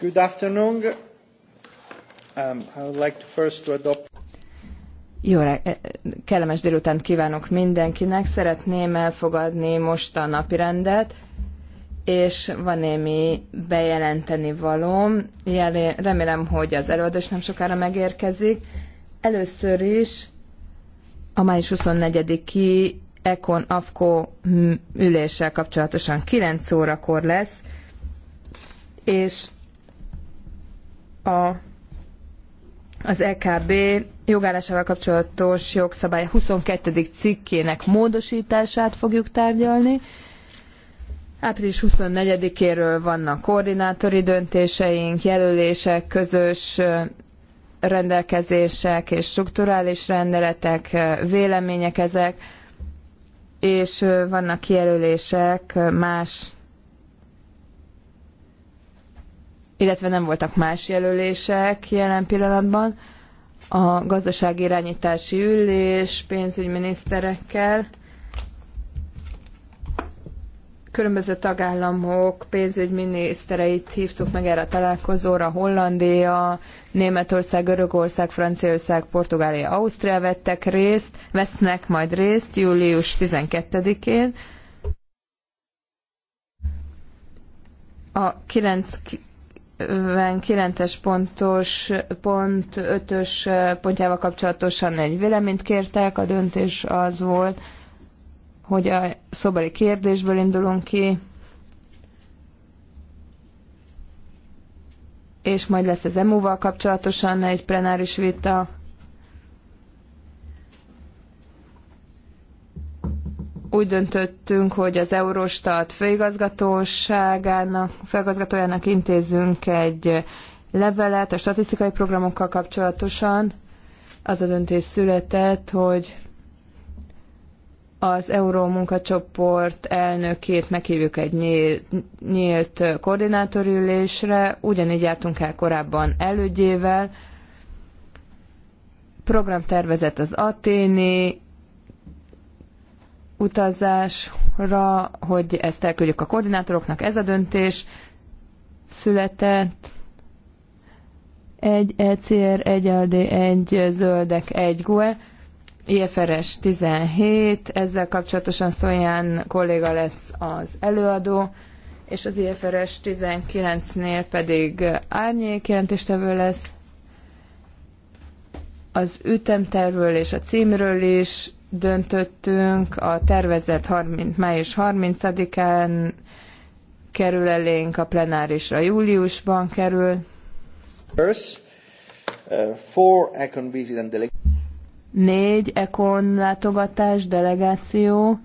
Good afternoon. Um, I would like to first to adopt... Jó, eh, kellemes délután kívánok mindenkinek. Szeretném elfogadni most a rendet, és van némi bejelenteni valóm. Remélem, hogy az előadó is nem sokára megérkezik. Először is a május 24-i Econ AFKO üléssel kapcsolatosan 9 órakor lesz, és a, az EKB jogállásával kapcsolatos jogszabály 22. cikkének módosítását fogjuk tárgyalni. Április 24-éről vannak koordinátori döntéseink, jelölések, közös rendelkezések és strukturális rendeletek, vélemények ezek és vannak kijelölések más, illetve nem voltak más jelölések jelen pillanatban. A gazdaságirányítási ülés pénzügyminiszterekkel különböző tagállamok pénzügyminisztereit hívtuk meg erre a találkozóra, Hollandia, Németország, Görögország, Franciaország, Portugália, Ausztria vettek részt, vesznek majd részt július 12-én. A 99-es pontos, pont 5-ös pontjával kapcsolatosan egy véleményt kértek, a döntés az volt, hogy a szobali kérdésből indulunk ki, és majd lesz az EMU-val kapcsolatosan egy plenáris vita. Úgy döntöttünk, hogy az Eurostat főigazgatóságának, főigazgatójának intézünk egy levelet a statisztikai programokkal kapcsolatosan. Az a döntés született, hogy az Euró munkacsoport elnökét meghívjuk egy nyílt, nyílt koordinátorülésre, ugyanígy jártunk el korábban elődjével. Programtervezet az aténi utazásra, hogy ezt elküldjük a koordinátoroknak, ez a döntés született. Egy ECR, egy LD, egy Zöldek, egy GUE IFRS 17, ezzel kapcsolatosan Szonyán kolléga lesz az előadó, és az IFRS 19-nél pedig árnyék jelentéstevő lesz. Az ütemtervről és a címről is döntöttünk, a tervezett 30, május 30-án kerül elénk a plenárisra júliusban kerül. First, uh, four négy ekon látogatás, delegáció.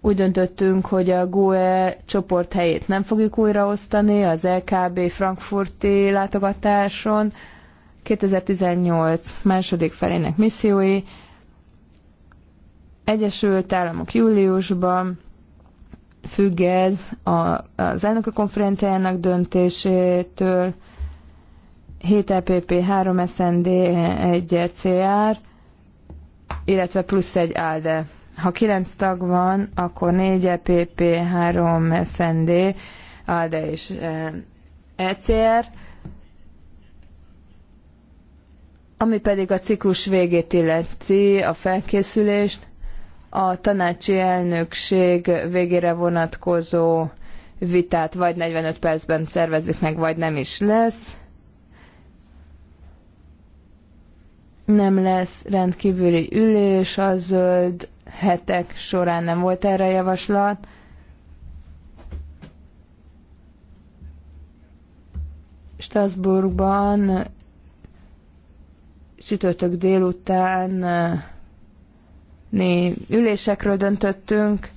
Úgy döntöttünk, hogy a GUE csoport helyét nem fogjuk újraosztani az LKB frankfurti látogatáson. 2018 második felének missziói. Egyesült Államok júliusban függ ez a, az elnökök konferenciájának döntésétől. 7 EPP, 3 SND, 1 CR illetve plusz egy ALDE. Ha kilenc tag van, akkor 4 EPP, 3 SND, ALDE és ECR, eh, e ami pedig a ciklus végét illeti, a felkészülést, a tanácsi elnökség végére vonatkozó vitát vagy 45 percben szervezzük meg, vagy nem is lesz. nem lesz rendkívüli ülés, a zöld hetek során nem volt erre javaslat. Strasbourgban csütörtök délután né ülésekről döntöttünk,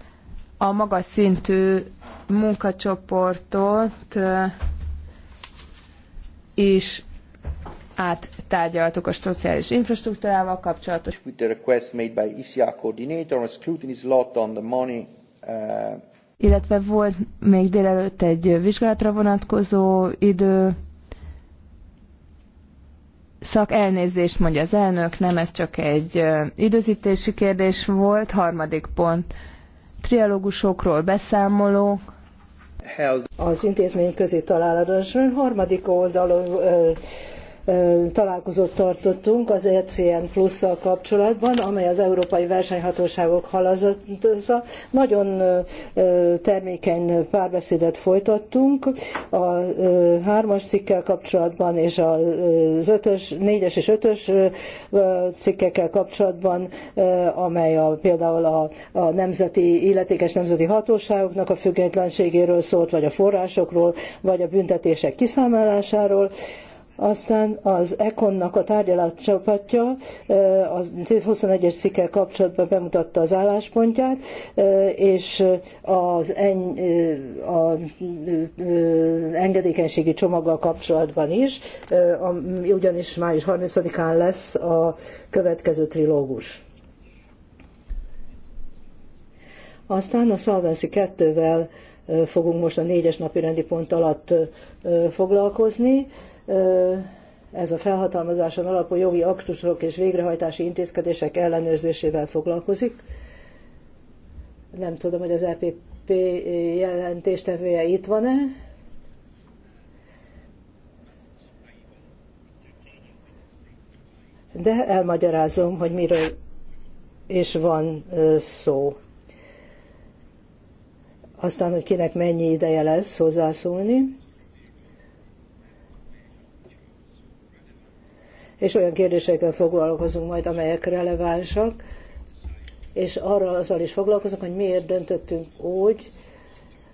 a magas szintű munkacsoportot is áttárgyaltuk a szociális infrastruktúrával kapcsolatos. With the request made by ECR coordinator on his lot on the money uh... illetve volt még délelőtt egy vizsgálatra vonatkozó idő, szak elnézést mondja az elnök, nem ez csak egy időzítési kérdés volt. Harmadik pont, trialógusokról beszámoló. Az intézmény közé találatosban harmadik oldalon találkozót tartottunk az ECN plusszal kapcsolatban, amely az Európai Versenyhatóságok halazata. Nagyon termékeny párbeszédet folytattunk a hármas cikkel kapcsolatban és az ötös, négyes és ötös cikkekkel kapcsolatban, amely a, például a, a nemzeti, illetékes nemzeti hatóságoknak a függetlenségéről szólt, vagy a forrásokról, vagy a büntetések kiszámolásáról aztán az Econnak a tárgyaláscsapatja a 21-es cikkel kapcsolatban bemutatta az álláspontját, és az en, a, engedékenységi csomaggal kapcsolatban is, ugyanis május 30-án lesz a következő trilógus. Aztán a Solvency 2-vel fogunk most a négyes napi rendi pont alatt foglalkozni. Ez a felhatalmazáson alapú jogi aktusok és végrehajtási intézkedések ellenőrzésével foglalkozik. Nem tudom, hogy az EPP jelentéstevője itt van-e. De elmagyarázom, hogy miről és van szó aztán, hogy kinek mennyi ideje lesz hozzászólni. És olyan kérdésekkel foglalkozunk majd, amelyek relevánsak, és arra azzal is foglalkozunk, hogy miért döntöttünk úgy,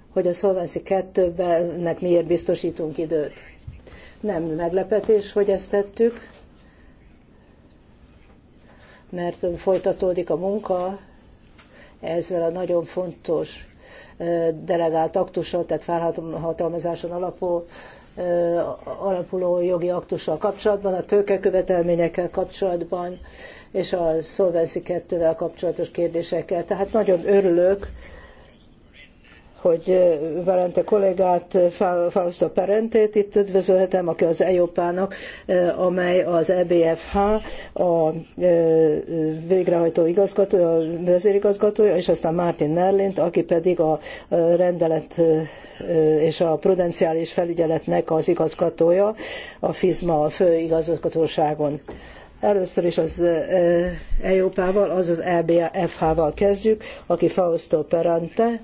hogy a Solvency 2-nek miért biztosítunk időt. Nem meglepetés, hogy ezt tettük, mert folytatódik a munka ezzel a nagyon fontos delegált aktussal, tehát felhatalmazáson alapul, alapuló jogi aktussal kapcsolatban, a tőkekövetelményekkel kapcsolatban, és a Solvency 2 kapcsolatos kérdésekkel. Tehát nagyon örülök, hogy Valente kollégát, Fausto Perentét itt üdvözölhetem, aki az EIOPának, amely az EBFH, a végrehajtó igazgató, a vezérigazgatója, és aztán Martin Merlint, aki pedig a rendelet és a prudenciális felügyeletnek az igazgatója, a FISMA a főigazgatóságon. Először is az az azaz EBFH-val kezdjük, aki Fausto Perante,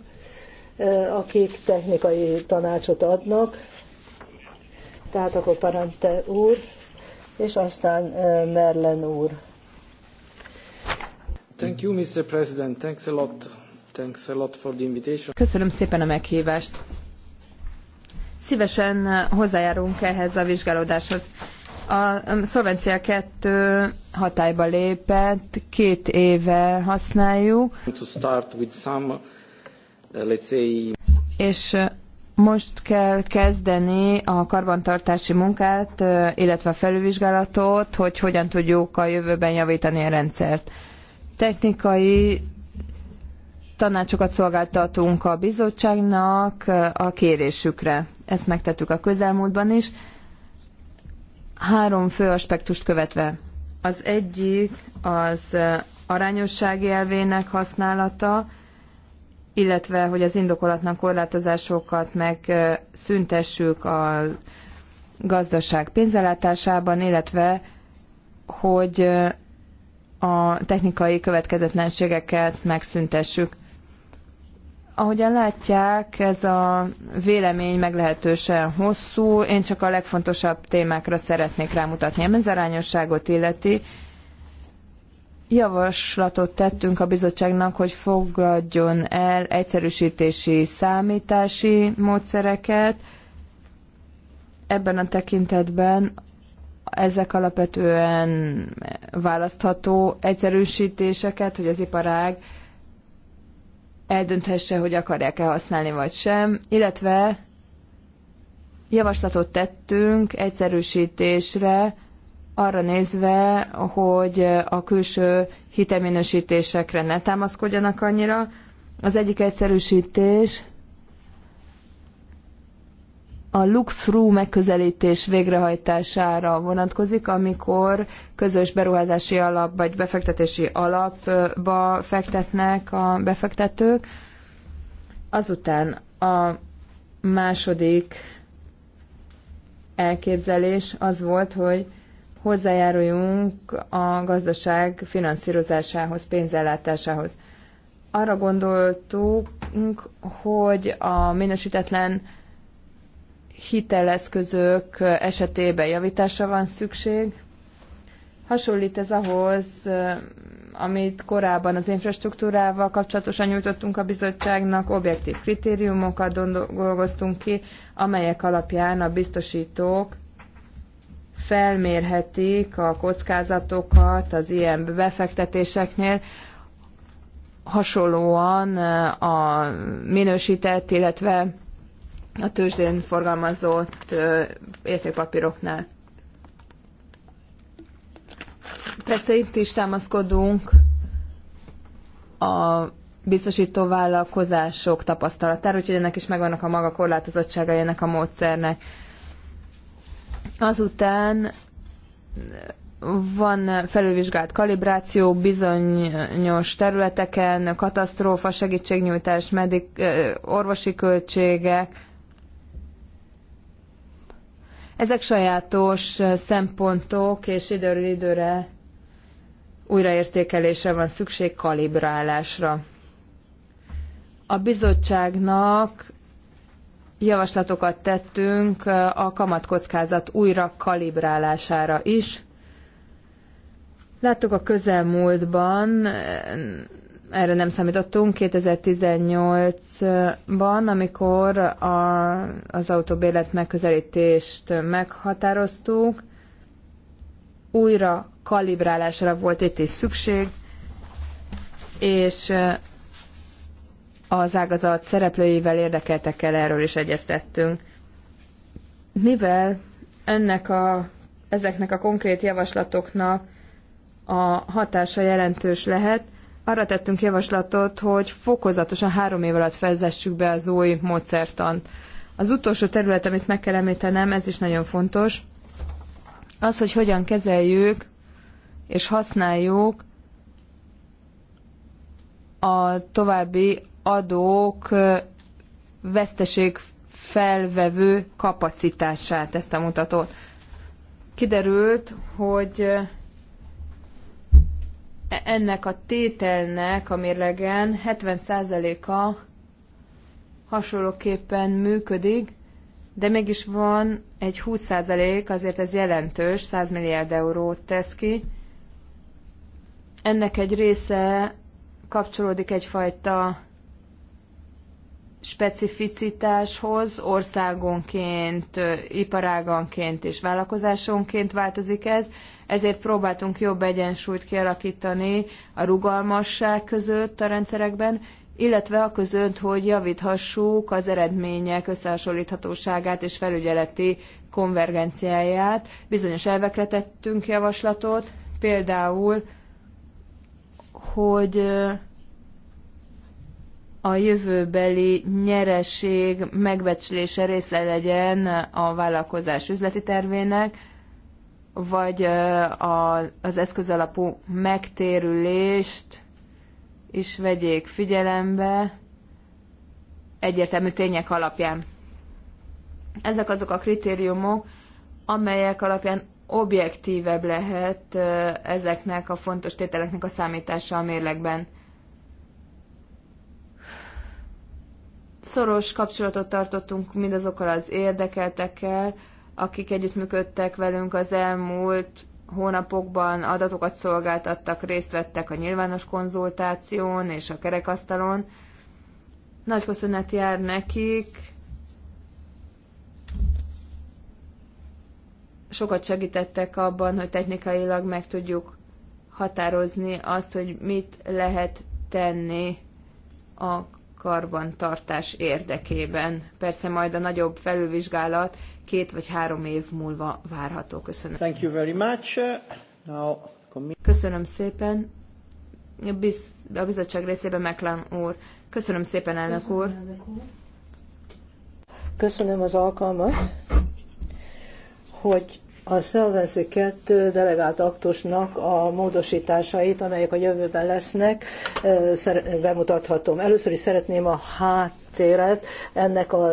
akik technikai tanácsot adnak, tehát akkor Parante úr, és aztán Merlen úr. Thank you, Mr. President. Thanks a lot. Thanks a lot for the invitation. Köszönöm szépen a meghívást. Szívesen hozzájárunk ehhez a vizsgálódáshoz. A Szolvencia 2 hatályba lépett, két éve használjuk. To start with some Uh, És uh, most kell kezdeni a karbantartási munkát, uh, illetve a felülvizsgálatot, hogy hogyan tudjuk a jövőben javítani a rendszert. Technikai tanácsokat szolgáltatunk a bizottságnak a kérésükre. Ezt megtettük a közelmúltban is. Három fő aspektust követve. Az egyik az arányosság elvének használata, illetve hogy az indokolatlan korlátozásokat megszüntessük a gazdaság pénzellátásában, illetve hogy a technikai következetlenségeket megszüntessük. Ahogyan látják, ez a vélemény meglehetősen hosszú, én csak a legfontosabb témákra szeretnék rámutatni. Ami az arányosságot illeti, javaslatot tettünk a bizottságnak, hogy fogadjon el egyszerűsítési számítási módszereket. Ebben a tekintetben ezek alapvetően választható egyszerűsítéseket, hogy az iparág eldönthesse, hogy akarják-e használni vagy sem, illetve javaslatot tettünk egyszerűsítésre, arra nézve, hogy a külső hitelminősítésekre ne támaszkodjanak annyira. Az egyik egyszerűsítés a look-through megközelítés végrehajtására vonatkozik, amikor közös beruházási alap vagy befektetési alapba fektetnek a befektetők. Azután a második elképzelés az volt, hogy hozzájáruljunk a gazdaság finanszírozásához, pénzellátásához. Arra gondoltuk, hogy a minősítetlen hiteleszközök esetében javításra van szükség. Hasonlít ez ahhoz, amit korábban az infrastruktúrával kapcsolatosan nyújtottunk a bizottságnak, objektív kritériumokat dolgoztunk ki, amelyek alapján a biztosítók felmérhetik a kockázatokat az ilyen befektetéseknél, hasonlóan eh, a minősített, illetve a tőzsdén forgalmazott eh, értékpapíroknál. Persze itt is támaszkodunk a biztosító vállalkozások tapasztalatára, úgyhogy ennek is megvannak a maga korlátozottságai ennek a módszernek. Azután van felülvizsgált kalibráció bizonyos területeken, katasztrófa, segítségnyújtás, medik, orvosi költségek. Ezek sajátos szempontok, és időről időre újraértékelésre van szükség, kalibrálásra. A bizottságnak javaslatokat tettünk a kamatkockázat újra kalibrálására is. Láttuk a közelmúltban, erre nem számítottunk, 2018-ban, amikor a, az autóbérlet megközelítést meghatároztuk, újra kalibrálásra volt itt is szükség, és az ágazat szereplőivel, érdekeltekkel erről is egyeztettünk. Mivel ennek a, ezeknek a konkrét javaslatoknak a hatása jelentős lehet, arra tettünk javaslatot, hogy fokozatosan három év alatt vezessük be az új módszertant. Az utolsó terület, amit meg kell említenem, ez is nagyon fontos, az, hogy hogyan kezeljük és használjuk a további adók veszteség felvevő kapacitását, ezt a mutatót. Kiderült, hogy e- ennek a tételnek a mérlegen 70%-a hasonlóképpen működik, de mégis van egy 20%, azért ez jelentős, 100 milliárd eurót tesz ki. Ennek egy része kapcsolódik egyfajta specificitáshoz, országonként, iparáganként és vállalkozásonként változik ez, ezért próbáltunk jobb egyensúlyt kialakítani a rugalmasság között a rendszerekben, illetve a között, hogy javíthassuk az eredmények összehasonlíthatóságát és felügyeleti konvergenciáját. Bizonyos elvekre tettünk javaslatot, például, hogy a jövőbeli nyereség megbecslése része legyen a vállalkozás üzleti tervének, vagy az eszközalapú megtérülést is vegyék figyelembe egyértelmű tények alapján. Ezek azok a kritériumok, amelyek alapján objektívebb lehet ezeknek a fontos tételeknek a számítása a mérlegben. Szoros kapcsolatot tartottunk mindazokkal az érdekeltekkel, akik együttműködtek velünk az elmúlt hónapokban, adatokat szolgáltattak, részt vettek a nyilvános konzultáción és a kerekasztalon. Nagy köszönet jár nekik. Sokat segítettek abban, hogy technikailag meg tudjuk határozni azt, hogy mit lehet tenni a karbantartás érdekében. Persze majd a nagyobb felülvizsgálat két vagy három év múlva várható. Köszönöm. Thank you very much. Now, Köszönöm szépen. A bizottság részében Meklan úr. Köszönöm szépen, elnök úr. Köszönöm az alkalmat, hogy a szervező kettő delegált aktusnak a módosításait, amelyek a jövőben lesznek, bemutathatom. Először is szeretném a háttéret, ennek a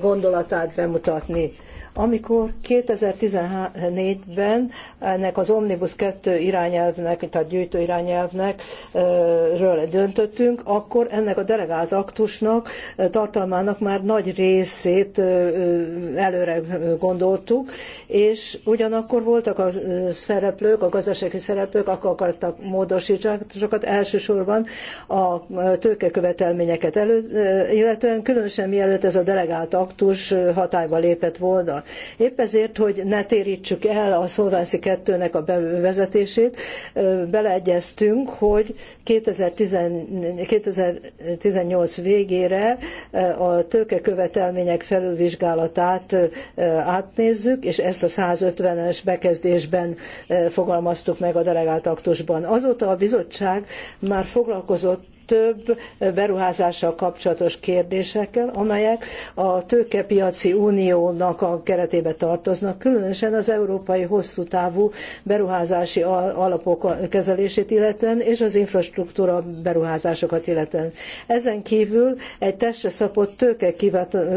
gondolatát bemutatni. Amikor 2014-ben ennek az Omnibus 2 irányelvnek, tehát gyűjtő irányelvnek ről döntöttünk, akkor ennek a delegált aktusnak, tartalmának már nagy részét előre gondoltuk, és ugyanakkor voltak a szereplők, a gazdasági szereplők, akkor akartak módosításokat, elsősorban a tőkekövetelményeket elő, illetően különösen mielőtt ez a delegált aktus hatályba lépett volna. Épp ezért, hogy ne térítsük el a Solvency 2-nek a bevezetését, beleegyeztünk, hogy 2018 végére a tőkekövetelmények felülvizsgálatát átnézzük, és ezt a 150-es bekezdésben fogalmaztuk meg a delegált aktusban. Azóta a bizottság már foglalkozott több beruházással kapcsolatos kérdésekkel, amelyek a tőkepiaci uniónak a keretébe tartoznak, különösen az európai hosszú távú beruházási alapok kezelését illetően, és az infrastruktúra beruházásokat illetően. Ezen kívül egy testre szabott tőke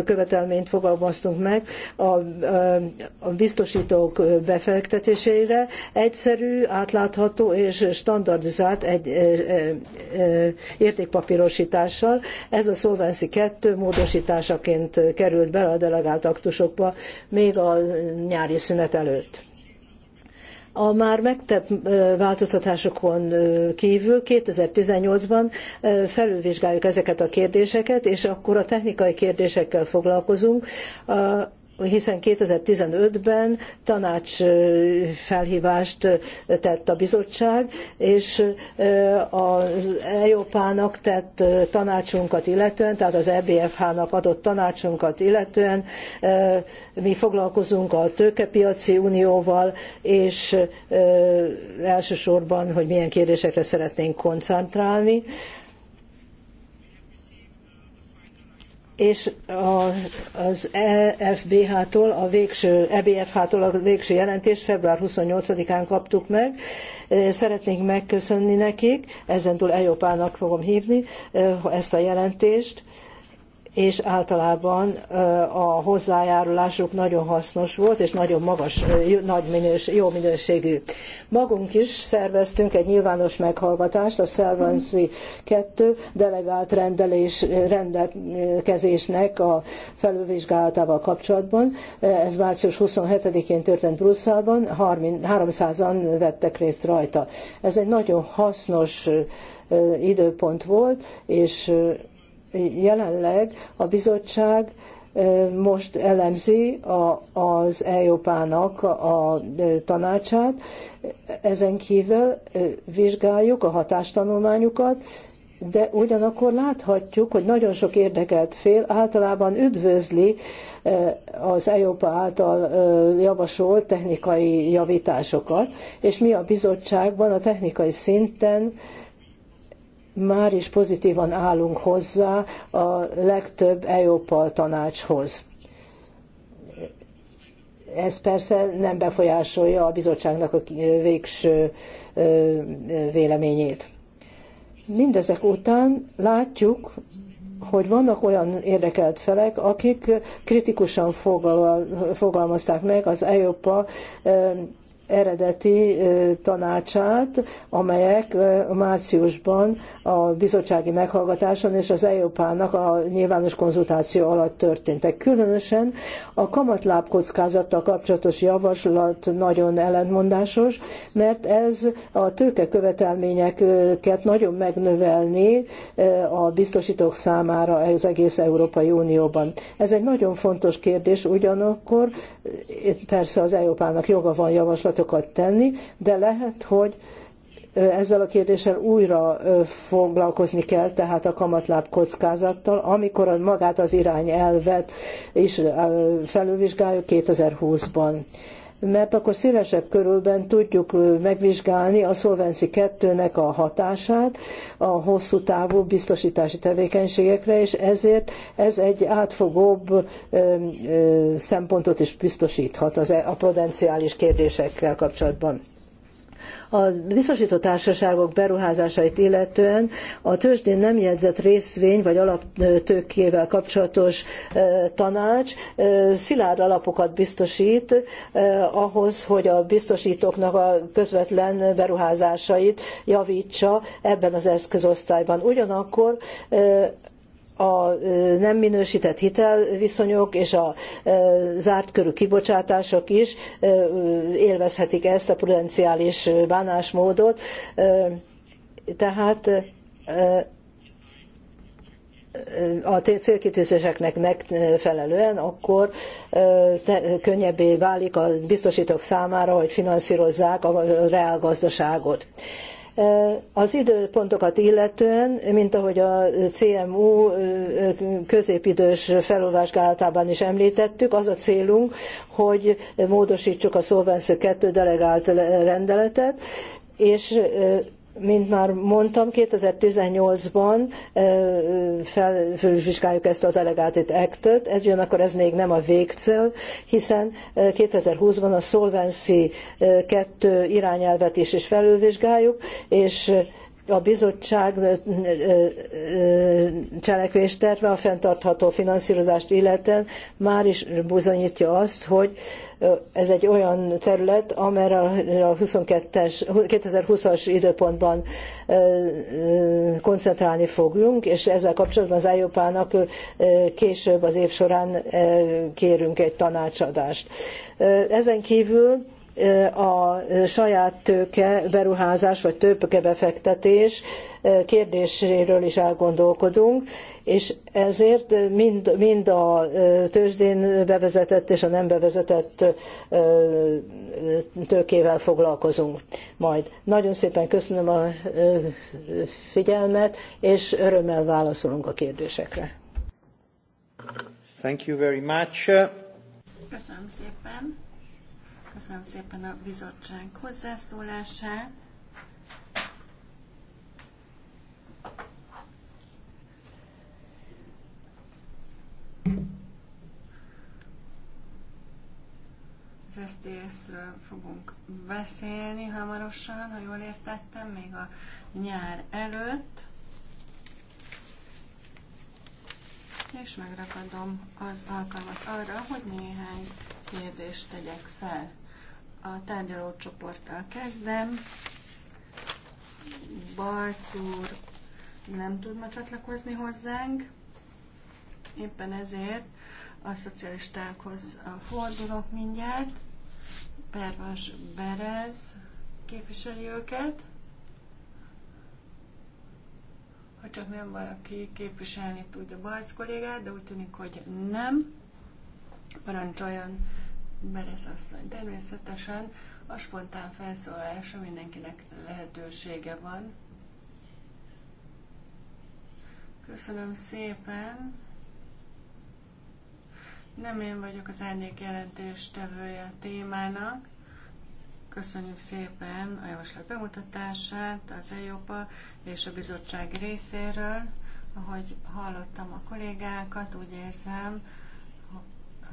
követelményt fogalmaztunk meg a, a biztosítók befektetésére egyszerű, átlátható és standardizált egy, e, e, értékpapírosítással. Ez a Solvency 2 módosításaként került bele a delegált aktusokba még a nyári szünet előtt. A már megtett változtatásokon kívül 2018-ban felülvizsgáljuk ezeket a kérdéseket, és akkor a technikai kérdésekkel foglalkozunk hiszen 2015-ben tanács felhívást tett a bizottság, és az EIOPA-nak tett tanácsunkat illetően, tehát az EBFH-nak adott tanácsunkat illetően mi foglalkozunk a tőkepiaci unióval, és elsősorban, hogy milyen kérdésekre szeretnénk koncentrálni, és az EFBH-tól, a végső, EBFH-tól a végső jelentést február 28-án kaptuk meg. Szeretnénk megköszönni nekik, ezentúl Ejopának fogom hívni ezt a jelentést, és általában a hozzájárulásuk nagyon hasznos volt, és nagyon magas, nagy minős, jó minőségű. Magunk is szerveztünk egy nyilvános meghallgatást a Szervanszi 2 delegált rendelés, rendelkezésnek a felülvizsgálatával kapcsolatban. Ez március 27-én történt Brüsszelben, 300-an vettek részt rajta. Ez egy nagyon hasznos időpont volt, és jelenleg a bizottság most elemzi a, az európának a tanácsát, ezen kívül vizsgáljuk a hatástanulmányukat, de ugyanakkor láthatjuk, hogy nagyon sok érdekelt fél általában üdvözli az EIOPA által javasolt technikai javításokat, és mi a bizottságban a technikai szinten már is pozitívan állunk hozzá a legtöbb EOPAL tanácshoz. Ez persze nem befolyásolja a bizottságnak a végső véleményét. Mindezek után látjuk, hogy vannak olyan érdekelt felek, akik kritikusan fogalmazták meg az európa eredeti tanácsát, amelyek márciusban a bizottsági meghallgatáson és az EÚ-nak a nyilvános konzultáció alatt történtek. Különösen a kamatláb kockázattal kapcsolatos javaslat nagyon ellentmondásos, mert ez a követelményeket nagyon megnövelni a biztosítók számára az egész Európai Unióban. Ez egy nagyon fontos kérdés, ugyanakkor persze az EOPának joga van javaslat javaslatokat tenni, de lehet, hogy ezzel a kérdéssel újra foglalkozni kell, tehát a kamatláb kockázattal, amikor magát az irányelvet is felülvizsgáljuk 2020-ban mert akkor szélesebb körülben tudjuk megvizsgálni a Solvency 2-nek a hatását a hosszú távú biztosítási tevékenységekre, és ezért ez egy átfogóbb szempontot is biztosíthat e- a prudenciális kérdésekkel kapcsolatban. A biztosító társaságok beruházásait illetően a tőzsdén nem jegyzett részvény vagy alaptőkével kapcsolatos tanács szilárd alapokat biztosít ahhoz, hogy a biztosítóknak a közvetlen beruházásait javítsa ebben az eszközosztályban. Ugyanakkor a nem minősített hitelviszonyok és a zárt körű kibocsátások is élvezhetik ezt a prudenciális bánásmódot. Tehát a célkitűzéseknek megfelelően, akkor könnyebbé válik a biztosítók számára, hogy finanszírozzák a reálgazdaságot. Az időpontokat illetően, mint ahogy a CMU középidős felolvásgálatában is említettük, az a célunk, hogy módosítsuk a Solvency 2 delegált rendeletet, és mint már mondtam, 2018-ban felvizsgáljuk ezt az Delegated act ez jön, akkor ez még nem a végcél, hiszen 2020-ban a Solvency 2 irányelvet is, is felülvizsgáljuk, és a bizottság cselekvés terve a fenntartható finanszírozást illetően már is bizonyítja azt, hogy ez egy olyan terület, amelyre a 22-es, 2020-as időpontban koncentrálni fogunk, és ezzel kapcsolatban az IOPA-nak később az év során kérünk egy tanácsadást. Ezen kívül a saját tőke beruházás vagy tőke befektetés kérdéséről is elgondolkodunk, és ezért mind, mind a tőzsdén bevezetett és a nem bevezetett tőkével foglalkozunk majd. Nagyon szépen köszönöm a figyelmet, és örömmel válaszolunk a kérdésekre. Thank you very much. Köszönöm szépen. Köszönöm szépen a bizottság hozzászólását. Az SZDSZ-ről fogunk beszélni hamarosan, ha jól értettem, még a nyár előtt. És megragadom az alkalmat arra, hogy néhány kérdést tegyek fel. A tárgyalócsoporttal kezdem. Balc úr nem tud ma csatlakozni hozzánk. Éppen ezért a szocialistákhoz fordulok mindjárt. Pervas Berez képviseli őket. Ha csak nem valaki képviselni tudja Balc kollégát, de úgy tűnik, hogy nem. Parancsoljon Beresz asszony, természetesen a spontán felszólalása mindenkinek lehetősége van. Köszönöm szépen. Nem én vagyok az árnyék tevője a témának. Köszönjük szépen a javaslat bemutatását az EIOPA és a bizottság részéről. Ahogy hallottam a kollégákat, úgy érzem,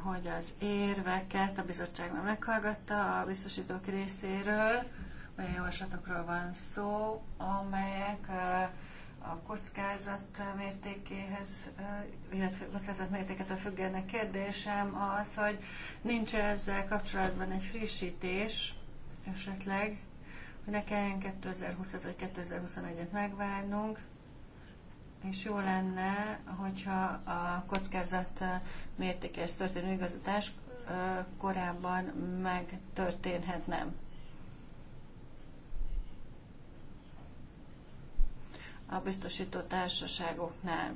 hogy az érveket a bizottság nem meghallgatta a biztosítók részéről. Olyan javaslatokról van szó, amelyek a kockázat mértékéhez, illetve kockázat mértéketől függenek. Kérdésem az, hogy nincs -e ezzel kapcsolatban egy frissítés esetleg, hogy ne kelljen 2020-at vagy 2021-et megvárnunk, és jó lenne, hogyha a kockázat mértékéhez történő igazatás korábban megtörténhetne. A biztosító társaságoknál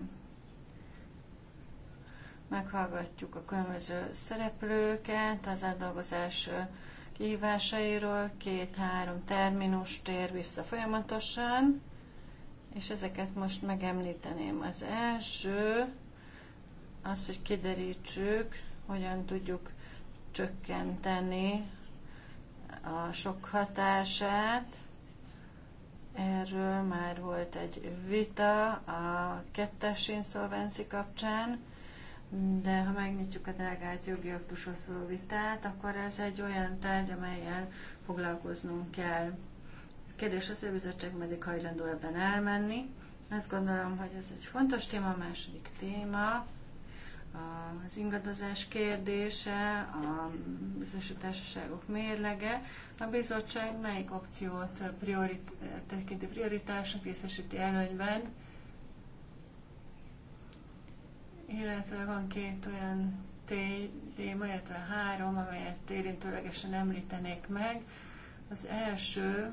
meghallgatjuk a különböző szereplőket, az átdolgozás kihívásairól, két-három terminus tér vissza folyamatosan és ezeket most megemlíteném. Az első az, hogy kiderítsük, hogyan tudjuk csökkenteni a sok hatását. Erről már volt egy vita a kettes inszolvenci kapcsán, de ha megnyitjuk a drágát jogi aktushoz szóló vitát, akkor ez egy olyan tárgy, amelyel foglalkoznunk kell. Kérdés az, hogy a bizottság meddig hajlandó ebben elmenni. Azt gondolom, hogy ez egy fontos téma. A második téma az ingadozás kérdése, a társaságok mérlege. A bizottság melyik opciót priorit- tekinti prioritásnak részesíti előnyben, illetve van két olyan téma, illetve három, amelyet érintőlegesen említenék meg. Az első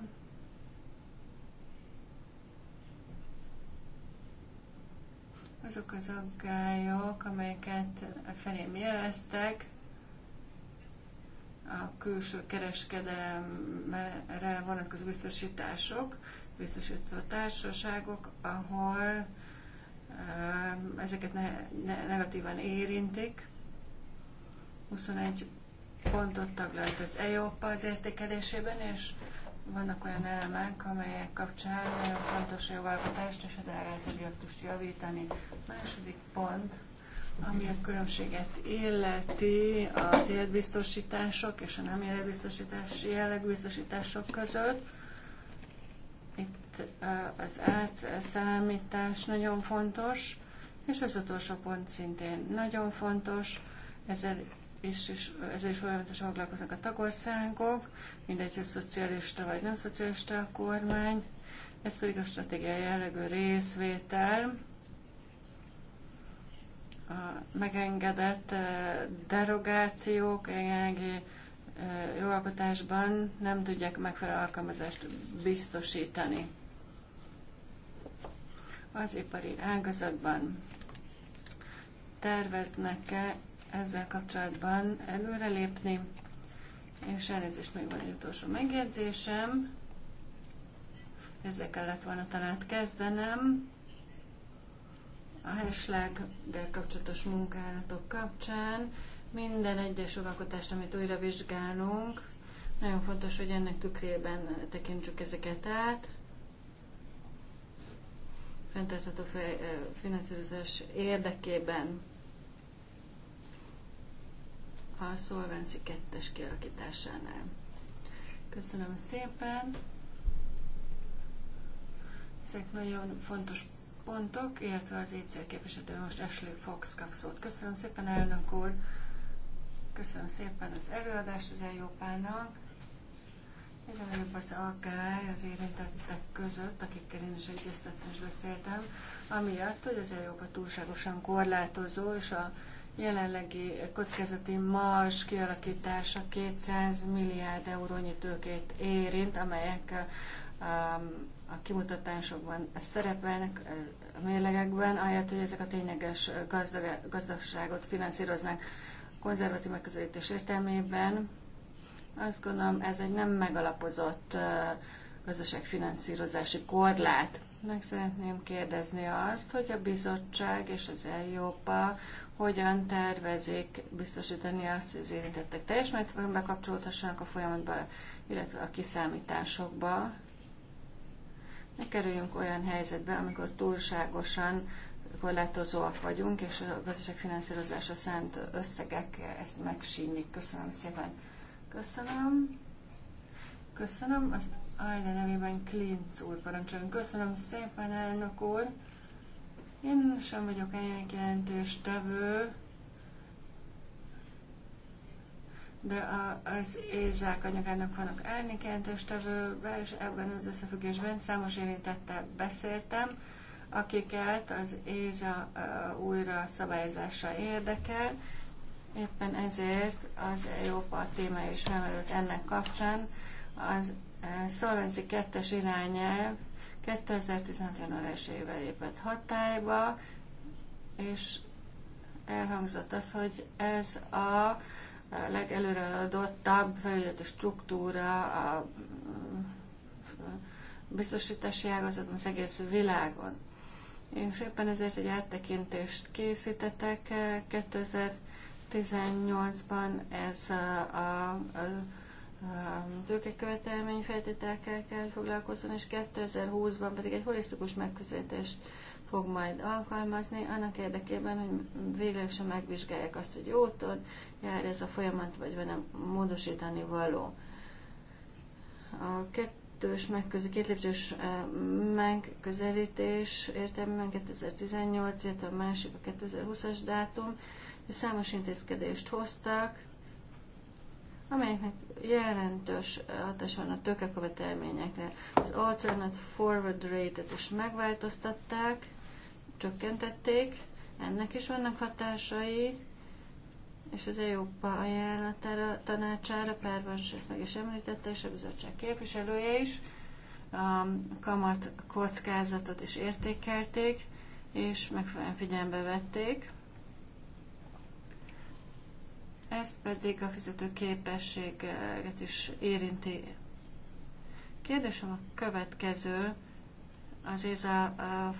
Azok az aggályok, amelyeket felém jeleztek, a külső kereskedelemre vonatkozó biztosítások, biztosító társaságok, ahol um, ezeket ne, ne, negatívan érintik. 21 pontot taglalt az EOPA az értékelésében, és vannak olyan elemek, amelyek kapcsán nagyon fontos a jogalkotást és a delegált javítani. Második pont, ami a különbséget illeti az életbiztosítások és a nem életbiztosítási jellegbiztosítások között. Itt az átszámítás nagyon fontos, és az utolsó pont szintén nagyon fontos, ezzel és, és ez is folyamatosan foglalkoznak a tagországok, mindegy, hogy szocialista vagy nem szocialista a kormány, ez pedig a stratégiai jellegű részvétel, a megengedett eh, derogációk jelenlegi eh, jogalkotásban nem tudják megfelelő alkalmazást biztosítani az ipari ágazatban terveznek-e ezzel kapcsolatban előrelépni. És elnézést, még van egy utolsó megjegyzésem. Ezzel kellett volna talán kezdenem. A hashtag-del kapcsolatos munkálatok kapcsán minden egyes jogalkotást, amit újra vizsgálunk, nagyon fontos, hogy ennek tükrében tekintsük ezeket át. Fenntartható finanszírozás érdekében a Szolvenci 2-es kialakításánál. Köszönöm szépen! Ezek nagyon fontos pontok, illetve az étszer képviselő most Ashley Fox kap szót. Köszönöm szépen, elnök úr! Köszönöm szépen az előadást az Európának. Egyre nagyobb az aggály az érintettek között, akikkel én is egyeztettem és beszéltem, amiatt, hogy az Európa túlságosan korlátozó, és a jelenlegi kockázati mars kialakítása 200 milliárd eurónyi tőkét érint, amelyek um, a kimutatásokban szerepelnek a mérlegekben, ahelyett, hogy ezek a tényleges gazdag, gazdaságot finanszíroznak konzervatív megközelítés értelmében. Azt gondolom, ez egy nem megalapozott uh, gazdaságfinanszírozási korlát. Meg szeretném kérdezni azt, hogy a bizottság és az Európa hogyan tervezik biztosítani azt, hogy az érintettek teljes mértékben bekapcsolódhassanak a folyamatba, illetve a kiszámításokba. Ne kerüljünk olyan helyzetbe, amikor túlságosan korlátozóak vagyunk, és a gazdaság finanszírozása szánt összegek ezt megsínik. Köszönöm szépen. Köszönöm. Köszönöm. Az Ajda nevében Klinc úr parancsoljon. Köszönöm szépen, elnök úr. Én sem vagyok ennyi jelentős tevő, de a, az érzák anyagának vannak jelentős tevő, és ebben az összefüggésben számos érintettel beszéltem, akiket az ÉZA újra szabályozása érdekel. Éppen ezért az Európa téma is felmerült ennek kapcsán. Az Solvency 2-es irányelv 2015. január 1-ével lépett hatályba, és elhangzott az, hogy ez a legelőre adottabb felügyeleti struktúra a mm, biztosítási ágazatban az egész világon. És éppen ezért egy áttekintést készítetek 2018-ban ez a, a, a tőkekövetelmény feltételkel kell foglalkozzon, és 2020-ban pedig egy holisztikus megközelítést fog majd alkalmazni, annak érdekében, hogy véglegesen megvizsgálják azt, hogy jó úton jár ez a folyamat, vagy van módosítani való. A kettős megközi, lépcsős e, megközelítés értelmében 2018, illetve a másik a 2020-as dátum, de számos intézkedést hoztak, amelyeknek jelentős hatása van a tőkekövetelményekre. Az alternate forward rate-et is megváltoztatták, csökkentették, ennek is vannak hatásai, és az EUPA ajánlatára, tanácsára, is ezt meg is említette, és a bizottság képviselője is, a kamat kockázatot is értékelték, és megfelelően figyelembe vették. Ez pedig a fizetőképességet is érinti. Kérdésem a következő. Az ÉZA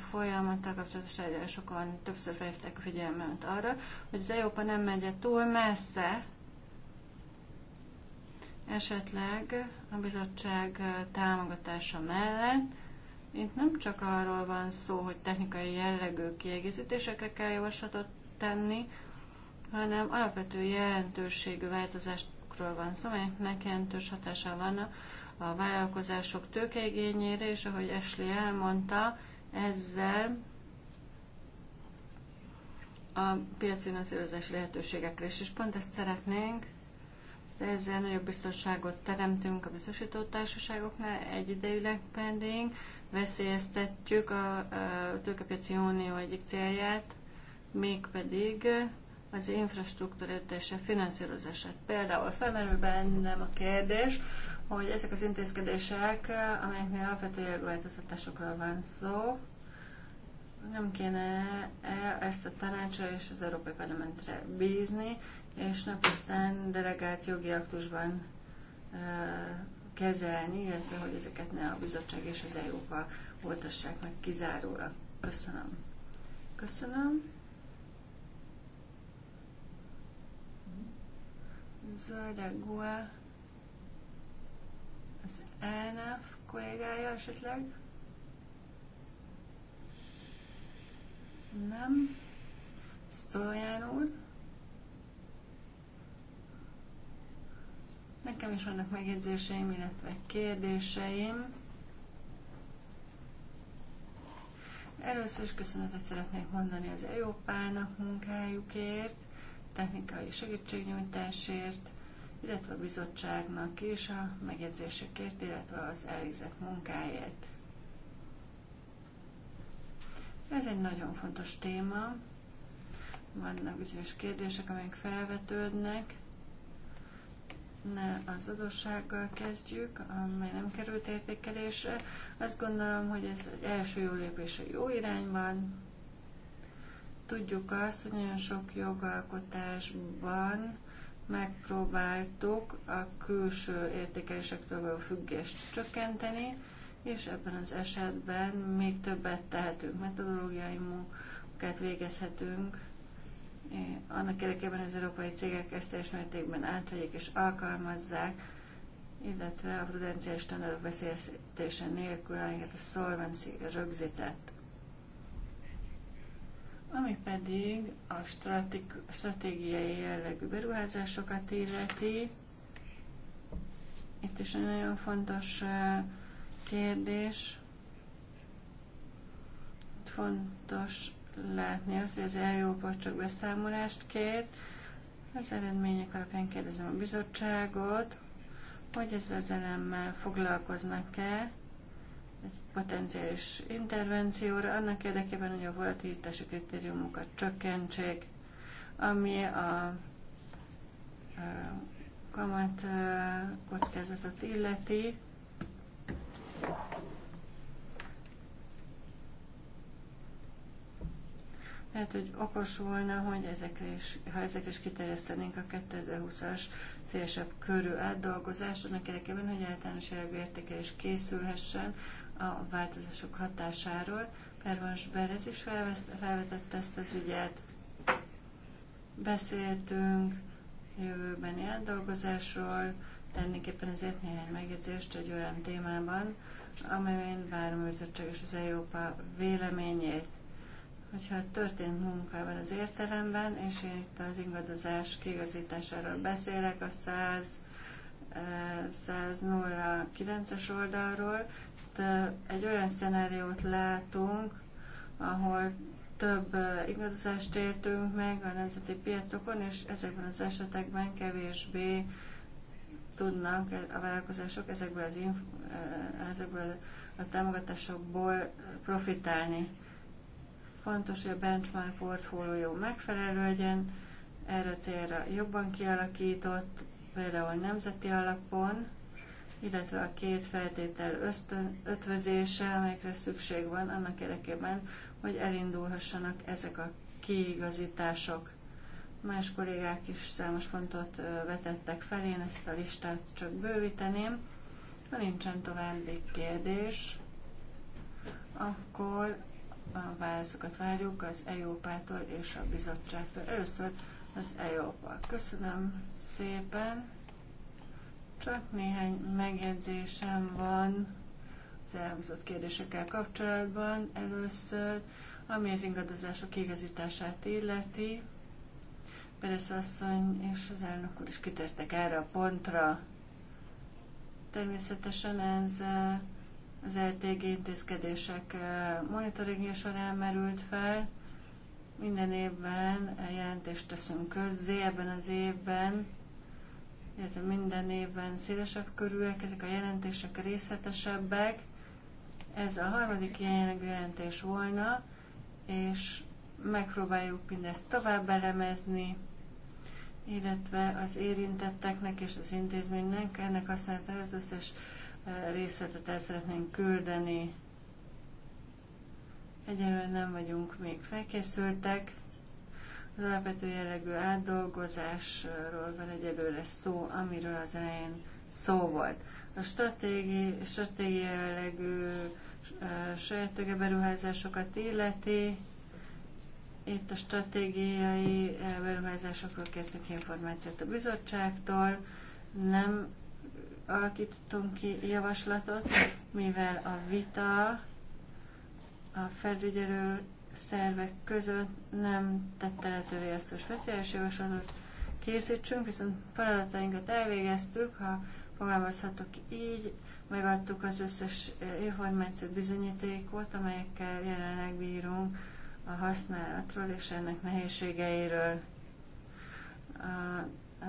folyamattal kapcsolatos sokan többször felhívták a figyelmet arra, hogy az Európa nem megy túl messze, esetleg a bizottság támogatása mellett. Itt nem csak arról van szó, hogy technikai jellegű kiegészítésekre kell javaslatot tenni, hanem alapvető jelentőségű változásokról van szó, amelyeknek jelentős hatása van a vállalkozások tőkeigényére, és ahogy Esli elmondta, ezzel a piacfinanszírozási lehetőségekre is, és pont ezt szeretnénk, de ezzel nagyobb biztonságot teremtünk a biztosító társaságoknál, egyidejűleg pedig veszélyeztetjük a, a tőkepiaci unió egyik célját, mégpedig az infrastruktúrát és a finanszírozását. Például felmerül bennem a kérdés, hogy ezek az intézkedések, amelyeknél alapvető jogváltoztatásokról van szó, nem kéne -e ezt a tanácsra és az Európai Parlamentre bízni, és nem delegált jogi aktusban e, kezelni, illetve hogy ezeket ne a bizottság és az Európa oltassák meg kizárólag. Köszönöm. Köszönöm. zöldek GUE, az ENF kollégája esetleg? Nem. Sztolóján úr? Nekem is vannak megjegyzéseim, illetve kérdéseim. Először is köszönetet szeretnék mondani az EOPÁ-nak munkájukért technikai segítségnyújtásért, illetve a bizottságnak is a megjegyzésekért, illetve az elvégzett munkáért. Ez egy nagyon fontos téma. Vannak bizonyos kérdések, amelyek felvetődnek. Ne az adóssággal kezdjük, amely nem került értékelésre. Azt gondolom, hogy ez egy első jó lépés a jó irányban, Tudjuk azt, hogy nagyon sok jogalkotásban megpróbáltuk a külső értékelésektől való függést csökkenteni, és ebben az esetben még többet tehetünk, metodológiai munkát végezhetünk, annak érdekében az európai cégek ezt teljes mértékben átvegyék és alkalmazzák, illetve a prudenciális standardok beszélgetése nélkül, amiket a Solvency rögzített. Ami pedig a stratégiai jellegű beruházásokat illeti, itt is egy nagyon fontos kérdés. Itt fontos látni azt, hogy az Európa csak beszámolást kért. Az eredmények alapján kérdezem a bizottságot, hogy ezzel az elemmel foglalkoznak-e, potenciális intervencióra, annak érdekében, hogy a volatilitási kritériumokat csökkentsék, ami a kamat kockázatot illeti. Lehet, hogy okos volna, hogy ezekre is, ha ezekre is kiterjesztenénk a 2020-as szélesebb körű átdolgozást, annak érdekében, hogy általános értékelés készülhessen, a változások hatásáról. Pervans Berez is felvetette ezt az ügyet. Beszéltünk jövőbeni eldolgozásról, éppen ezért néhány megjegyzést egy olyan témában, amelyen várom a és az Európa véleményét. Hogyha történt munkában az értelemben, és én itt az ingadozás kiigazításáról beszélek, a 100 109-es eh, oldalról, itt egy olyan szenáriót látunk, ahol több igazást értünk meg a nemzeti piacokon, és ezekben az esetekben kevésbé tudnak e, a vállalkozások ezekből, az inf- ezekből a támogatásokból profitálni. Fontos, hogy a benchmark portfólió megfelelő legyen, erre célra jobban kialakított, például nemzeti alapon, illetve a két feltétel ösztön, ötvözése, amelyekre szükség van annak érdekében, hogy elindulhassanak ezek a kiigazítások. Más kollégák is számos pontot vetettek fel, én ezt a listát csak bővíteném. Ha nincsen további kérdés, akkor a válaszokat várjuk az EIOPA-tól és a bizottságtól. Először az EIOPA. Köszönöm szépen! Csak néhány megjegyzésem van az elhangzott kérdésekkel kapcsolatban. Először, ami az ingadozások igazítását illeti, Peres asszony és az elnök úr is kitértek erre a pontra. Természetesen ez az LTG intézkedések monitoringja során merült fel. Minden évben jelentést teszünk közzé, ebben az évben illetve minden évben szélesebb körűek, ezek a jelentések részletesebbek. Ez a harmadik jelenlegű jelentés volna, és megpróbáljuk mindezt tovább elemezni, illetve az érintetteknek és az intézménynek ennek használatára az összes eh, részletet el szeretnénk küldeni. Egyelőre nem vagyunk még felkészültek, az alapvető jellegű átdolgozásról van egyelőre szó, amiről az elején szó volt. A stratégi, stratégia jellegű saját beruházásokat illeti, itt a stratégiai beruházásokról kértünk információt a bizottságtól, nem alakítottunk ki javaslatot, mivel a vita a felügyelő szervek között nem tette lehetővé ezt a speciális javaslatot készítsünk, viszont feladatainkat elvégeztük, ha fogalmazhatok így, megadtuk az összes eh, információt, bizonyítékot, amelyekkel jelenleg bírunk a használatról és ennek nehézségeiről. A, a,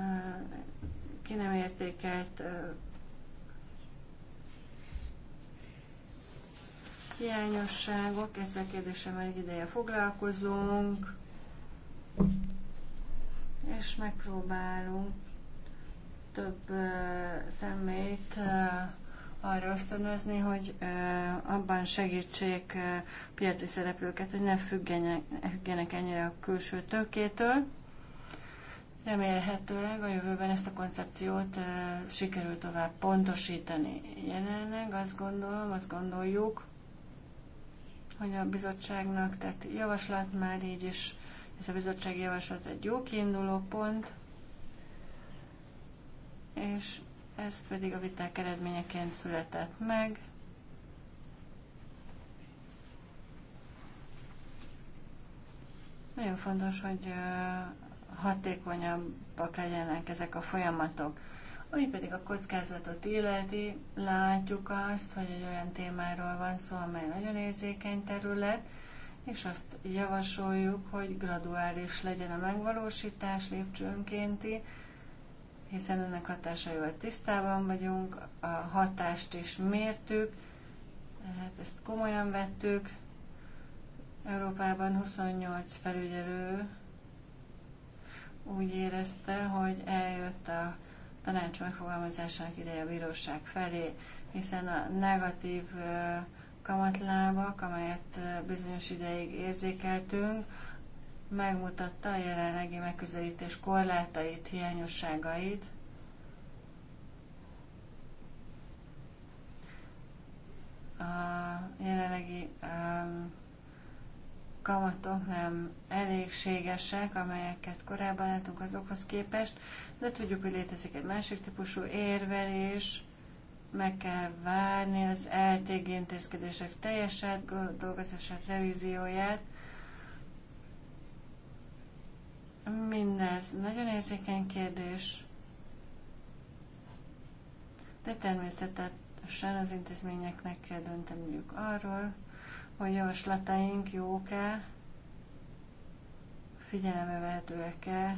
ki nem értékelt eh, hiányosságok, ezt a kérdésem egy ideje foglalkozunk, és megpróbálunk több uh, szemét uh, arra ösztönözni, hogy uh, abban segítsék uh, piaci szereplőket, hogy ne függjenek ennyire a külső tőkétől. Remélhetőleg a jövőben ezt a koncepciót uh, sikerül tovább pontosítani. Jelenleg azt gondolom, azt gondoljuk, hogy a bizottságnak tehát javaslat már így is, ez a bizottság javaslat egy jó kiinduló pont, és ezt pedig a viták eredményeként született meg. Nagyon fontos, hogy hatékonyabbak legyenek ezek a folyamatok. Ami pedig a kockázatot illeti, látjuk azt, hogy egy olyan témáról van szó, amely nagyon érzékeny terület, és azt javasoljuk, hogy graduális legyen a megvalósítás lépcsőnkénti, hiszen ennek hatásaival tisztában vagyunk, a hatást is mértük, hát ezt komolyan vettük. Európában 28 felügyelő úgy érezte, hogy eljött a tanács megfogalmazásának ideje a bíróság felé, hiszen a negatív kamatlábak, amelyet bizonyos ideig érzékeltünk, megmutatta a jelenlegi megközelítés korlátait, hiányosságait, a jelenlegi um, kamatok nem elégségesek, amelyeket korábban látunk azokhoz képest, de tudjuk, hogy létezik egy másik típusú érvelés, meg kell várni az LTG intézkedések teljes dolgozását, revízióját. Mindez nagyon érzékeny kérdés, de természetesen az intézményeknek kell dönteniük arról, hogy javaslataink jók-e, figyelembe vehetőek-e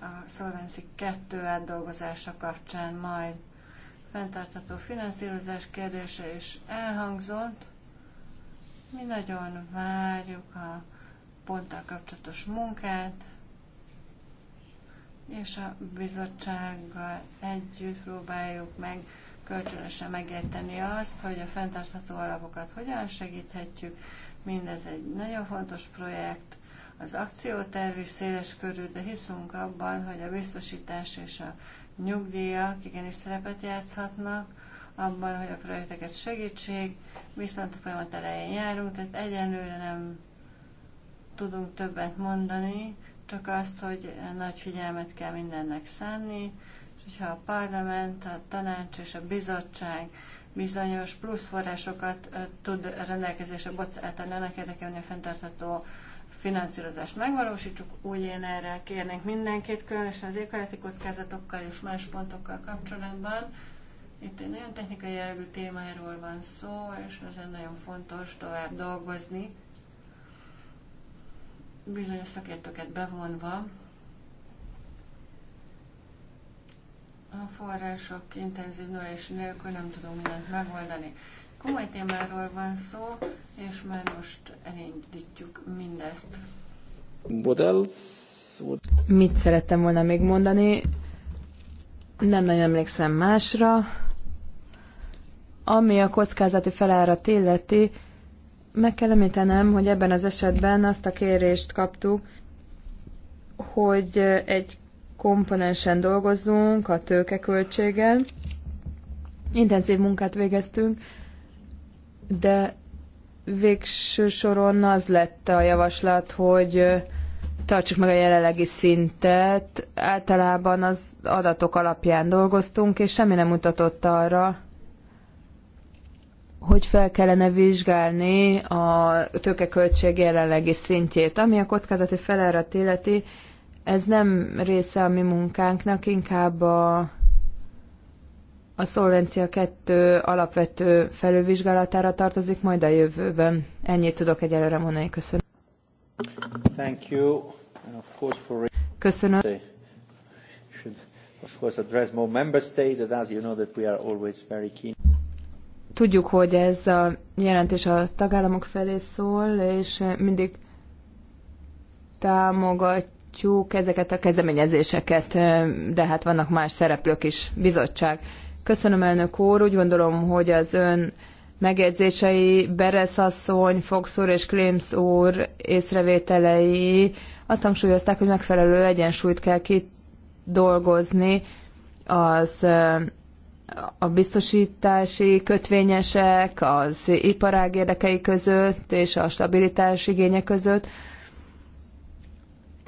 a Solvency 2 átdolgozása kapcsán majd fenntartható finanszírozás kérdése is elhangzott. Mi nagyon várjuk a ponttal kapcsolatos munkát, és a bizottsággal együtt próbáljuk meg kölcsönösen megérteni azt, hogy a fenntartható alapokat hogyan segíthetjük. Mindez egy nagyon fontos projekt, az akcióterv is széles körül, de hiszünk abban, hogy a biztosítás és a nyugdíjak igenis szerepet játszhatnak, abban, hogy a projekteket segítség, viszont a folyamat elején járunk, tehát egyenlőre nem tudunk többet mondani, csak azt, hogy nagy figyelmet kell mindennek szánni, hogyha a parlament, a tanács és a bizottság bizonyos plusz forrásokat tud rendelkezésre bocsátani annak érdekében, hogy a fenntartható finanszírozást megvalósítsuk, úgy én erre kérnénk mindenkit, különösen az éghajlati kockázatokkal és más pontokkal kapcsolatban. Itt egy nagyon technikai jellegű témáról van szó, és ezen nagyon fontos tovább dolgozni, bizonyos szakértőket bevonva, A források intenzív növelés nélkül nem tudunk mindent megoldani. Komoly témáról van szó, és már most elindítjuk mindezt. What else? What... Mit szerettem volna még mondani? Nem nagyon emlékszem másra. Ami a kockázati felárat illeti, meg kell említenem, hogy ebben az esetben azt a kérést kaptuk, hogy egy komponensen dolgozunk, a tőkeköltséggel. Intenzív munkát végeztünk, de végső soron az lett a javaslat, hogy tartsuk meg a jelenlegi szintet. Általában az adatok alapján dolgoztunk, és semmi nem mutatott arra, hogy fel kellene vizsgálni a tőkeköltség jelenlegi szintjét. Ami a kockázati felárat illeti, ez nem része a mi munkánknak, inkább a, a Szolvencia 2 alapvető felülvizsgálatára tartozik majd a jövőben. Ennyit tudok egyelőre mondani. Köszönöm. Thank you. And of course for... Köszönöm. of course address more member states, and as you know that we are always very keen tudjuk, hogy ez a jelentés a tagállamok felé szól, és mindig támogat támogatjuk ezeket a kezdeményezéseket, de hát vannak más szereplők is, bizottság. Köszönöm, elnök úr. Úgy gondolom, hogy az ön megjegyzései, Beresz asszony, Fox úr és Klémsz úr észrevételei azt hangsúlyozták, hogy megfelelő egyensúlyt kell kidolgozni az a biztosítási kötvényesek, az iparág érdekei között és a stabilitás igénye között.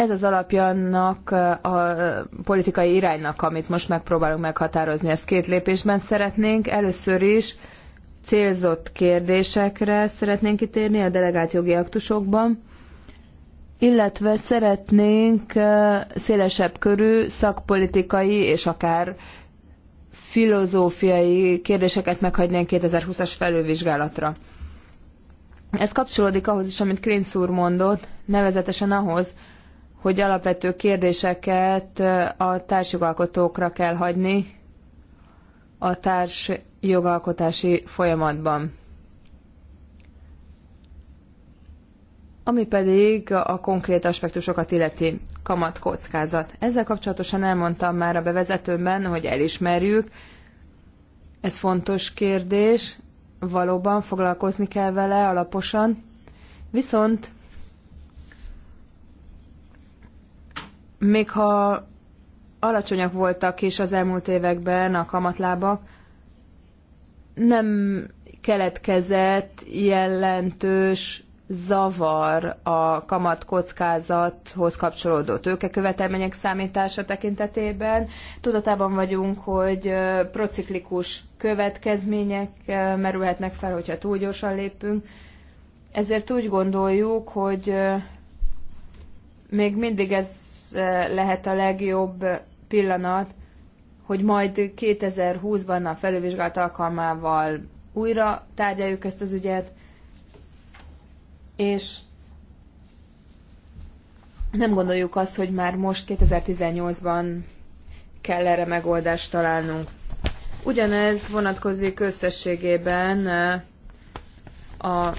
Ez az alapja annak a politikai iránynak, amit most megpróbálunk meghatározni. Ezt két lépésben szeretnénk. Először is célzott kérdésekre szeretnénk kitérni a delegált jogi aktusokban, illetve szeretnénk szélesebb körű szakpolitikai és akár filozófiai kérdéseket meghagyni a 2020-as felülvizsgálatra. Ez kapcsolódik ahhoz is, amit Klinsz úr mondott, nevezetesen ahhoz, hogy alapvető kérdéseket a társjogalkotókra kell hagyni a társjogalkotási folyamatban. Ami pedig a konkrét aspektusokat illeti kamatkockázat. Ezzel kapcsolatosan elmondtam már a bevezetőmben, hogy elismerjük, ez fontos kérdés, valóban foglalkozni kell vele alaposan, viszont még ha alacsonyak voltak is az elmúlt években a kamatlábak, nem keletkezett jelentős zavar a kamat kockázathoz kapcsolódó tőkekövetelmények számítása tekintetében. Tudatában vagyunk, hogy prociklikus következmények merülhetnek fel, hogyha túl gyorsan lépünk. Ezért úgy gondoljuk, hogy még mindig ez lehet a legjobb pillanat, hogy majd 2020-ban a felülvizsgált alkalmával újra tárgyaljuk ezt az ügyet, és nem gondoljuk azt, hogy már most 2018-ban kell erre megoldást találnunk. Ugyanez vonatkozik összességében eh, a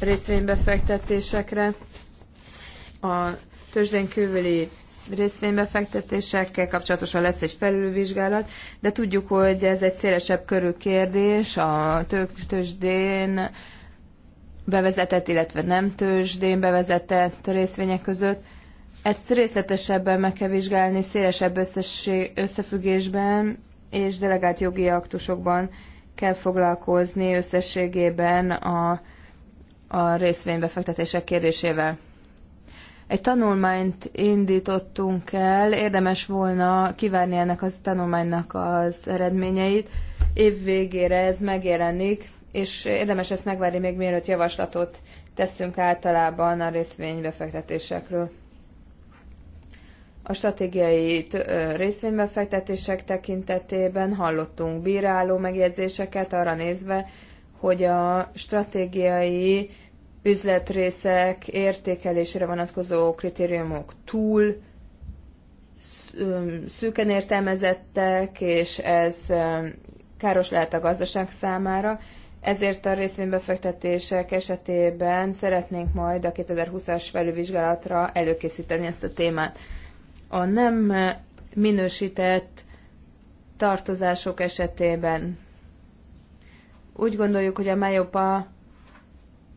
részvénybefektetésekre, a tőzsdén kívüli részvénybefektetésekkel kapcsolatosan lesz egy felülvizsgálat, de tudjuk, hogy ez egy szélesebb körű kérdés, a tőzsdén bevezetett, illetve nem tőzsdén bevezetett részvények között. Ezt részletesebben meg kell vizsgálni, szélesebb összefüggésben és delegált jogi aktusokban kell foglalkozni összességében a, a részvénybefektetések kérdésével. Egy tanulmányt indítottunk el, érdemes volna kivárni ennek a tanulmánynak az eredményeit. Év végére ez megjelenik, és érdemes ezt megvárni még mielőtt javaslatot teszünk általában a részvénybefektetésekről. A stratégiai részvénybefektetések tekintetében hallottunk bíráló megjegyzéseket arra nézve, hogy a stratégiai üzletrészek értékelésére vonatkozó kritériumok túl szűken értelmezettek, és ez káros lehet a gazdaság számára. Ezért a részvénybefektetések esetében szeretnénk majd a 2020-as felülvizsgálatra előkészíteni ezt a témát. A nem minősített tartozások esetében úgy gondoljuk, hogy a MÁJOPA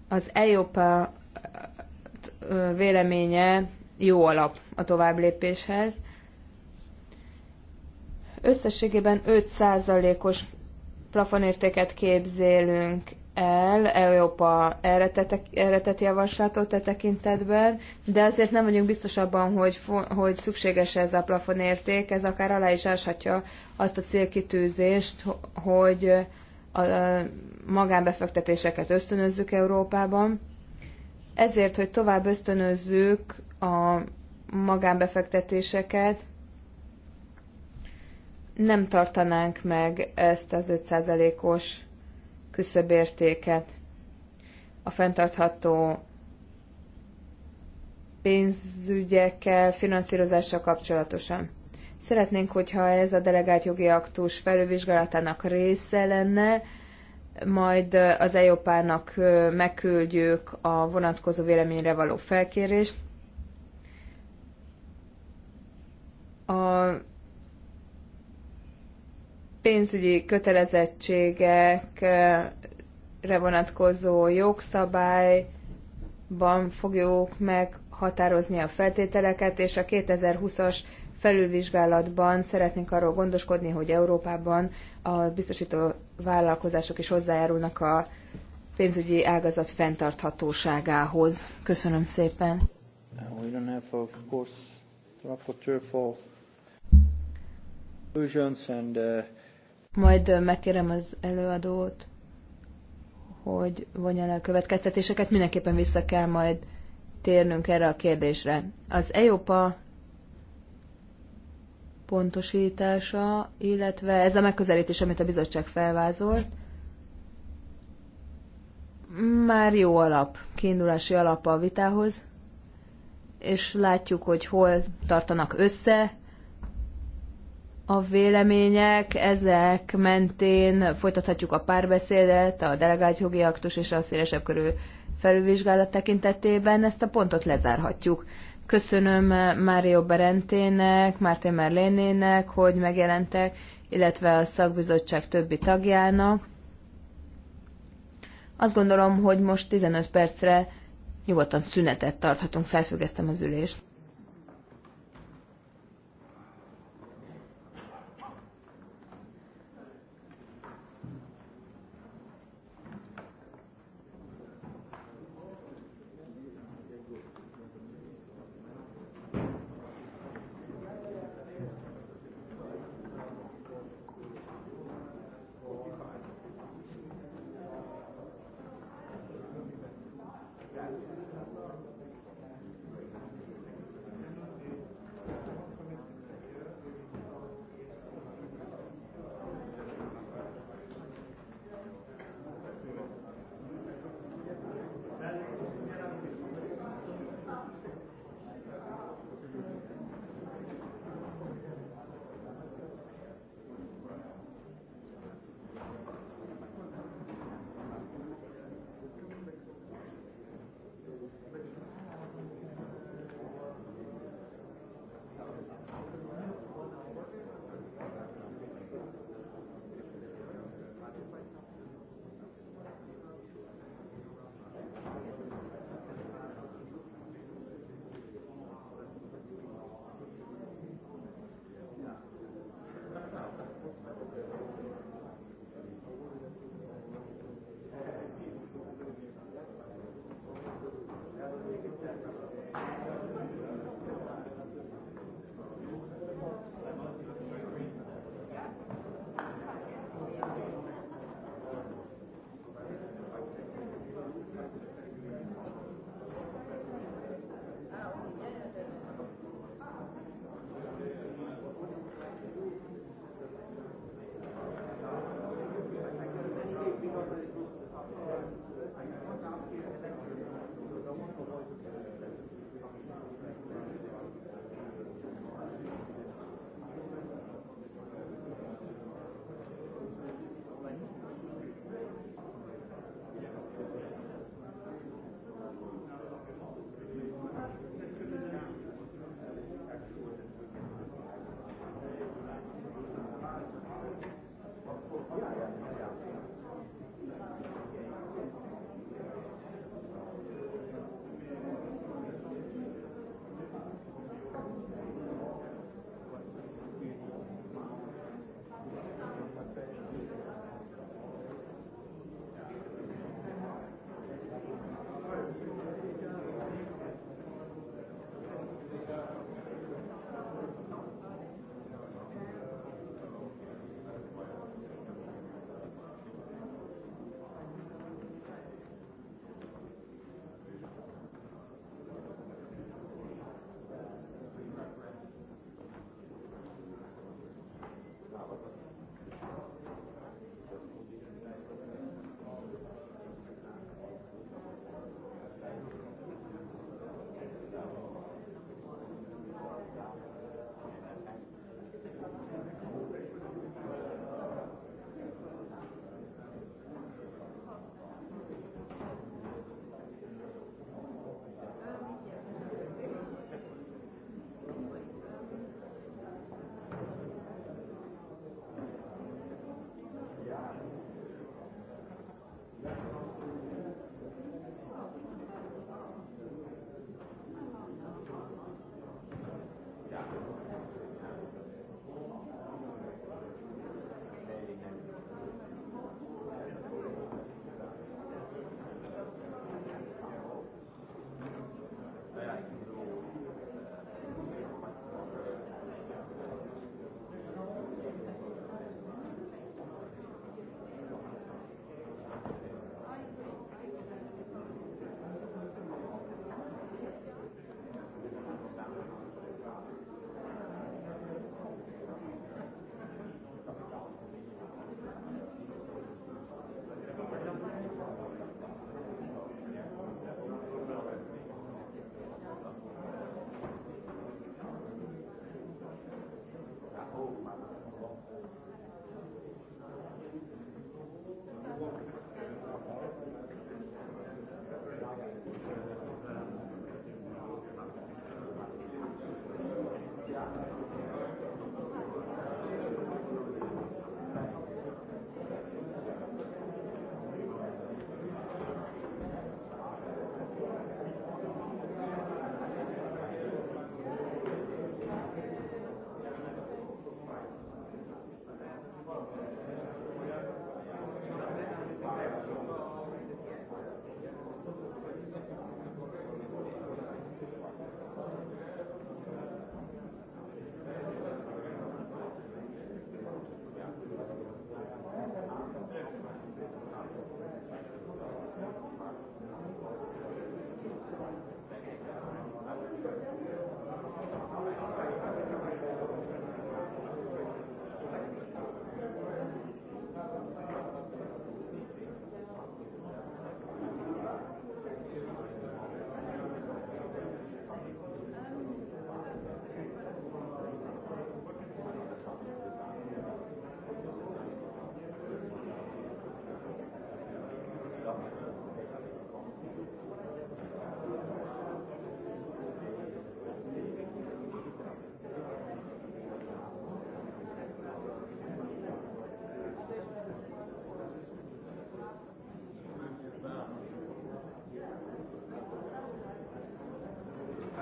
az EIOPA véleménye jó alap a tovább lépéshez. Összességében 5%-os plafonértéket képzélünk el, Európa erre, tete, erre tett javaslatot a e tekintetben, de azért nem vagyunk biztosabban, hogy, hogy szükséges ez a plafonérték, ez akár alá is áshatja azt a célkitűzést, hogy a magánbefektetéseket ösztönözzük Európában, ezért, hogy tovább ösztönözzük a magánbefektetéseket, nem tartanánk meg ezt az 5%-os küszöbértéket. A fenntartható pénzügyekkel, finanszírozással kapcsolatosan. Szeretnénk, hogyha ez a delegált jogi aktus felülvizsgálatának része lenne, majd az EIOPÁ-nak megküldjük a vonatkozó véleményre való felkérést. A pénzügyi kötelezettségekre vonatkozó jogszabályban fogjuk meghatározni a feltételeket, és a 2020-as felülvizsgálatban szeretnénk arról gondoskodni, hogy Európában a biztosító vállalkozások is hozzájárulnak a pénzügyi ágazat fenntarthatóságához. Köszönöm szépen. Majd megkérem az előadót, hogy vonja le a következtetéseket. Mindenképpen vissza kell majd térnünk erre a kérdésre. Az EOPA pontosítása, illetve ez a megközelítés, amit a bizottság felvázolt, már jó alap, kiindulási alap a vitához, és látjuk, hogy hol tartanak össze a vélemények, ezek mentén folytathatjuk a párbeszédet, a delegált jogi aktus és a szélesebb körül felülvizsgálat tekintetében ezt a pontot lezárhatjuk. Köszönöm eh, Mário Berentének, Márté Merlénének, hogy megjelentek, illetve a szakbizottság többi tagjának. Azt gondolom, hogy most 15 percre nyugodtan szünetet tarthatunk, felfüggesztem az ülést.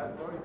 That's very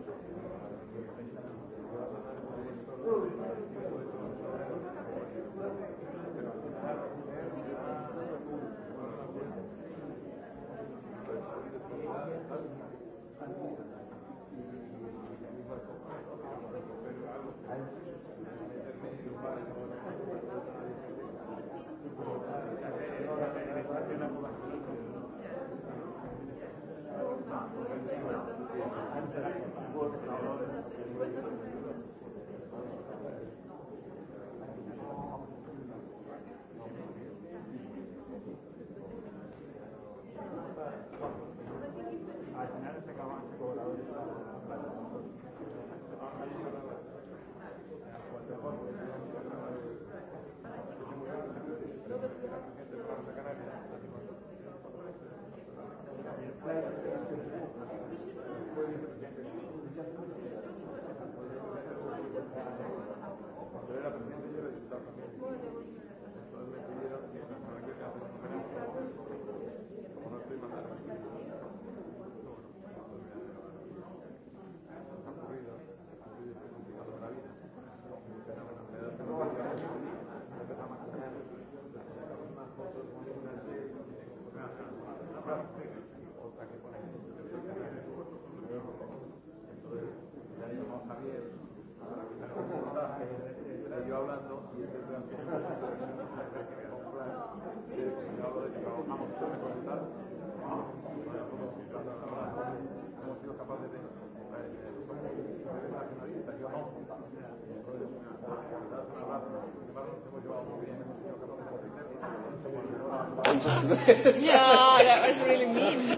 yeah, that was really mean.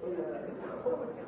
Thank you.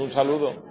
un saludo.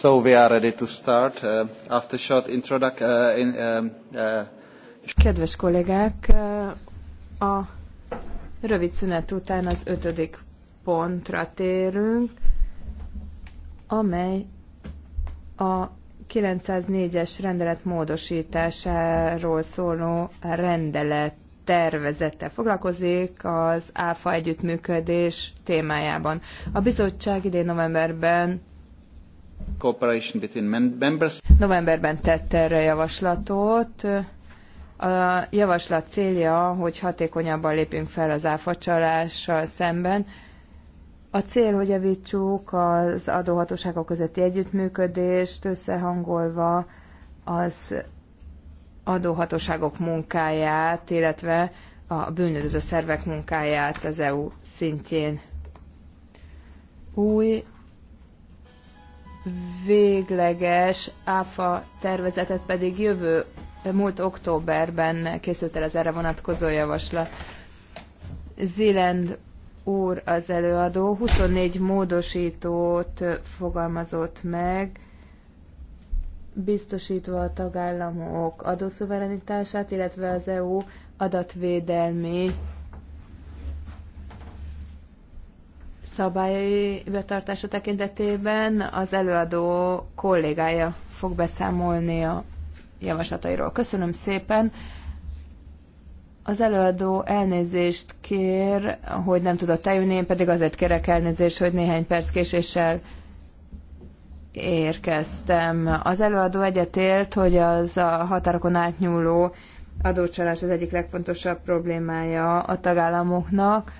So we are ready to start. Uh, after short introduction. uh, in, um, uh, Kedves kollégák, uh, a rövid szünet után az ötödik pontra térünk, amely a 904-es rendelet módosításáról szóló rendelet tervezettel foglalkozik az ÁFA együttműködés témájában. A bizottság idén novemberben Novemberben tette erre javaslatot. A javaslat célja, hogy hatékonyabban lépjünk fel az áfacsalással szemben. A cél, hogy javítsuk az adóhatóságok közötti együttműködést, összehangolva az adóhatóságok munkáját, illetve a bűnöző szervek munkáját az EU szintjén. Új végleges áfa tervezetet pedig jövő múlt októberben készült el az erre vonatkozó javaslat. Zilend úr az előadó 24 módosítót fogalmazott meg, biztosítva a tagállamok adószuverenitását, illetve az EU adatvédelmi szabályai betartása tekintetében az előadó kollégája fog beszámolni a javaslatairól. Köszönöm szépen! Az előadó elnézést kér, hogy nem tudott eljönni, én pedig azért kérek elnézést, hogy néhány perc késéssel érkeztem. Az előadó egyetért, hogy az a határokon átnyúló adócsalás az egyik legfontosabb problémája a tagállamoknak,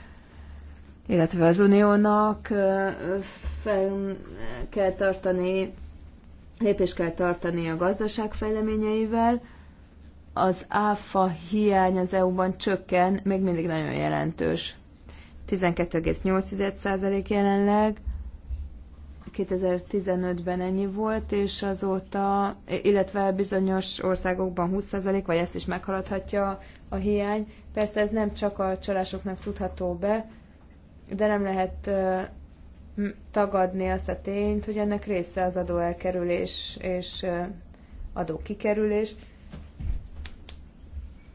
illetve az uniónak fel kell tartani, lépést kell tartani a gazdaság fejleményeivel, az áfa hiány az EU-ban csökken, még mindig nagyon jelentős. 12,8% jelenleg, 2015-ben ennyi volt, és azóta, illetve bizonyos országokban 20% vagy ezt is meghaladhatja a hiány. Persze ez nem csak a csalásoknak tudható be, de nem lehet tagadni azt a tényt, hogy ennek része az adóelkerülés és adókikerülés.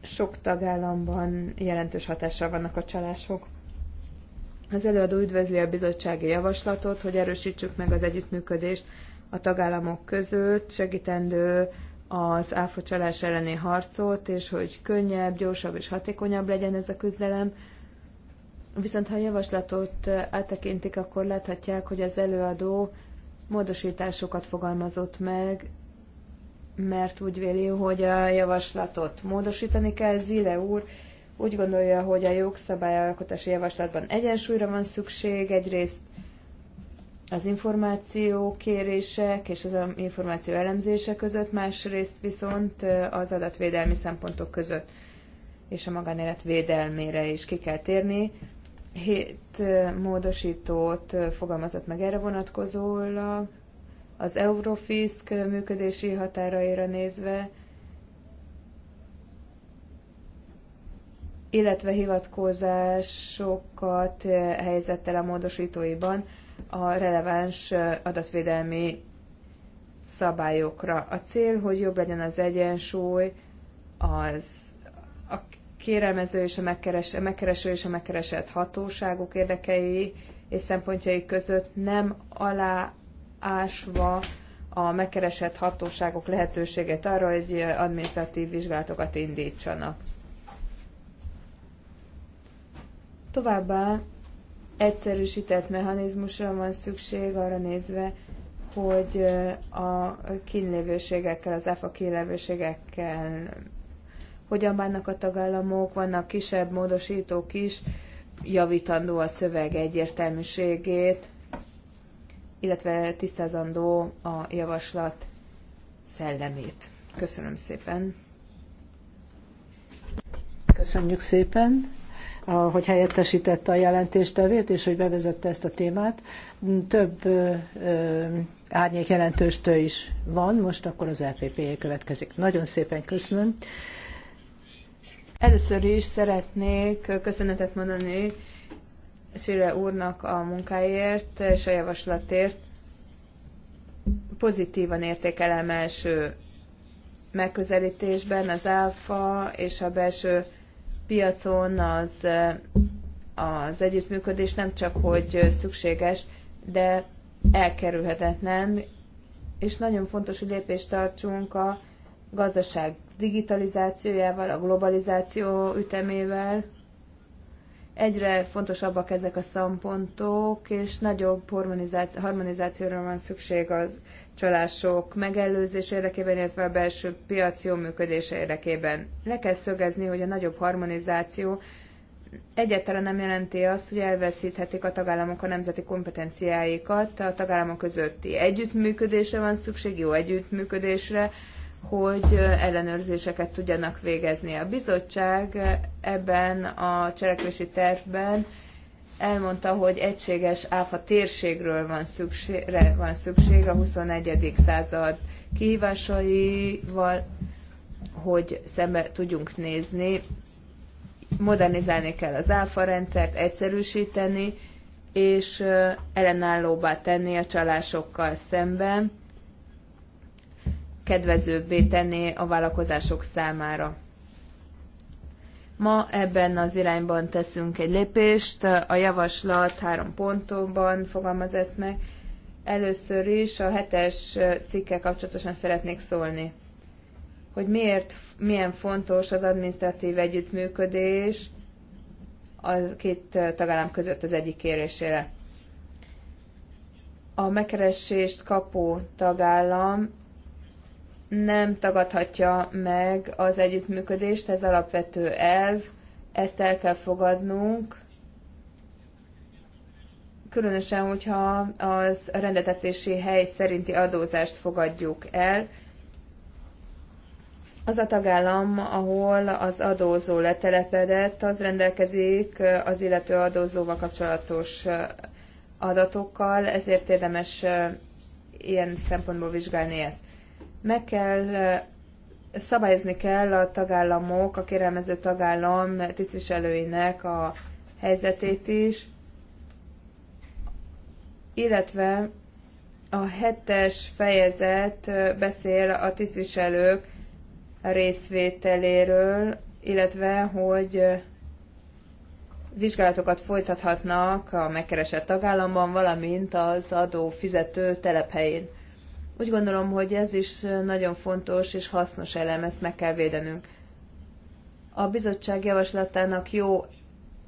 Sok tagállamban jelentős hatással vannak a csalások. Az előadó üdvözli a bizottsági javaslatot, hogy erősítsük meg az együttműködést a tagállamok között, segítendő az áfocsalás elleni harcot, és hogy könnyebb, gyorsabb és hatékonyabb legyen ez a küzdelem Viszont ha a javaslatot áttekintik, akkor láthatják, hogy az előadó módosításokat fogalmazott meg, mert úgy véli, hogy a javaslatot módosítani kell. Zile úr úgy gondolja, hogy a jogszabályalkotási javaslatban egyensúlyra van szükség, egyrészt az információ kérések és az információ elemzése között, másrészt viszont az adatvédelmi szempontok között és a magánélet védelmére is ki kell térni hét módosítót fogalmazott meg erre vonatkozólag, az Eurofisk működési határaira nézve, illetve hivatkozásokat helyezett el a módosítóiban a releváns adatvédelmi szabályokra. A cél, hogy jobb legyen az egyensúly az a kérelmező és a, megkeres, a megkereső és a megkeresett hatóságok érdekei és szempontjai között nem aláásva a megkeresett hatóságok lehetőséget arra, hogy administratív vizsgálatokat indítsanak. Továbbá egyszerűsített mechanizmusra van szükség arra nézve, hogy a kínlévőségekkel, az EFA kínlévőségekkel hogyan bánnak a tagállamok, vannak kisebb módosítók is, javítandó a szöveg egyértelműségét, illetve tisztázandó a javaslat szellemét. Köszönöm szépen. Köszönjük szépen, hogy helyettesítette a jelentéstevét, és hogy bevezette ezt a témát. Több árnyék jelentőstől is van, most akkor az LPP következik. Nagyon szépen köszönöm. Először is szeretnék köszönetet mondani szüle úrnak a munkáért és a javaslatért. Pozitívan értékelem első megközelítésben az áfa és a belső piacon az, az együttműködés nem csak hogy szükséges, de elkerülhetetlen, és nagyon fontos, hogy lépést tartsunk a gazdaság digitalizációjával, a globalizáció ütemével egyre fontosabbak ezek a szempontok, és nagyobb harmonizáció, harmonizációra van szükség a csalások megelőzés érdekében, illetve a belső piac jó működése érdekében. Le kell szögezni, hogy a nagyobb harmonizáció egyáltalán nem jelenti azt, hogy elveszíthetik a tagállamok a nemzeti kompetenciáikat, a tagállamok közötti együttműködésre van szükség, jó együttműködésre, hogy ellenőrzéseket tudjanak végezni. A bizottság ebben a cselekvési tervben elmondta, hogy egységes áfa térségről van szüksé- van szükség a 21. század kihívásaival, hogy szembe tudjunk nézni. Modernizálni kell az áfa rendszert, egyszerűsíteni, és ellenállóbbá tenni a csalásokkal szemben kedvezőbbé tenné a vállalkozások számára. Ma ebben az irányban teszünk egy lépést, a javaslat három pontonban fogalmaz ezt meg. Először is a hetes cikkel kapcsolatosan szeretnék szólni, hogy miért, milyen fontos az adminisztratív együttműködés a két tagállam között az egyik kérésére. A megkeresést kapó tagállam nem tagadhatja meg az együttműködést, ez alapvető elv, ezt el kell fogadnunk, különösen, hogyha az rendetetési hely szerinti adózást fogadjuk el, az a tagállam, ahol az adózó letelepedett, az rendelkezik az illető adózóval kapcsolatos adatokkal, ezért érdemes ilyen szempontból vizsgálni ezt. Meg kell szabályozni kell a tagállamok, a kérelmező tagállam tisztviselőinek a helyzetét is, illetve a hetes fejezet beszél a tisztviselők részvételéről, illetve hogy vizsgálatokat folytathatnak a megkeresett tagállamban, valamint az adó fizető telephelyén. Úgy gondolom, hogy ez is nagyon fontos és hasznos elem, ezt meg kell védenünk. A bizottság javaslatának jó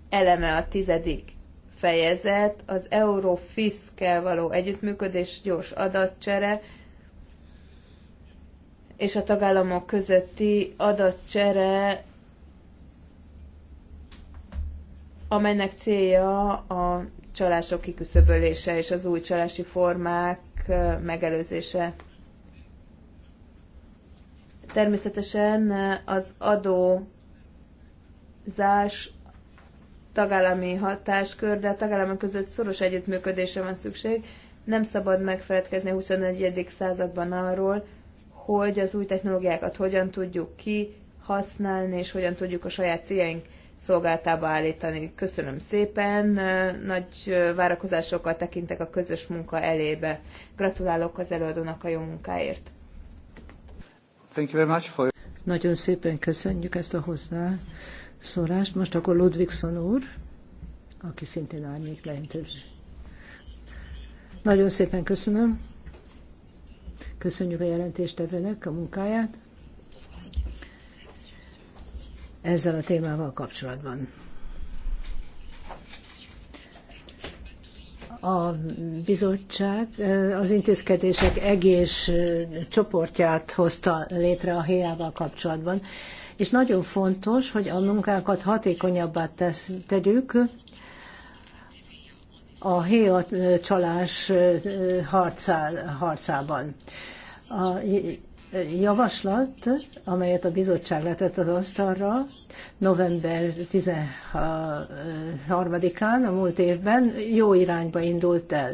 eleme a tizedik fejezet, az Eurofiszkel való együttműködés, gyors adatcsere, és a tagállamok közötti adatcsere, amelynek célja a csalások kiküszöbölése és az új csalási formák megelőzése. Természetesen az zás tagállami hatáskör, de a tagállamok között szoros együttműködésre van szükség. Nem szabad megfeledkezni a 21. században arról, hogy az új technológiákat hogyan tudjuk ki használni, és hogyan tudjuk a saját céljaink szolgáltába állítani. Köszönöm szépen, nagy várakozásokkal tekintek a közös munka elébe. Gratulálok az előadónak a jó munkáért. Thank you very much for... Nagyon szépen köszönjük ezt a hozzászólást. Most akkor Ludvigson úr, aki szintén árnyék lehetős. Nagyon szépen köszönöm. Köszönjük a jelentéstevőnek a munkáját ezzel a témával kapcsolatban. a bizottság eh, az intézkedések egész eh, csoportját hozta létre a héjával kapcsolatban, és nagyon fontos, hogy a munkákat hatékonyabbá tesz, tegyük, a héja eh, csalás harcá, harcában. A javaslat, amelyet a bizottság letett az asztalra november 13-án, a múlt évben, jó irányba indult el.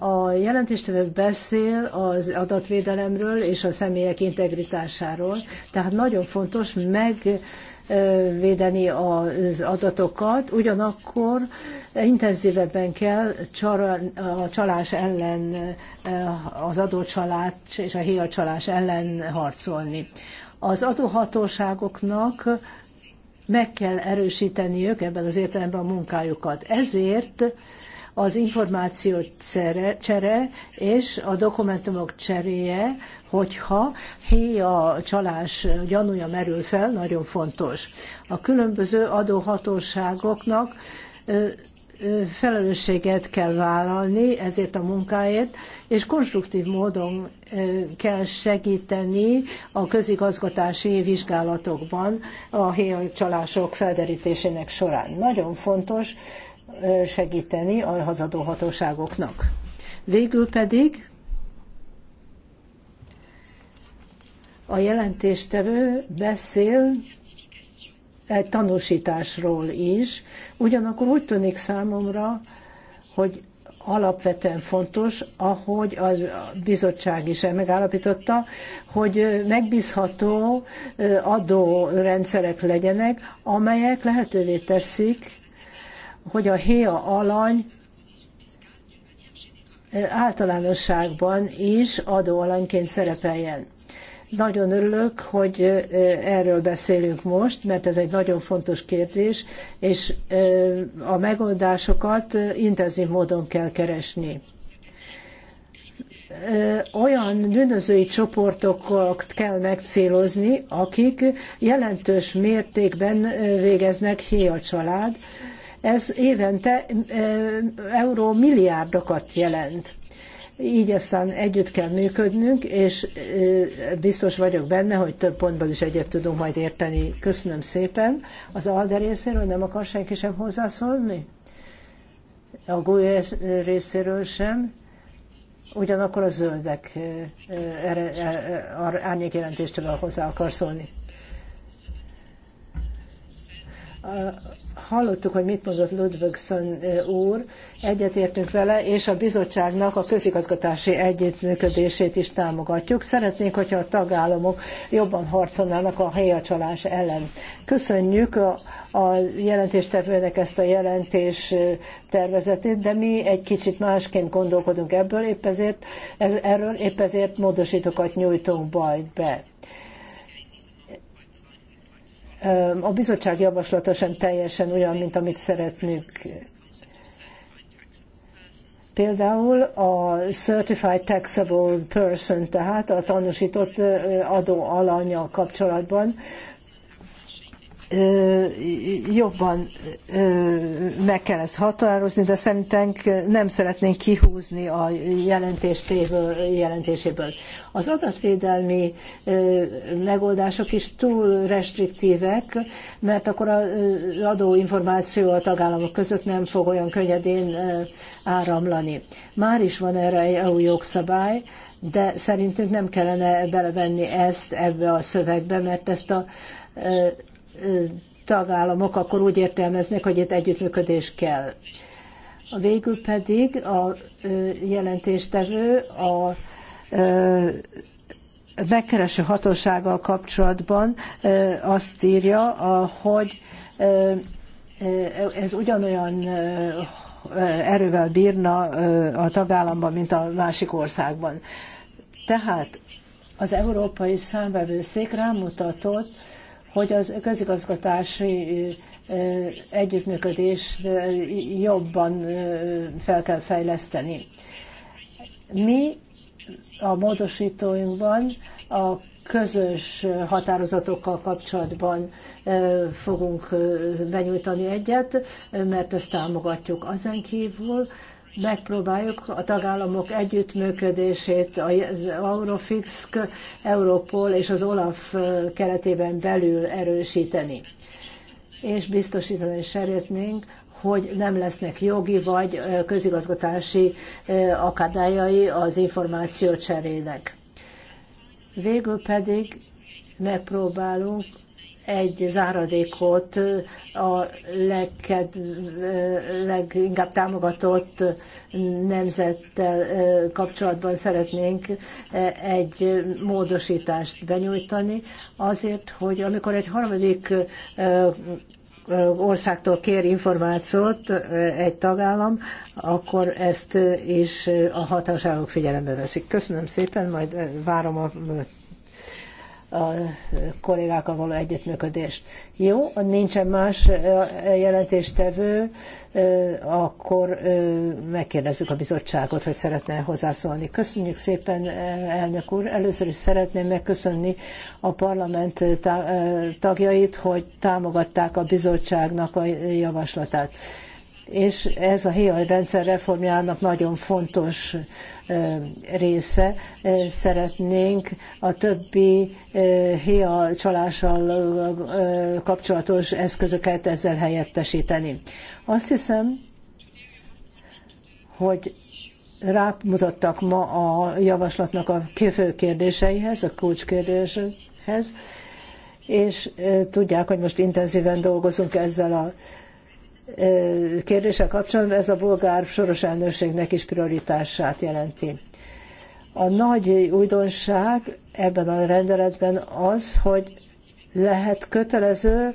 A jelentéstevő beszél az adatvédelemről és a személyek integritásáról, tehát nagyon fontos meg védeni az adatokat, ugyanakkor intenzívebben kell a csalás ellen, az adócsalás és a csalás ellen harcolni. Az adóhatóságoknak meg kell erősíteniük ebben az értelemben a munkájukat. Ezért az információ csere és a dokumentumok cseréje, hogyha héja csalás gyanúja merül fel, nagyon fontos. A különböző adóhatóságoknak felelősséget kell vállalni ezért a munkáért, és konstruktív módon kell segíteni a közigazgatási vizsgálatokban a csalások felderítésének során. Nagyon fontos, segíteni a hazadó hatóságoknak. Végül pedig a jelentéstevő beszél egy tanúsításról is, ugyanakkor úgy tűnik számomra, hogy alapvetően fontos, ahogy a bizottság is megállapította, hogy megbízható adórendszerek legyenek, amelyek lehetővé teszik hogy a héja alany általánosságban is adóalanyként szerepeljen. Nagyon örülök, hogy erről beszélünk most, mert ez egy nagyon fontos kérdés, és a megoldásokat intenzív módon kell keresni. Olyan bűnözői csoportokat kell megcélozni, akik jelentős mértékben végeznek héja család, ez évente euró milliárdokat jelent. Így aztán együtt kell működnünk, és biztos vagyok benne, hogy több pontban is egyet tudunk majd érteni. Köszönöm szépen. Az ALDE részéről nem akar senki sem hozzászólni? A GUE részéről sem. Ugyanakkor a zöldek árnyékjelentéstől hozzá akar szólni. Hallottuk, hogy mit mondott Ludvigson úr, egyetértünk vele, és a bizottságnak a közigazgatási együttműködését is támogatjuk. Szeretnénk, hogyha a tagállamok jobban harcolnának a helyacsalás ellen. Köszönjük a, a jelentéstevőnek ezt a jelentés tervezetét, de mi egy kicsit másként gondolkodunk ebből, épp ezért, ez, erről épp ezért módosítókat nyújtunk majd be. A bizottság javaslata sem teljesen olyan, mint amit szeretnünk. Például a Certified Taxable Person, tehát a tanúsított adó alanya kapcsolatban jobban meg kell ezt határozni, de szerintünk nem szeretnénk kihúzni a jelentéséből. Az adatvédelmi megoldások is túl restriktívek, mert akkor az adóinformáció a tagállamok között nem fog olyan könnyedén áramlani. Már is van erre egy EU jogszabály, de szerintünk nem kellene belevenni ezt ebbe a szövegbe, mert ezt a tagállamok akkor úgy értelmeznek, hogy itt együttműködés kell. A Végül pedig a jelentéstevő a megkereső hatósággal kapcsolatban azt írja, hogy ez ugyanolyan erővel bírna a tagállamban, mint a másik országban. Tehát az Európai Számvevőszék rámutatott, hogy az közigazgatási együttműködés jobban fel kell fejleszteni. Mi a módosítóinkban a közös határozatokkal kapcsolatban fogunk benyújtani egyet, mert ezt támogatjuk. Azen kívül megpróbáljuk a tagállamok együttműködését az Eurofix, Europol és az OLAF keretében belül erősíteni. És biztosítani szeretnénk, hogy nem lesznek jogi vagy közigazgatási akadályai az információ cserének. Végül pedig megpróbálunk egy záradékot a legked, leginkább támogatott nemzettel kapcsolatban szeretnénk egy módosítást benyújtani, azért, hogy amikor egy harmadik országtól kér információt egy tagállam, akkor ezt is a hatóságok figyelembe veszik. Köszönöm szépen, majd várom a a kollégákkal való együttműködés. Jó, nincsen más jelentéstevő, akkor megkérdezzük a bizottságot, hogy szeretne hozzászólni. Köszönjük szépen, elnök úr. Először is szeretném megköszönni a parlament tagjait, hogy támogatták a bizottságnak a javaslatát és ez a HIA rendszer reformjának nagyon fontos része. Szeretnénk a többi héja csalással kapcsolatos eszközöket ezzel helyettesíteni. Azt hiszem, hogy rámutattak ma a javaslatnak a kifő kérdéseihez, a kulcskérdéshez, és tudják, hogy most intenzíven dolgozunk ezzel a kérdéssel kapcsolatban ez a bolgár soros elnökségnek is prioritását jelenti. A nagy újdonság ebben a rendeletben az, hogy lehet kötelező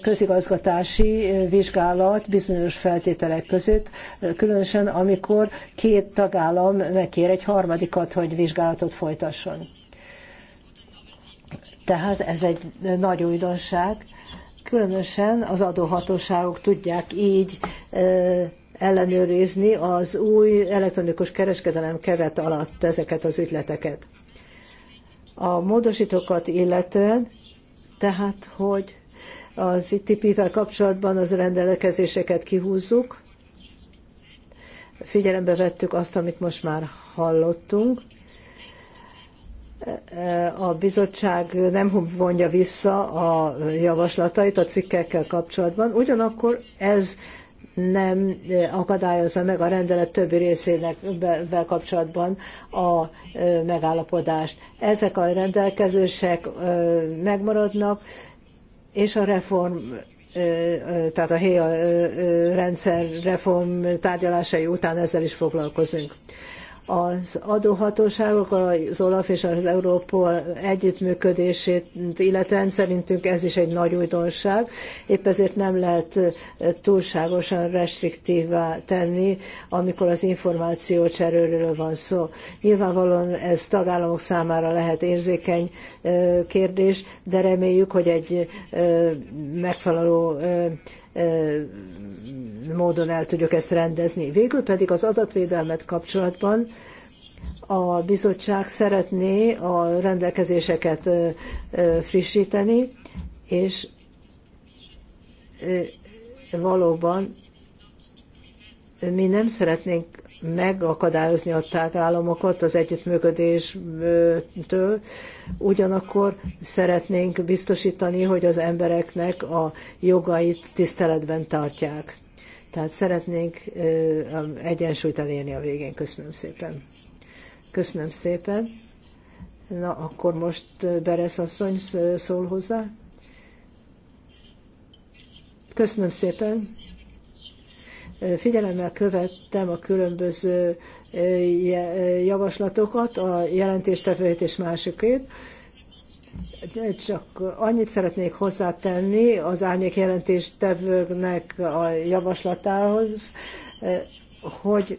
közigazgatási vizsgálat bizonyos feltételek között, különösen amikor két tagállam megkér egy harmadikat, hogy vizsgálatot folytasson. Tehát ez egy nagy újdonság különösen az adóhatóságok tudják így ellenőrizni az új elektronikus kereskedelem keret alatt ezeket az ügyleteket. A módosítókat illetően, tehát, hogy a TP-vel kapcsolatban az rendelkezéseket kihúzzuk, figyelembe vettük azt, amit most már hallottunk, a bizottság nem vonja vissza a javaslatait a cikkekkel kapcsolatban, ugyanakkor ez nem akadályozza meg a rendelet többi részének be kapcsolatban a megállapodást. Ezek a rendelkezések megmaradnak, és a reform tehát a HÉA rendszer reform tárgyalásai után ezzel is foglalkozunk az adóhatóságok, az OLAF és az Európol együttműködését illetően szerintünk ez is egy nagy újdonság, épp ezért nem lehet túlságosan restriktívá tenni, amikor az információ cserőről van szó. Nyilvánvalóan ez tagállamok számára lehet érzékeny kérdés, de reméljük, hogy egy megfelelő módon el tudjuk ezt rendezni. Végül pedig az adatvédelmet kapcsolatban a bizottság szeretné a rendelkezéseket frissíteni, és valóban mi nem szeretnénk megakadályozni a tagállamokat az együttműködéstől, ugyanakkor szeretnénk biztosítani, hogy az embereknek a jogait tiszteletben tartják. Tehát szeretnénk egyensúlyt elérni a végén. Köszönöm szépen. Köszönöm szépen. Na, akkor most Beresz asszony szól hozzá. Köszönöm szépen. Figyelemmel követtem a különböző javaslatokat, a jelentéstevőjét és másokét. Csak annyit szeretnék hozzátenni az árnyék jelentéstevőknek a javaslatához, hogy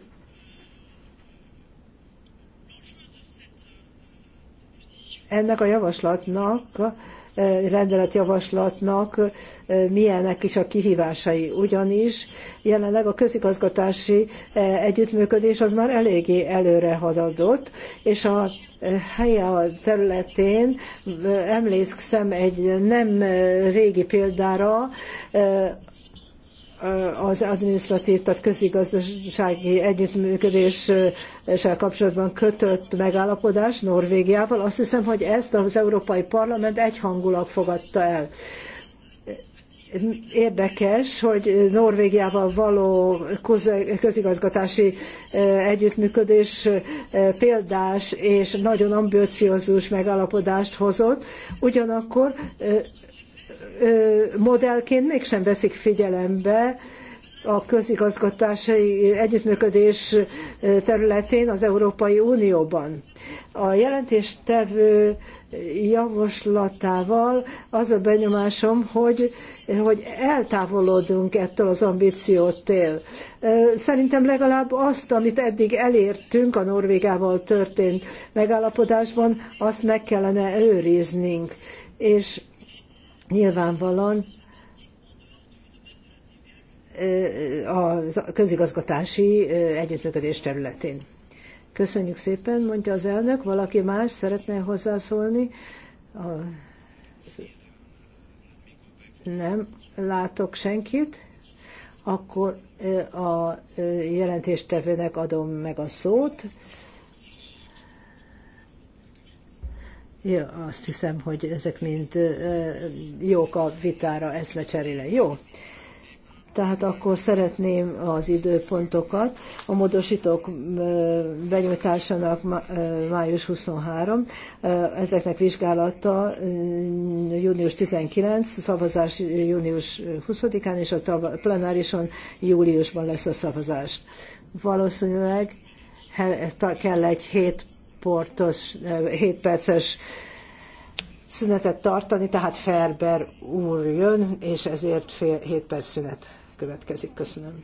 ennek a javaslatnak rendeletjavaslatnak milyenek is a kihívásai. Ugyanis jelenleg a közigazgatási együttműködés az már eléggé előre haladott, és a helye a területén emlékszem egy nem régi példára, az adminisztratív, tehát közigazdasági együttműködéssel kapcsolatban kötött megállapodás Norvégiával, azt hiszem, hogy ezt az Európai Parlament egyhangulag fogadta el. Érdekes, hogy Norvégiával való közigazgatási együttműködés példás és nagyon ambiciózus megállapodást hozott, ugyanakkor modellként mégsem veszik figyelembe a közigazgatási együttműködés területén az Európai Unióban. A jelentéstevő javaslatával az a benyomásom, hogy, hogy eltávolodunk ettől az ambíciótól. Szerintem legalább azt, amit eddig elértünk a Norvégával történt megállapodásban, azt meg kellene őriznünk. És nyilvánvalóan a közigazgatási együttműködés területén. Köszönjük szépen, mondja az elnök. Valaki más szeretne hozzászólni? A... Nem látok senkit. Akkor a jelentéstevőnek adom meg a szót. Ja, azt hiszem, hogy ezek mind jók a vitára, eszmecserére. Jó. Tehát akkor szeretném az időpontokat. A módosítók benyújtásának május 23, ezeknek vizsgálata június 19, szavazás június 20-án, és a plenárison júliusban lesz a szavazás. Valószínűleg kell egy hét portos 7 eh, perces szünetet tartani, tehát Ferber úr jön, és ezért fél, 7 perc szünet következik. Köszönöm.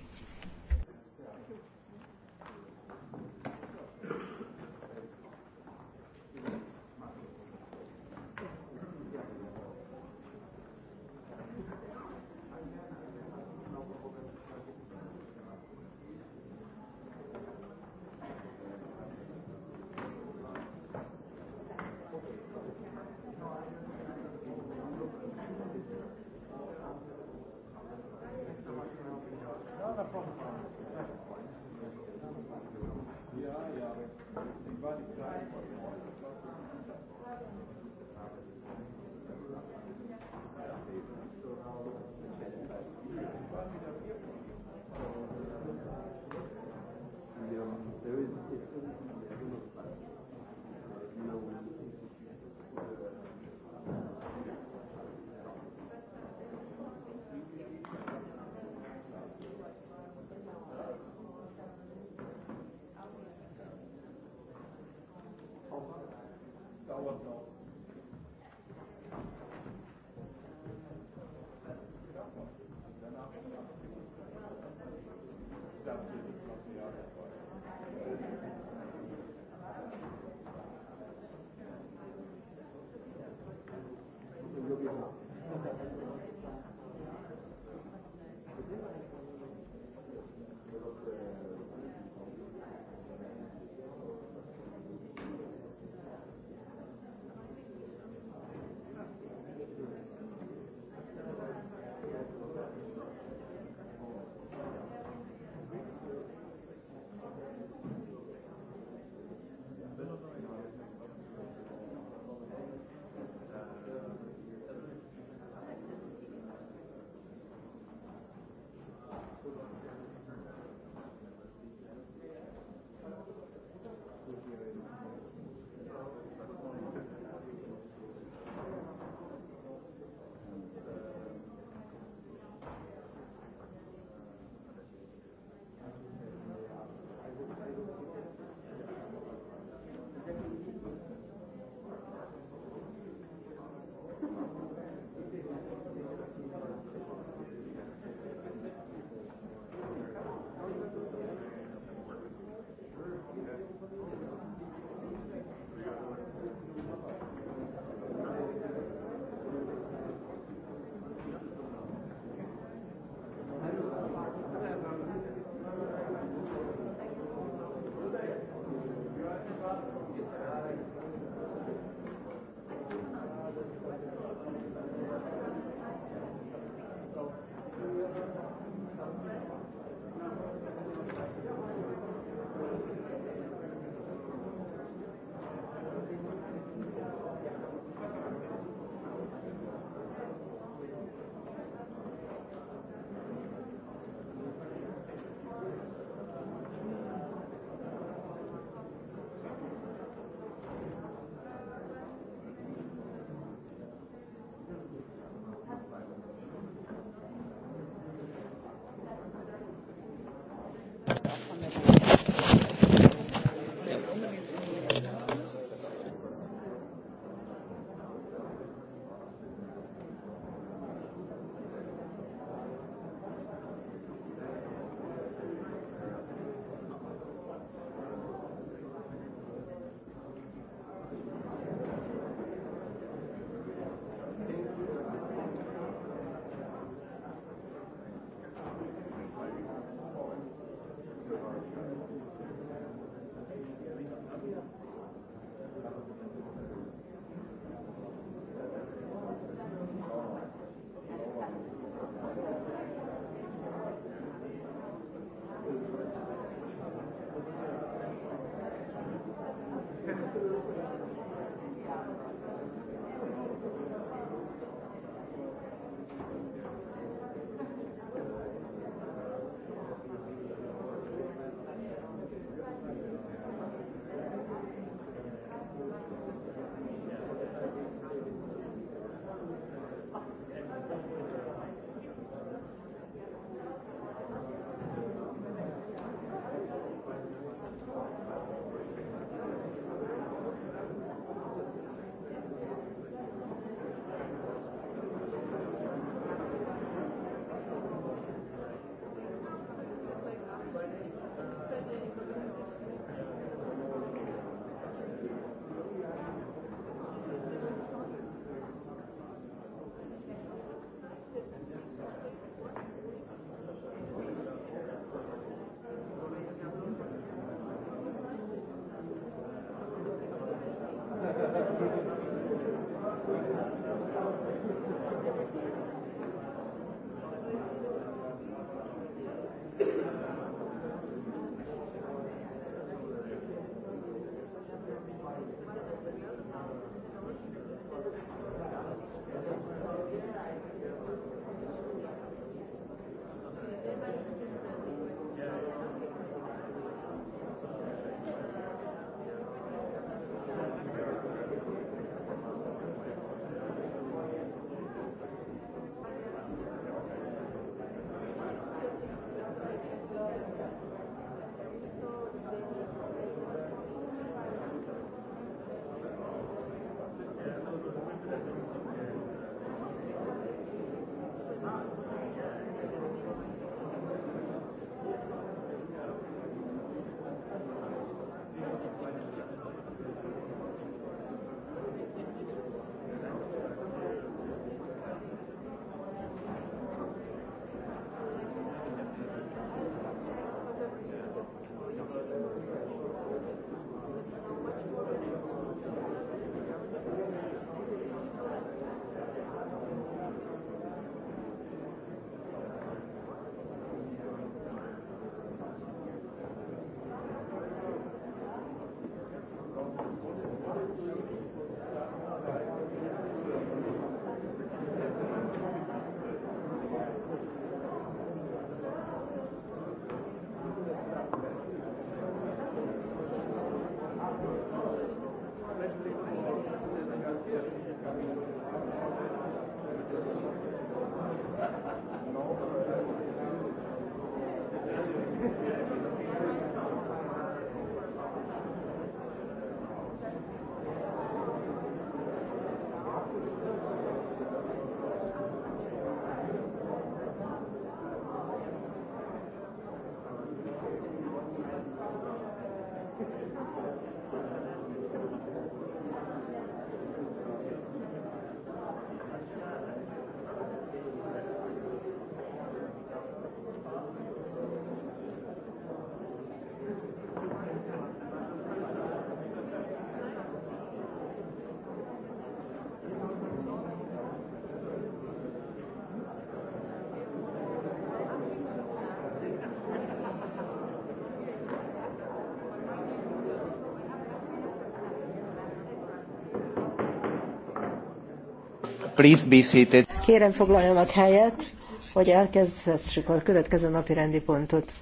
Please be seated. Kérem foglaljanak helyet, hogy elkezdhessük a következő napi rendi pontot.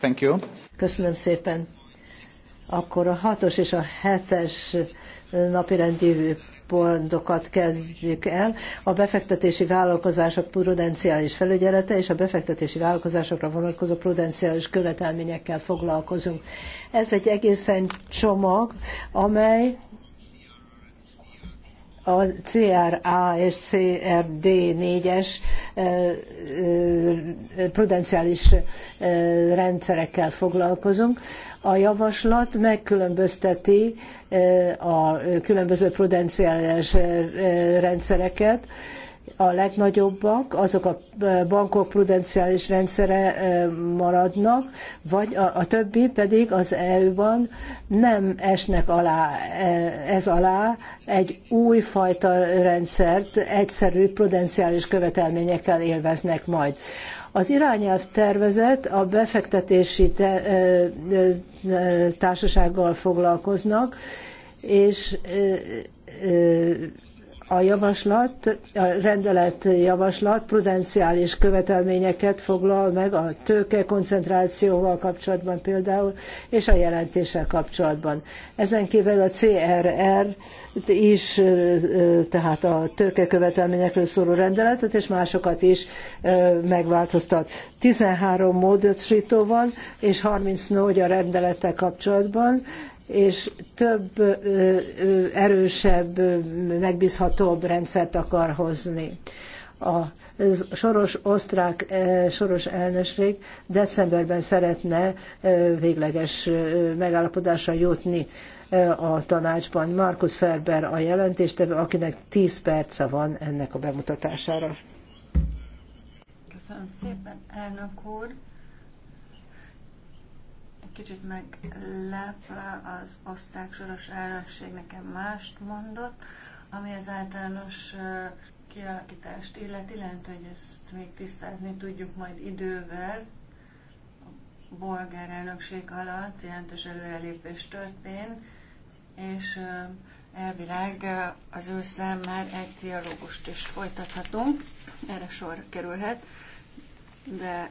Thank you. Köszönöm szépen. Akkor a hatos és a hetes napirendi pontokat kezdjük el. A befektetési vállalkozások prudenciális felügyelete és a befektetési vállalkozásokra vonatkozó prudenciális követelményekkel foglalkozunk. Ez egy egészen csomag, amely a CRA és CRD 4-es eh, eh, prudenciális eh, rendszerekkel foglalkozunk. A javaslat megkülönbözteti a különböző prudenciális rendszereket, a legnagyobbak, azok a bankok prudenciális rendszere maradnak, vagy a, a többi pedig az EU-ban nem esnek alá, ez alá egy új fajta rendszert, egyszerű prudenciális követelményekkel élveznek majd. Az irányelv tervezet a befektetési te, társasággal foglalkoznak, és a javaslat, a rendelet javaslat prudenciális követelményeket foglal meg a tőke koncentrációval kapcsolatban például, és a jelentéssel kapcsolatban. Ezen kívül a CRR is, tehát a tőke követelményekről szóló rendeletet, és másokat is megváltoztat. 13 módosító van, és 34 a rendelettel kapcsolatban, és több erősebb, megbízhatóbb rendszert akar hozni. A soros osztrák soros elnökség decemberben szeretne végleges megállapodásra jutni a tanácsban. Markus Ferber a jelentést, akinek 10 perce van ennek a bemutatására. Köszönöm szépen, elnök úr! Kicsit meglepve az osztrák soros elnökség nekem mást mondott, ami az általános kialakítást illeti, lehet, hogy ezt még tisztázni tudjuk majd idővel. A bolgár elnökség alatt jelentős előrelépés történt, és elvileg az ősszel már egy dialógust is folytathatunk, erre sor kerülhet de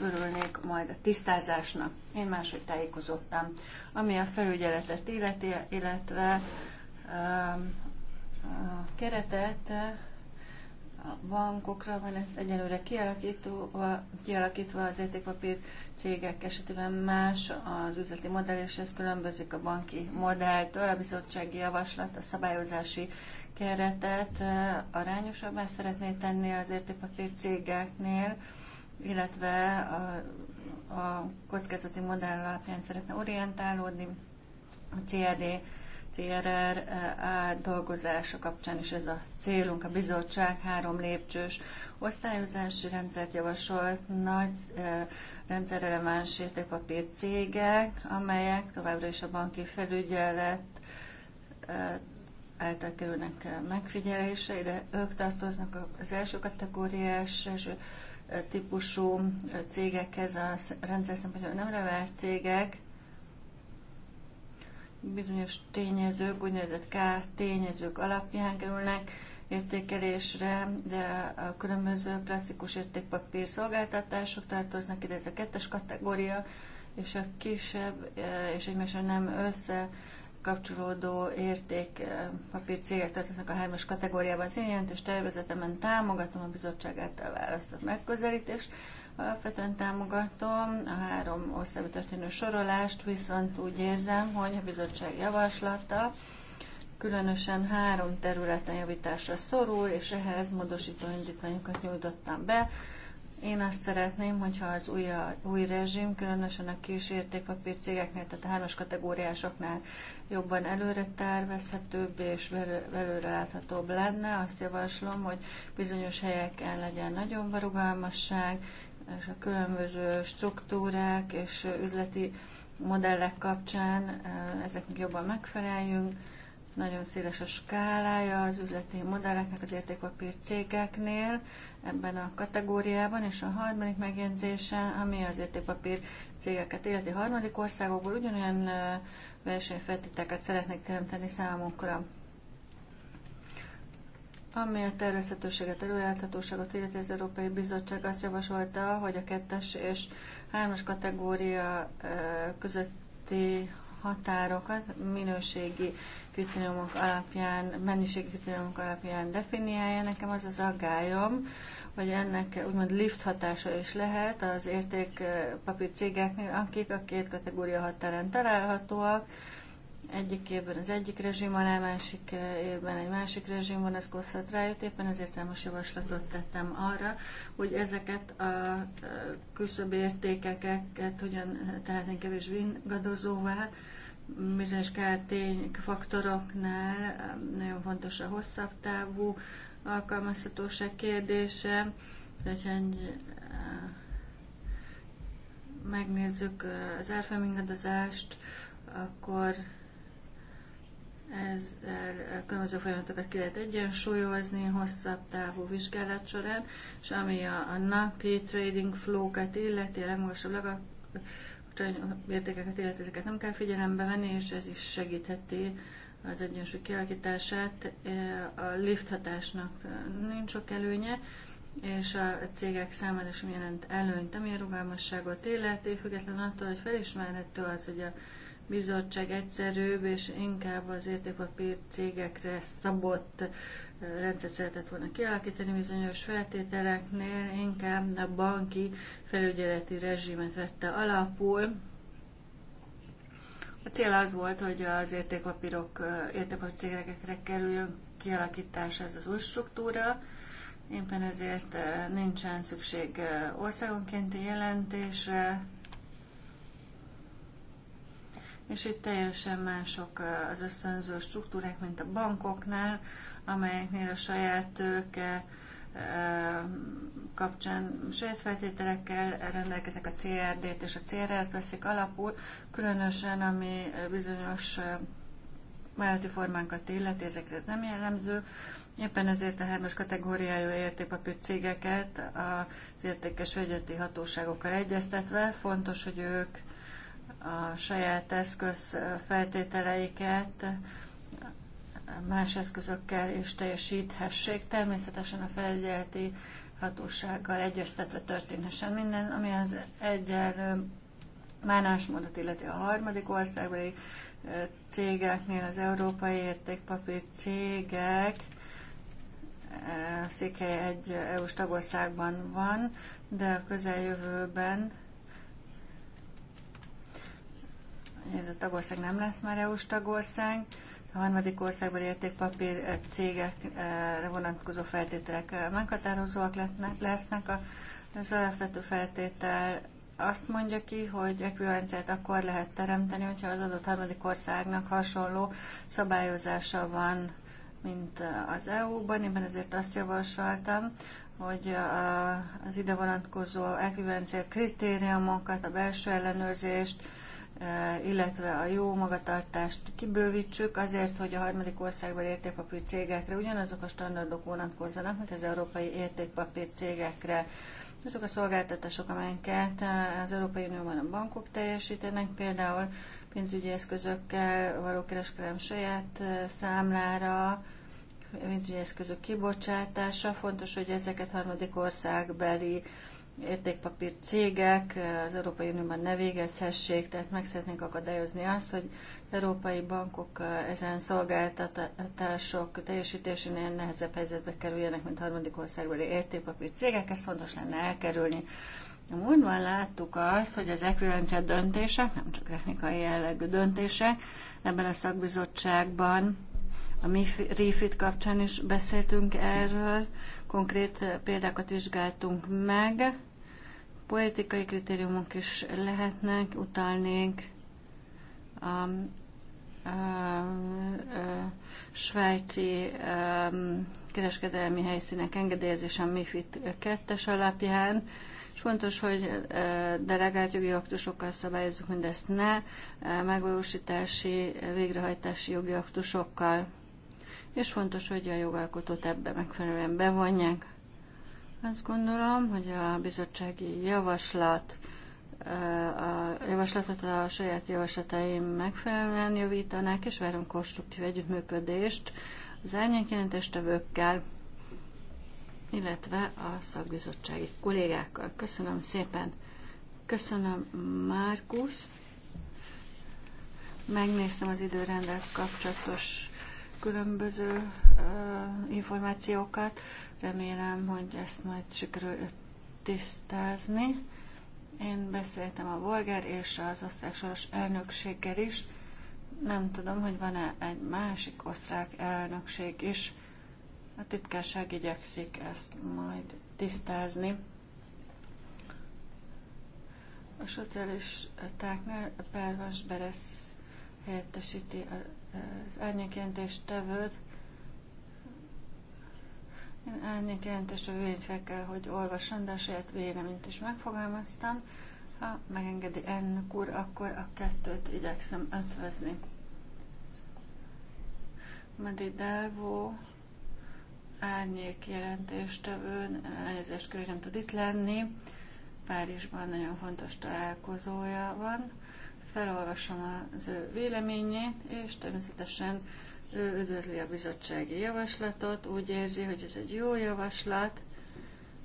örülnék majd a tisztázásnak. Én máshogy tájékozottam. Ami a felügyeletet illeti, illetve a keretet a bankokra van ez hát egyelőre kialakítva, kialakítva az értékpapír cégek esetében más az üzleti modell, és ez különbözik a banki modelltől. A bizottsági javaslat a szabályozási keretet arányosabbá szeretné tenni az értékpapír cégeknél, illetve a, a kockázati modell alapján szeretne orientálódni. A CRD, CRR e dolgozása kapcsán is ez a célunk. A bizottság három lépcsős osztályozási rendszert javasolt nagy e, rendszerreleváns értékpapír cégek, amelyek továbbra is a banki felügyelet e, által kerülnek megfigyelésre, ide ők tartoznak az első kategóriás, első típusú cégekhez, a rendszer szempontjából nem releváns cégek, bizonyos tényezők, úgynevezett K tényezők alapján kerülnek értékelésre, de a különböző klasszikus értékpapír szolgáltatások tartoznak ide, ez a kettes kategória, és a kisebb eh, és egymással nem össze kapcsolódó érték eh, cégek tartoznak a hármas kategóriában. Az én jelentős tervezetemen támogatom a bizottság által választott megközelítést, alapvetően támogatom a három országú történő sorolást, viszont úgy érzem, hogy a bizottság javaslata különösen három területen javításra szorul, és ehhez módosító indítványokat nyújtottam be. Én azt szeretném, hogyha az új, új rezsim, különösen a kis értékpapír cégeknél, tehát a hármas kategóriásoknál jobban előre tervezhetőbb és belőle láthatóbb lenne. Azt javaslom, hogy bizonyos helyeken legyen nagyon varugalmasság, és a különböző struktúrák és üzleti modellek kapcsán ezeknek jobban megfeleljünk. Nagyon széles a skálája az üzleti modelleknek az értékpapír cégeknél ebben a kategóriában, és a harmadik megjegyzése, ami az értékpapír cégeket illeti harmadik országokból ugyanolyan versenyfeltételeket szeretnék teremteni számunkra Ami a tervezhetőséget, előállhatóságot illeti az Európai Bizottság azt javasolta, hogy a kettes és hármas kategória közötti határokat minőségi kritériumok alapján, mennyiségi kritériumok alapján definiálja. Nekem az az aggályom, hogy ennek úgymond lift hatása is lehet az értékpapír cégeknél, akik a két kategória határán találhatóak. Egyik évben az egyik rezsim alá, másik évben egy másik rezsim vonatkozhat rájött. éppen ezért számos javaslatot tettem arra, hogy ezeket a külsőbb értékeket hogyan tehetnénk kevés vingadozóvá, bizonyos kártény faktoroknál nagyon fontos a hosszabb távú alkalmazhatóság kérdése, hogyha eh, megnézzük eh, az árfolyamingadozást, akkor ezzel eh, különböző folyamatokat ki lehet egyensúlyozni hosszabb távú vizsgálat során, és ami a, a napi trading flow-kat illeti, a legmagasabb legalább értékeket illeti, ezeket nem kell figyelembe venni, és ez is segítheti az egyensúly kialakítását. Eh, a lift hatásnak eh, nincs sok előnye, és a cégek számára sem jelent előnyt, ami a rugalmasságot illeti, függetlenül attól, hogy felismerhető az, hogy a bizottság egyszerűbb és inkább az értékpapír cégekre szabott eh, rendszert szeretett volna kialakítani bizonyos feltételeknél, inkább a banki felügyeleti rezsimet vette alapul, cél az volt, hogy az értékpapírok, értékpapír cégekre kerüljön kialakítás ez az új struktúra, éppen ezért nincsen szükség országonkénti jelentésre, és itt teljesen mások az ösztönző struktúrák, mint a bankoknál, amelyeknél a saját tőke kapcsán saját feltételekkel rendelkeznek a CRD-t és a crl t veszik alapul, különösen ami bizonyos vállalati formánkat illeti, ezekre ez nem jellemző. Éppen ezért a hármas kategóriájú értékpapír cégeket az értékes vegyeti hatóságokkal egyeztetve fontos, hogy ők a saját eszköz feltételeiket más eszközökkel is teljesíthessék. Természetesen a felügyeleti hatósággal egyeztetve történhessen minden, ami az egyenlő bánásmódot illeti a harmadik országbeli cégeknél, az európai értékpapír cégek székhelye egy EU-s tagországban van, de a közeljövőben ez a tagország nem lesz már EU-s tagország, a harmadik országban értékpapír eh, cégekre eh, vonatkozó feltételek eh, meghatározóak lesznek. Az alapvető feltétel azt mondja ki, hogy ekvivalenciát akkor lehet teremteni, hogyha az adott harmadik országnak hasonló szabályozása van, mint az EU-ban. Én ezért azt javasoltam, hogy az ide vonatkozó ekvivalencia kritériumokat, a belső ellenőrzést, illetve a jó magatartást kibővítsük, azért, hogy a harmadik országban értékpapír cégekre ugyanazok a standardok vonatkozzanak, mint az európai értékpapír cégekre. Azok a szolgáltatások, amelyeket az Európai Unióban a bankok teljesítenek, például pénzügyi eszközökkel való kereskedelem saját számlára, pénzügyi eszközök kibocsátása, fontos, hogy ezeket harmadik országbeli értékpapír cégek az Európai Unióban ne végezhessék, tehát meg szeretnénk akadályozni azt, hogy az európai bankok ezen szolgáltatások teljesítésénél nehezebb helyzetbe kerüljenek, mint harmadik országbeli értékpapír cégek, ezt fontos lenne elkerülni. A múltban láttuk azt, hogy az ekvivalencia döntése, nem csak technikai jellegű döntése, ebben a szakbizottságban a mi refit kapcsán is beszéltünk erről, konkrét példákat vizsgáltunk meg, Politikai kritériumok is lehetnek, utalnék a, um, uh, uh, svájci um, kereskedelmi helyszínek engedélyezése a MIFID 2-es alapján, és fontos, hogy uh, delegált jogi aktusokkal szabályozzuk mindezt ne, megvalósítási, végrehajtási jogi aktusokkal, és fontos, hogy a jogalkotót ebbe megfelelően bevonják. Azt gondolom, hogy a bizottsági javaslat a javaslatot a saját javaslataim megfelelően javítanák, és várom konstruktív együttműködést az tevőkkel, illetve a szakbizottsági kollégákkal. Köszönöm szépen. Köszönöm, Márkusz. Megnéztem az időrendel kapcsolatos különböző uh, információkat. Remélem, hogy ezt majd sikerül tisztázni. Én beszéltem a bolgár és az osztrák soros elnökséggel is. Nem tudom, hogy van-e egy másik osztrák elnökség is. A titkárság igyekszik ezt majd tisztázni. A szocialistáknál Pervas Beresz helyettesíti az árnyékjelentést tevőt, én árnyék a vélét fel kell, hogy olvasom, de a saját véleményt is megfogalmaztam. Ha megengedi elnök úr, akkor a kettőt igyekszem ötvezni. Medi Delvó árnyék jelentéstevőn, elnézést körül nem tud itt lenni. Párizsban nagyon fontos találkozója van. Felolvasom az ő véleményét, és természetesen ő üdvözli a bizottsági javaslatot, úgy érzi, hogy ez egy jó javaslat,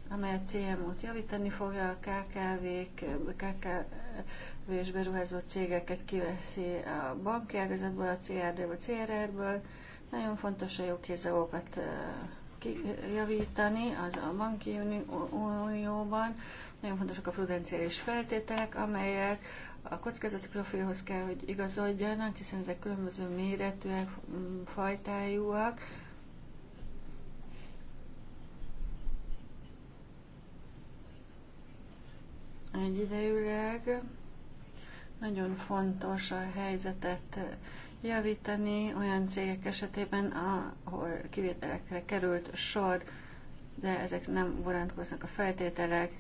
amely a CMU-t javítani fogja, a KKV-k, KKV és beruházó cégeket kiveszi a banki ágazatból, a crd vagy CRR-ből. Nagyon fontos a jó javítani az a banki unióban. Nagyon fontosak a prudenciális feltételek, amelyek a kockázati profilhoz kell, hogy igazodjanak, hiszen ezek különböző méretűek, mm, fajtájúak. Egyidejűleg nagyon fontos a helyzetet javítani olyan cégek esetében, ahol kivételekre került sor, de ezek nem vonatkoznak a feltételek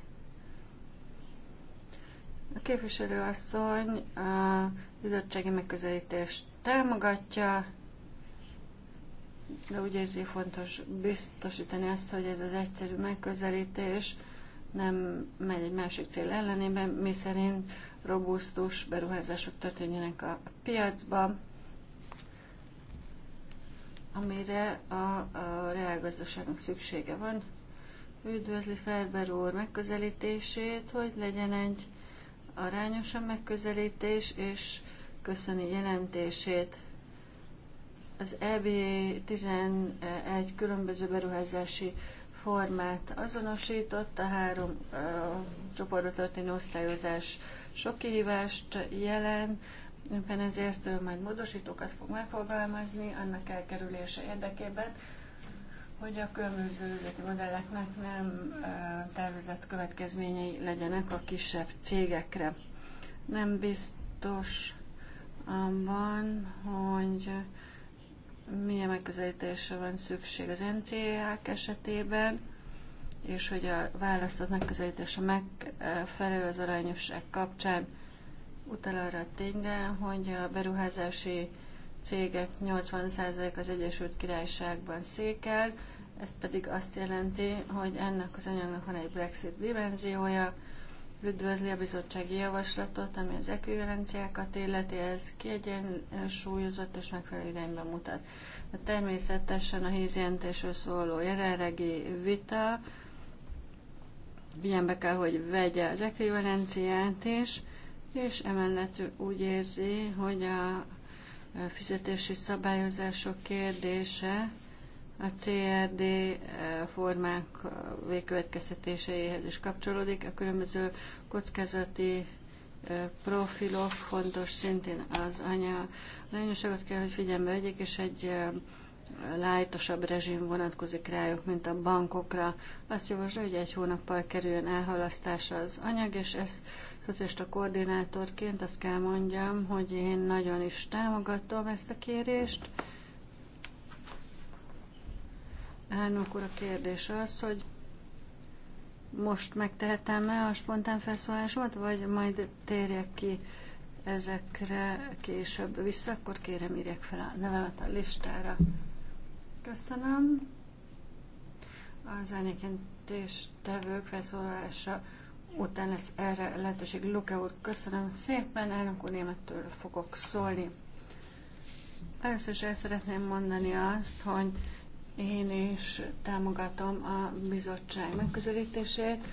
a képviselőasszony a bizottsági megközelítést támogatja, de úgy érzi fontos biztosítani azt, hogy ez az egyszerű megközelítés nem megy egy másik cél ellenében, mi szerint robusztus beruházások történjenek a piacban, amire a, a reálgazdaságnak szüksége van. Üdvözli Ferber úr megközelítését, hogy legyen egy arányos a megközelítés, és köszöni jelentését. Az EB 11 különböző beruházási formát azonosított, a három csoportra történő osztályozás sok kihívást jelent, éppen ezért majd módosítókat fog megfogalmazni annak elkerülése érdekében, hogy a különböző üzleti modelleknek nem tervezett következményei legyenek a kisebb cégekre. Nem biztos abban, hogy milyen megközelítésre van szükség az NCH esetében, és hogy a választott megközelítése megfelelő az arányosság kapcsán utal arra a tényre, hogy a beruházási cégek 80% az Egyesült Királyságban székel, ez pedig azt jelenti, hogy ennek az anyagnak van egy Brexit dimenziója, üdvözli a bizottsági javaslatot, ami az ekvivalenciákat illeti, ez kiegyensúlyozott és megfelelő irányba mutat. De természetesen a hízjelentésről szóló jelenlegi vita ilyenbe kell, hogy vegye az ekvivalenciát is, és emellett úgy érzi, hogy a fizetési szabályozások kérdése a CRD eh, formák eh, végkövetkeztetéseihez is kapcsolódik. A különböző kockázati eh, profilok fontos szintén az anya arányosságot kell, hogy figyelme vegyék, és egy lájtosabb rezsim vonatkozik rájuk, mint a bankokra. Azt javaslja, hogy egy hónappal kerüljön elhalasztásra az anyag, és ez szocialista koordinátorként azt kell mondjam, hogy én nagyon is támogatom ezt a kérést. Elnök úr, a kérdés az, hogy most megtehetem-e a spontán felszólásomat, vagy majd térjek ki ezekre később vissza, akkor kérem írják fel a nevemet a listára. Köszönöm. Az és tevők felszólása után lesz erre lehetőség. Luke úr, köszönöm szépen, elnök úr németől fogok szólni. Először is el szeretném mondani azt, hogy én is támogatom a bizottság megközelítését,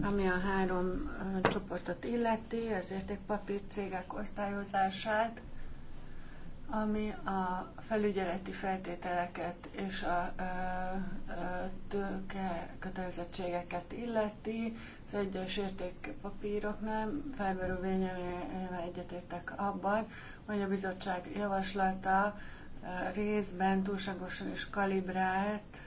ami a három csoportot illeti, az értékpapír cégek osztályozását, ami a felügyeleti feltételeket és a tőke kötelezettségeket illeti, az egyes értékpapíroknál felmerül véleményével egyetértek abban, hogy a bizottság javaslata részben túlságosan is kalibrált,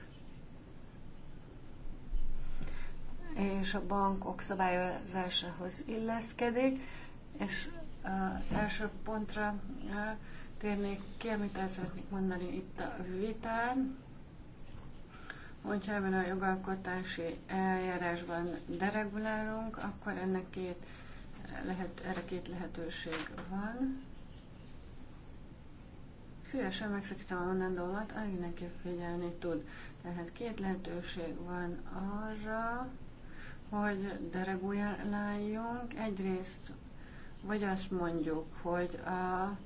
és a bankok szabályozásához illeszkedik, és az első pontra térnék ki, amit el szeretnék mondani itt a vitán, hogyha ebben a jogalkotási eljárásban deregulálunk, akkor ennek két lehet, erre két lehetőség van. Szívesen megszakítom a mondandómat, ami mindenképp figyelni tud. Tehát két lehetőség van arra, hogy dereguláljunk. Egyrészt vagy azt mondjuk, hogy a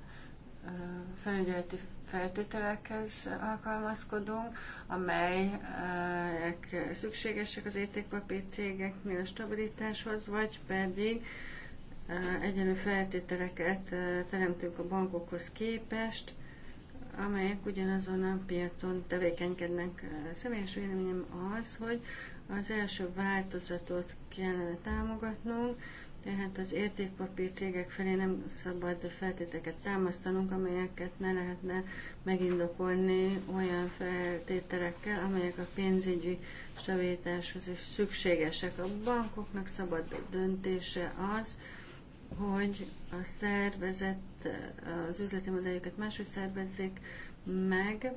felügyeleti feltételekhez alkalmazkodunk, amelyek szükségesek az értékpapír cégeknél a stabilitáshoz, vagy pedig e, egyenlő feltételeket e, teremtünk a bankokhoz képest, amelyek ugyanazon a piacon tevékenykednek. A személyes véleményem az, hogy az első változatot kellene támogatnunk, tehát az értékpapír cégek felé nem szabad feltéteket támasztanunk, amelyeket ne lehetne megindokolni olyan feltételekkel, amelyek a pénzügyi stabilitáshoz is szükségesek. A bankoknak szabad döntése az, hogy a szervezet, az üzleti modelljüket máshogy szervezzék meg,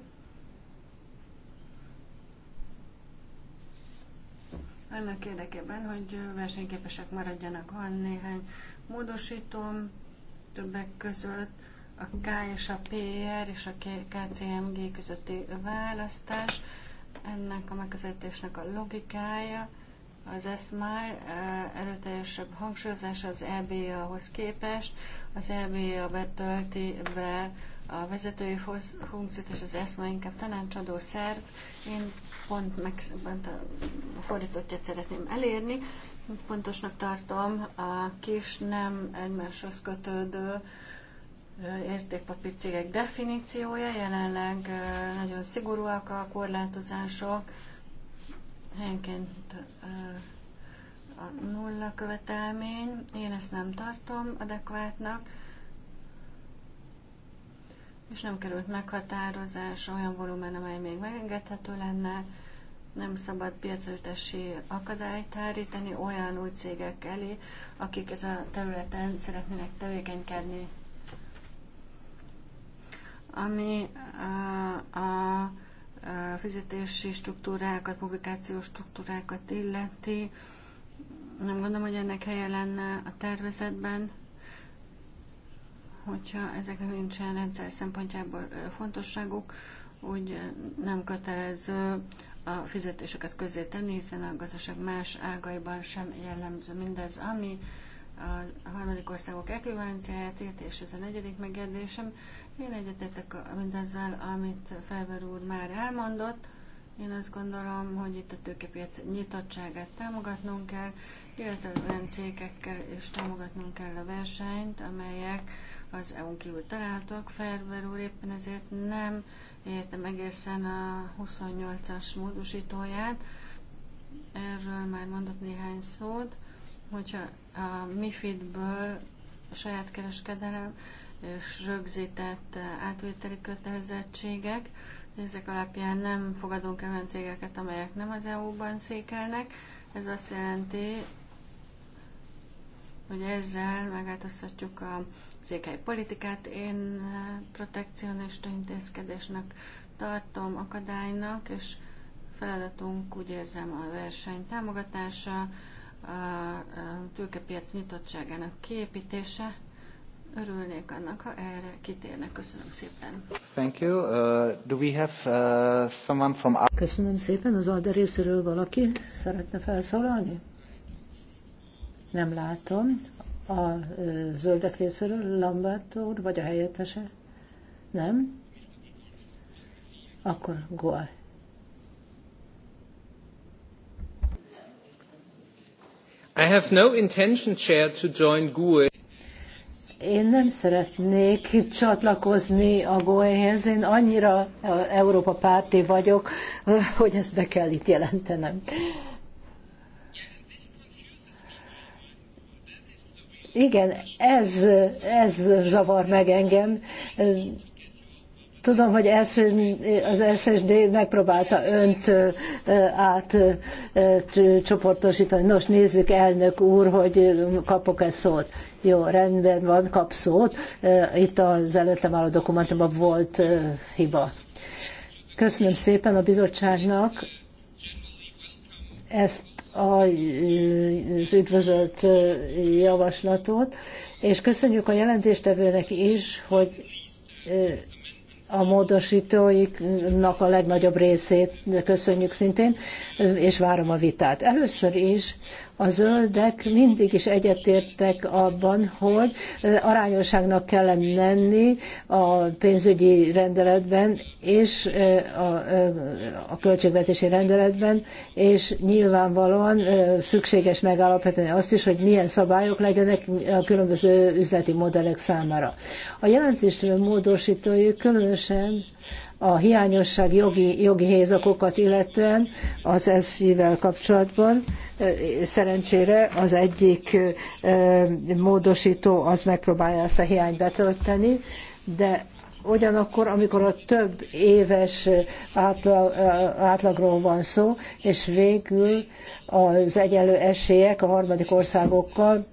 annak érdekében, hogy versenyképesek maradjanak. Van néhány módosítom, többek között a K és a PR és a KCMG közötti választás, ennek a megközelítésnek a logikája, az ESMAR eh, erőteljesebb hangsúlyozása az EBA-hoz képest. Az EBA betölti be a vezetői funkciót, és az ESMA inkább tanácsadó szerv. Én pont, meg, pont a fordítottját szeretném elérni. Pontosnak tartom a kis, nem egymáshoz kötődő eh, értékpapír cégek definíciója. Jelenleg eh, nagyon szigorúak a korlátozások helyenként a nulla követelmény, én ezt nem tartom adekvátnak, és nem került meghatározás olyan volumen, amely még megengedhető lenne, nem szabad piacrőtesi akadályt állítani olyan új cégek elé, akik ezen a területen szeretnének tevékenykedni. Ami a, a fizetési struktúrákat, publikációs struktúrákat illeti. Nem gondolom, hogy ennek helye lenne a tervezetben, hogyha ezeknek nincsen rendszer szempontjából fontosságuk, úgy nem kötelező a fizetéseket közé tenni, hiszen a gazdaság más ágaiban sem jellemző mindez, ami a harmadik országok ekvivalenciáját ért, és ez a negyedik megjegyzésem, én egyetetek mindazzal, amit Felver úr már elmondott. Én azt gondolom, hogy itt a tőkepiac nyitottságát támogatnunk kell, illetve olyan cégekkel és támogatnunk kell a versenyt, amelyek az EU-n kívül találtak. Felver úr éppen ezért nem értem egészen a 28-as módosítóját. Erről már mondott néhány szót, hogyha a MIFID-ből saját kereskedelem és rögzített eh, átvételi kötelezettségek. Ezek alapján nem fogadunk el olyan cégeket, amelyek nem az EU-ban székelnek. Ez azt jelenti, hogy ezzel megváltoztatjuk a székely politikát. Én eh, protekcionista intézkedésnek tartom akadálynak, és feladatunk úgy érzem a verseny támogatása, a tőkepiac nyitottságának kiépítése, Örülnék annak, ha erre kitérnek. Köszönöm szépen. Thank you. Uh, do we have uh, someone from... Köszönöm szépen. Az Alda részéről valaki szeretne felszólalni? Nem látom. A uh, zöldek részéről Lambert úr, vagy a helyettese? Nem? Akkor Goa. I have no intention, Chair, to join GUE. Én nem szeretnék csatlakozni a goe én annyira Európa párti vagyok, hogy ezt be kell itt jelentenem. Igen, ez, ez zavar meg engem, Tudom, hogy az SSD megpróbálta önt átcsoportosítani. Nos, nézzük, elnök úr, hogy kapok-e szót. Jó, rendben van, kap szót. Itt az előttem álló dokumentumban volt hiba. Köszönöm szépen a bizottságnak ezt az üdvözölt javaslatot, és köszönjük a jelentéstevőnek is, hogy a módosítóiknak a legnagyobb részét köszönjük szintén, és várom a vitát. Először is a zöldek mindig is egyetértek abban, hogy arányosságnak kellene lenni a pénzügyi rendeletben és a, a költségvetési rendeletben, és nyilvánvalóan szükséges megállapítani azt is, hogy milyen szabályok legyenek a különböző üzleti modellek számára. A jelentéstől módosítói különösen a hiányosság jogi, jogi hézakokat illetően az SZ-vel kapcsolatban. Szerencsére az egyik módosító az megpróbálja ezt a hiányt betölteni, de ugyanakkor, amikor a több éves átlag, átlagról van szó, és végül az egyenlő esélyek a harmadik országokkal,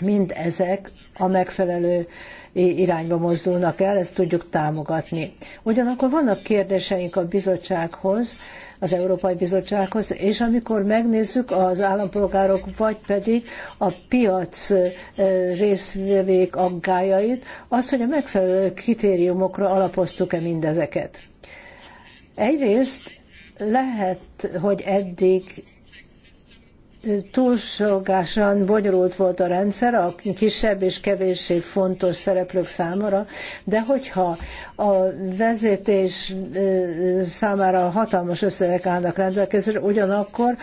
mind ezek a megfelelő uh, irányba mozdulnak el, ezt tudjuk támogatni. Ugyanakkor vannak kérdéseink a bizottsághoz, az Európai Bizottsághoz, és amikor megnézzük az állampolgárok, vagy pedig a piac részvévék aggájait, azt, hogy a megfelelő kritériumokra alapoztuk-e mindezeket. Egyrészt lehet, hogy eddig túlságosan bonyolult volt a rendszer a kisebb és kevéssé fontos szereplők számára, de hogyha a vezetés számára hatalmas összegek állnak rendelkezésre, ugyanakkor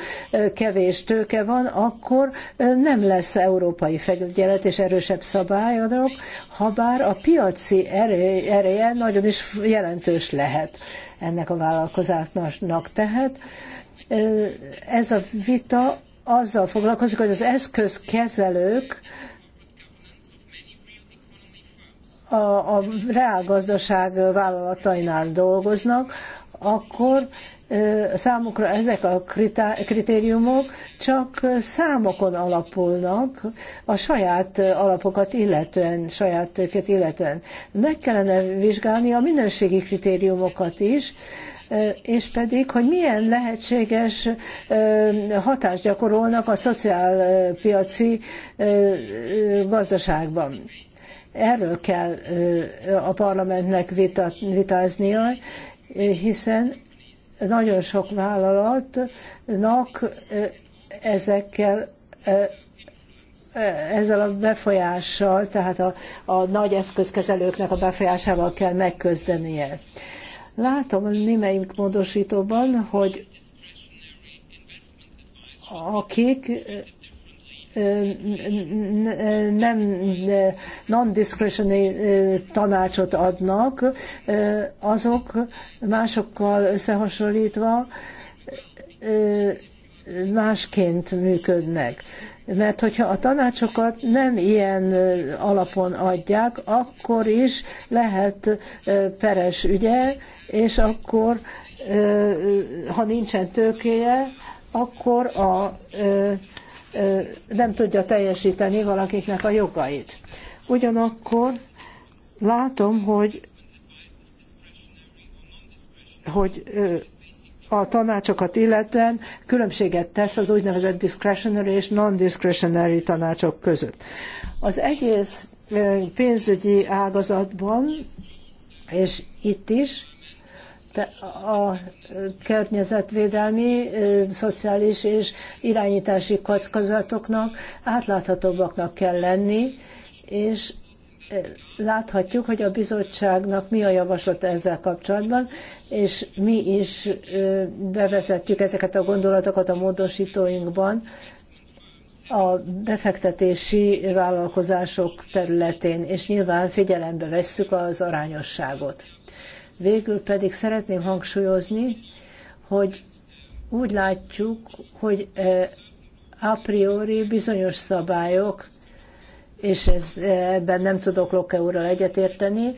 kevés tőke van, akkor nem lesz európai felügyelet és erősebb szabályok, habár a piaci ereje nagyon is jelentős lehet ennek a vállalkozásnak. Tehát ez a vita azzal foglalkozik, hogy az eszközkezelők a, a reálgazdaság vállalatainál dolgoznak, akkor számukra ezek a kritériumok csak számokon alapulnak, a saját alapokat illetően, saját tőket illetően. Meg kellene vizsgálni a minőségi kritériumokat is, és pedig, hogy milyen lehetséges hatást gyakorolnak a szociálpiaci gazdaságban. Erről kell a parlamentnek vitáznia, hiszen nagyon sok vállalatnak ezekkel ezzel a befolyással, tehát a, a nagy eszközkezelőknek a befolyásával kell megközdenie. Látom a némelyik módosítóban, hogy akik nem non-discretionary tanácsot adnak, azok másokkal összehasonlítva másként működnek. Mert hogyha a tanácsokat nem ilyen alapon adják, akkor is lehet peres ügye, és akkor, ha nincsen tőkéje, akkor a, nem tudja teljesíteni valakiknek a jogait. Ugyanakkor látom, hogy hogy a tanácsokat illetően különbséget tesz az úgynevezett discretionary és non-discretionary tanácsok között. Az egész pénzügyi ágazatban, és itt is, a környezetvédelmi, szociális és irányítási kockázatoknak átláthatóbbaknak kell lenni, és láthatjuk, hogy a bizottságnak mi a javaslata ezzel kapcsolatban, és mi is bevezetjük ezeket a gondolatokat a módosítóinkban a befektetési vállalkozások területén, és nyilván figyelembe vesszük az arányosságot. Végül pedig szeretném hangsúlyozni, hogy úgy látjuk, hogy a priori bizonyos szabályok és ez, eh, ebben nem tudok Locke úrral egyetérteni,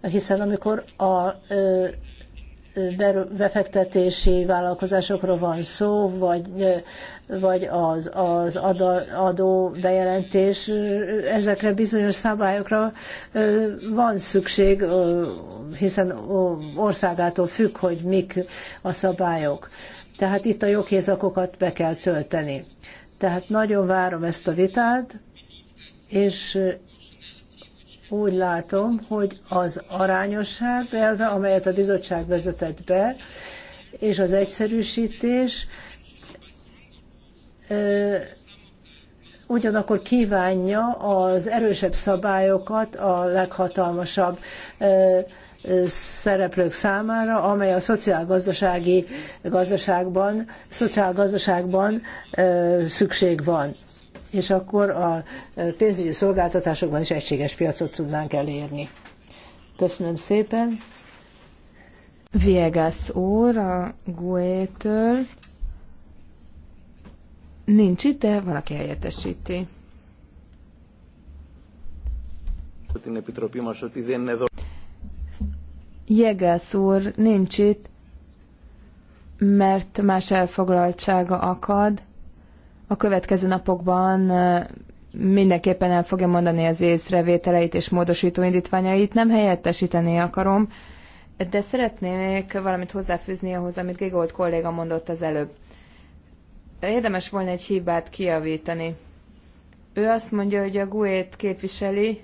hiszen amikor a befektetési vállalkozásokról van szó, vagy, vagy az, az adó bejelentés, ezekre bizonyos szabályokra van szükség, hiszen országától függ, hogy mik a szabályok. Tehát itt a joghézakokat be kell tölteni. Tehát nagyon várom ezt a vitát, és úgy látom, hogy az arányosság elve, amelyet a bizottság vezetett be, és az egyszerűsítés ugyanakkor kívánja az erősebb szabályokat a leghatalmasabb szereplők számára, amely a szociálgazdasági gazdaságban, szociálgazdaságban szükség van és akkor a e, pénzügyi szolgáltatásokban is egységes piacot tudnánk elérni. Köszönöm szépen. Viegas úr a Guétől. től Nincs itt, de van, aki helyettesíti. Jegász úr nincs itt, mert más elfoglaltsága akad a következő napokban mindenképpen el fogja mondani az észrevételeit és módosító indítványait. Nem helyettesíteni akarom, de szeretnék valamit hozzáfűzni ahhoz, amit Gigolt kolléga mondott az előbb. Érdemes volna egy hibát kiavítani. Ő azt mondja, hogy a GUE-t képviseli,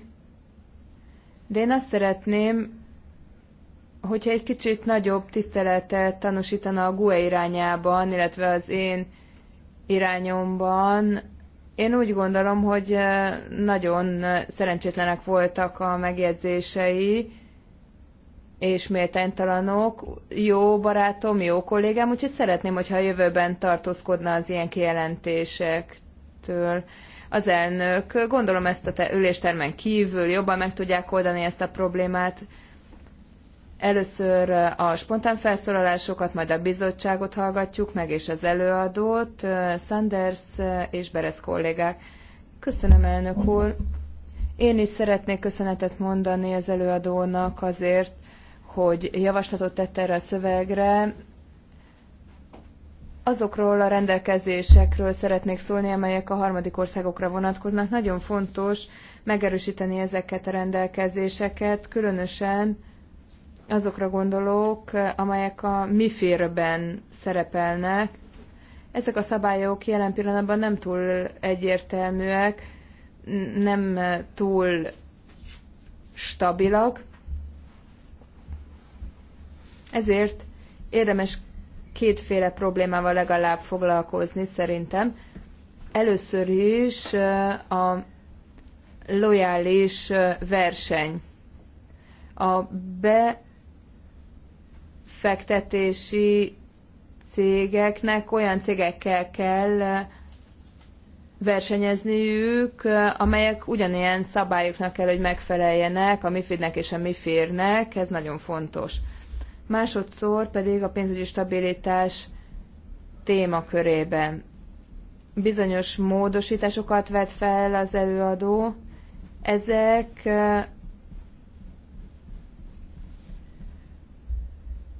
de én azt szeretném, hogyha egy kicsit nagyobb tiszteletet tanúsítana a GUE irányában, illetve az én irányomban. Én úgy gondolom, hogy eh, nagyon eh, szerencsétlenek voltak a megjegyzései, és méltánytalanok, jó barátom, jó kollégám, úgyhogy szeretném, hogyha a jövőben tartózkodna az ilyen kijelentésektől. Az elnök, gondolom ezt a te- üléstermen kívül jobban meg tudják oldani ezt a problémát, Először a spontán felszólalásokat, majd a bizottságot hallgatjuk meg, és az előadót, Sanders és Berez kollégák. Köszönöm, elnök úr! Én is szeretnék köszönetet mondani az előadónak azért, hogy javaslatot tett erre a szövegre. Azokról a rendelkezésekről szeretnék szólni, amelyek a harmadik országokra vonatkoznak. Nagyon fontos megerősíteni ezeket a rendelkezéseket, különösen azokra gondolok, amelyek a miférben szerepelnek. Ezek a szabályok jelen pillanatban nem túl egyértelműek, nem túl stabilak, ezért érdemes kétféle problémával legalább foglalkozni szerintem. Először is a lojális verseny. A be fektetési cégeknek olyan cégekkel kell eh, versenyezniük, eh, amelyek ugyanilyen szabályoknak kell, hogy megfeleljenek, a MIFID-nek és a MIFIR-nek, ez nagyon fontos. Másodszor pedig a pénzügyi stabilitás témakörében. Bizonyos módosításokat vet fel az előadó, ezek eh,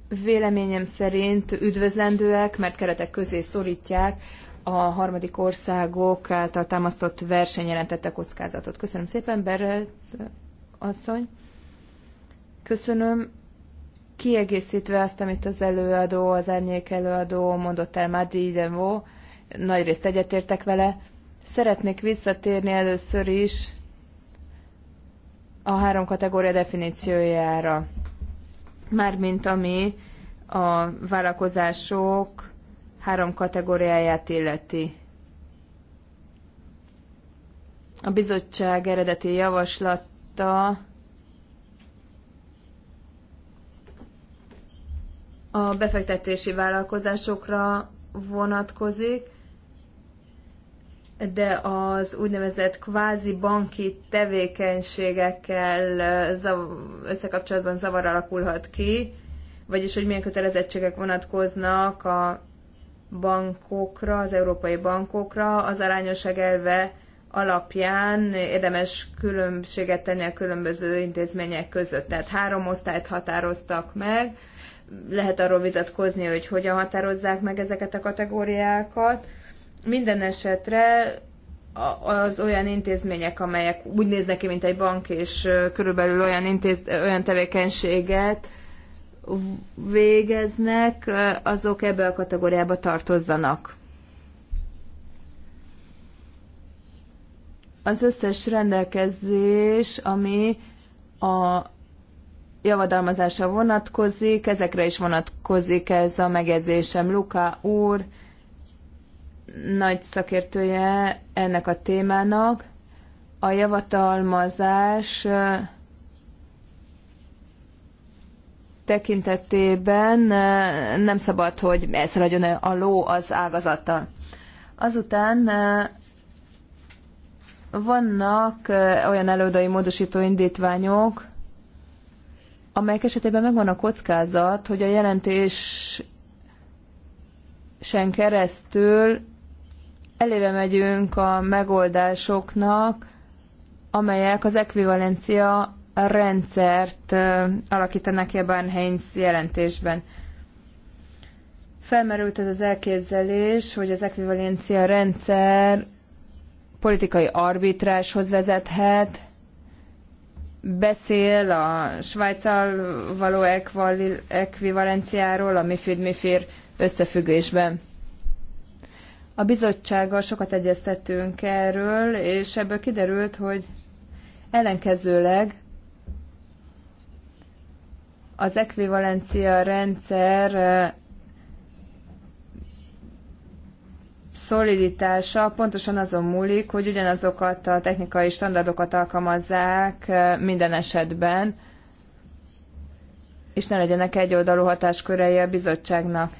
véleményem szerint üdvözlendőek, mert keretek közé szorítják a harmadik országok által támasztott verseny jelentette kockázatot. Köszönöm szépen, Berec asszony. Köszönöm. Kiegészítve azt, amit az előadó, az árnyék előadó mondott el Madi Idemó, nagyrészt egyetértek vele. Szeretnék visszatérni először is a három kategória definíciójára mármint ami a vállalkozások három kategóriáját illeti. A bizottság eredeti javaslata a befektetési vállalkozásokra vonatkozik, de az úgynevezett kvázi banki tevékenységekkel összekapcsolatban zavar alakulhat ki, vagyis hogy milyen kötelezettségek vonatkoznak a bankokra, az európai bankokra, az arányosság elve alapján érdemes különbséget tenni a különböző intézmények között. Tehát három osztályt határoztak meg, lehet arról vitatkozni, hogy hogyan határozzák meg ezeket a kategóriákat, minden esetre az olyan intézmények, amelyek úgy néznek ki, mint egy bank, és körülbelül olyan, intéz, olyan tevékenységet végeznek, azok ebbe a kategóriába tartozzanak. Az összes rendelkezés, ami a javadalmazása vonatkozik, ezekre is vonatkozik ez a megjegyzésem. Luka úr, nagy szakértője ennek a témának. A javatalmazás tekintetében nem szabad, hogy elszaladjon a ló az ágazattal. Azután vannak olyan előadói módosító indítványok, amelyek esetében megvan a kockázat, hogy a jelentés sen keresztül elébe megyünk a megoldásoknak, amelyek az ekvivalencia rendszert alakítanak ki a Barnheins jelentésben. Felmerült ez az elképzelés, hogy az ekvivalencia rendszer politikai arbitráshoz vezethet, beszél a Svájccal való ekvivalenciáról a MIFID-MIFIR összefüggésben. A bizottsággal sokat egyeztettünk erről, és ebből kiderült, hogy ellenkezőleg az ekvivalencia rendszer szoliditása pontosan azon múlik, hogy ugyanazokat a technikai standardokat alkalmazzák minden esetben, és ne legyenek egyoldalú hatáskörei a bizottságnak.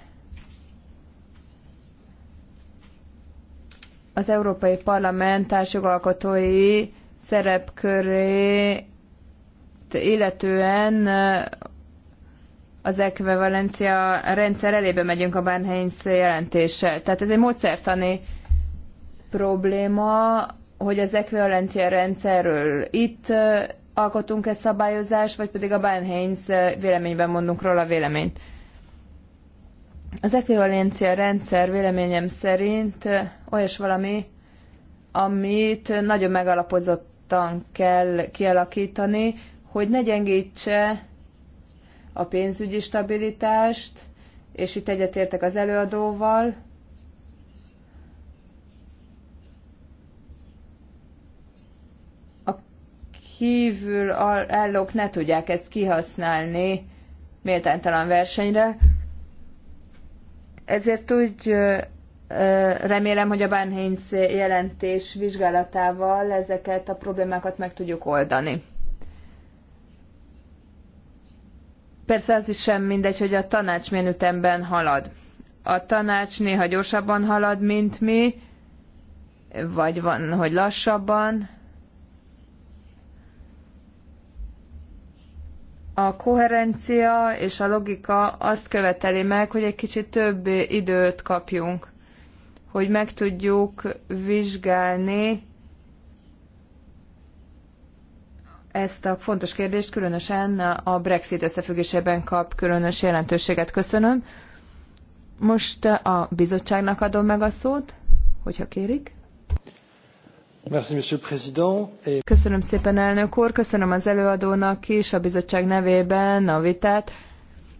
az Európai Parlament társjogalkotói szerepköré illetően eh, az ekvivalencia rendszer elébe megyünk a Bárnheinz jelentéssel. Tehát ez egy módszertani probléma, hogy az ekvivalencia rendszerről itt eh, alkotunk-e szabályozást, vagy pedig a Bárnheinz eh, véleményben mondunk róla véleményt. Az ekvivalencia rendszer véleményem szerint olyas valami, amit nagyon megalapozottan kell kialakítani, hogy ne gyengítse a pénzügyi stabilitást, és itt egyetértek az előadóval, kívül állók ne tudják ezt kihasználni méltánytalan versenyre. Ezért úgy remélem, hogy a Bánhénysz jelentés vizsgálatával ezeket a problémákat meg tudjuk oldani. Persze az is sem mindegy, hogy a tanács milyen ütemben halad. A tanács néha gyorsabban halad, mint mi, vagy van, hogy lassabban, a koherencia és a logika azt követeli meg, hogy egy kicsit több időt kapjunk, hogy meg tudjuk vizsgálni ezt a fontos kérdést, különösen a Brexit összefüggésében kap különös jelentőséget. Köszönöm. Most a bizottságnak adom meg a szót, hogyha kérik. Köszönöm szépen, elnök úr, köszönöm az előadónak is a bizottság nevében a vitát,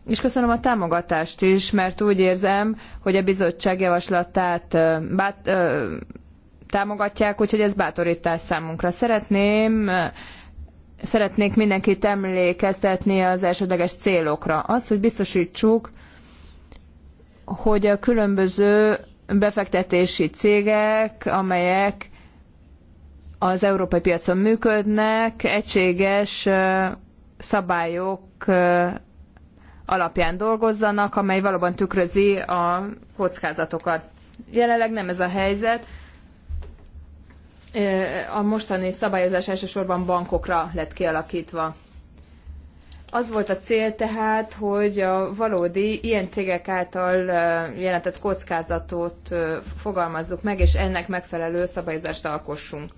és köszönöm a támogatást is, mert úgy érzem, hogy a bizottság javaslatát bát, ö, támogatják, úgyhogy ez bátorítás számunkra. Szeretném szeretnék mindenkit emlékeztetni az elsődleges célokra. Az, hogy biztosítsuk, hogy a különböző befektetési cégek, amelyek az európai piacon működnek, egységes szabályok alapján dolgozzanak, amely valóban tükrözi a kockázatokat. Jelenleg nem ez a helyzet. A mostani szabályozás elsősorban bankokra lett kialakítva. Az volt a cél tehát, hogy a valódi ilyen cégek által jelentett kockázatot fogalmazzuk meg, és ennek megfelelő szabályozást alkossunk.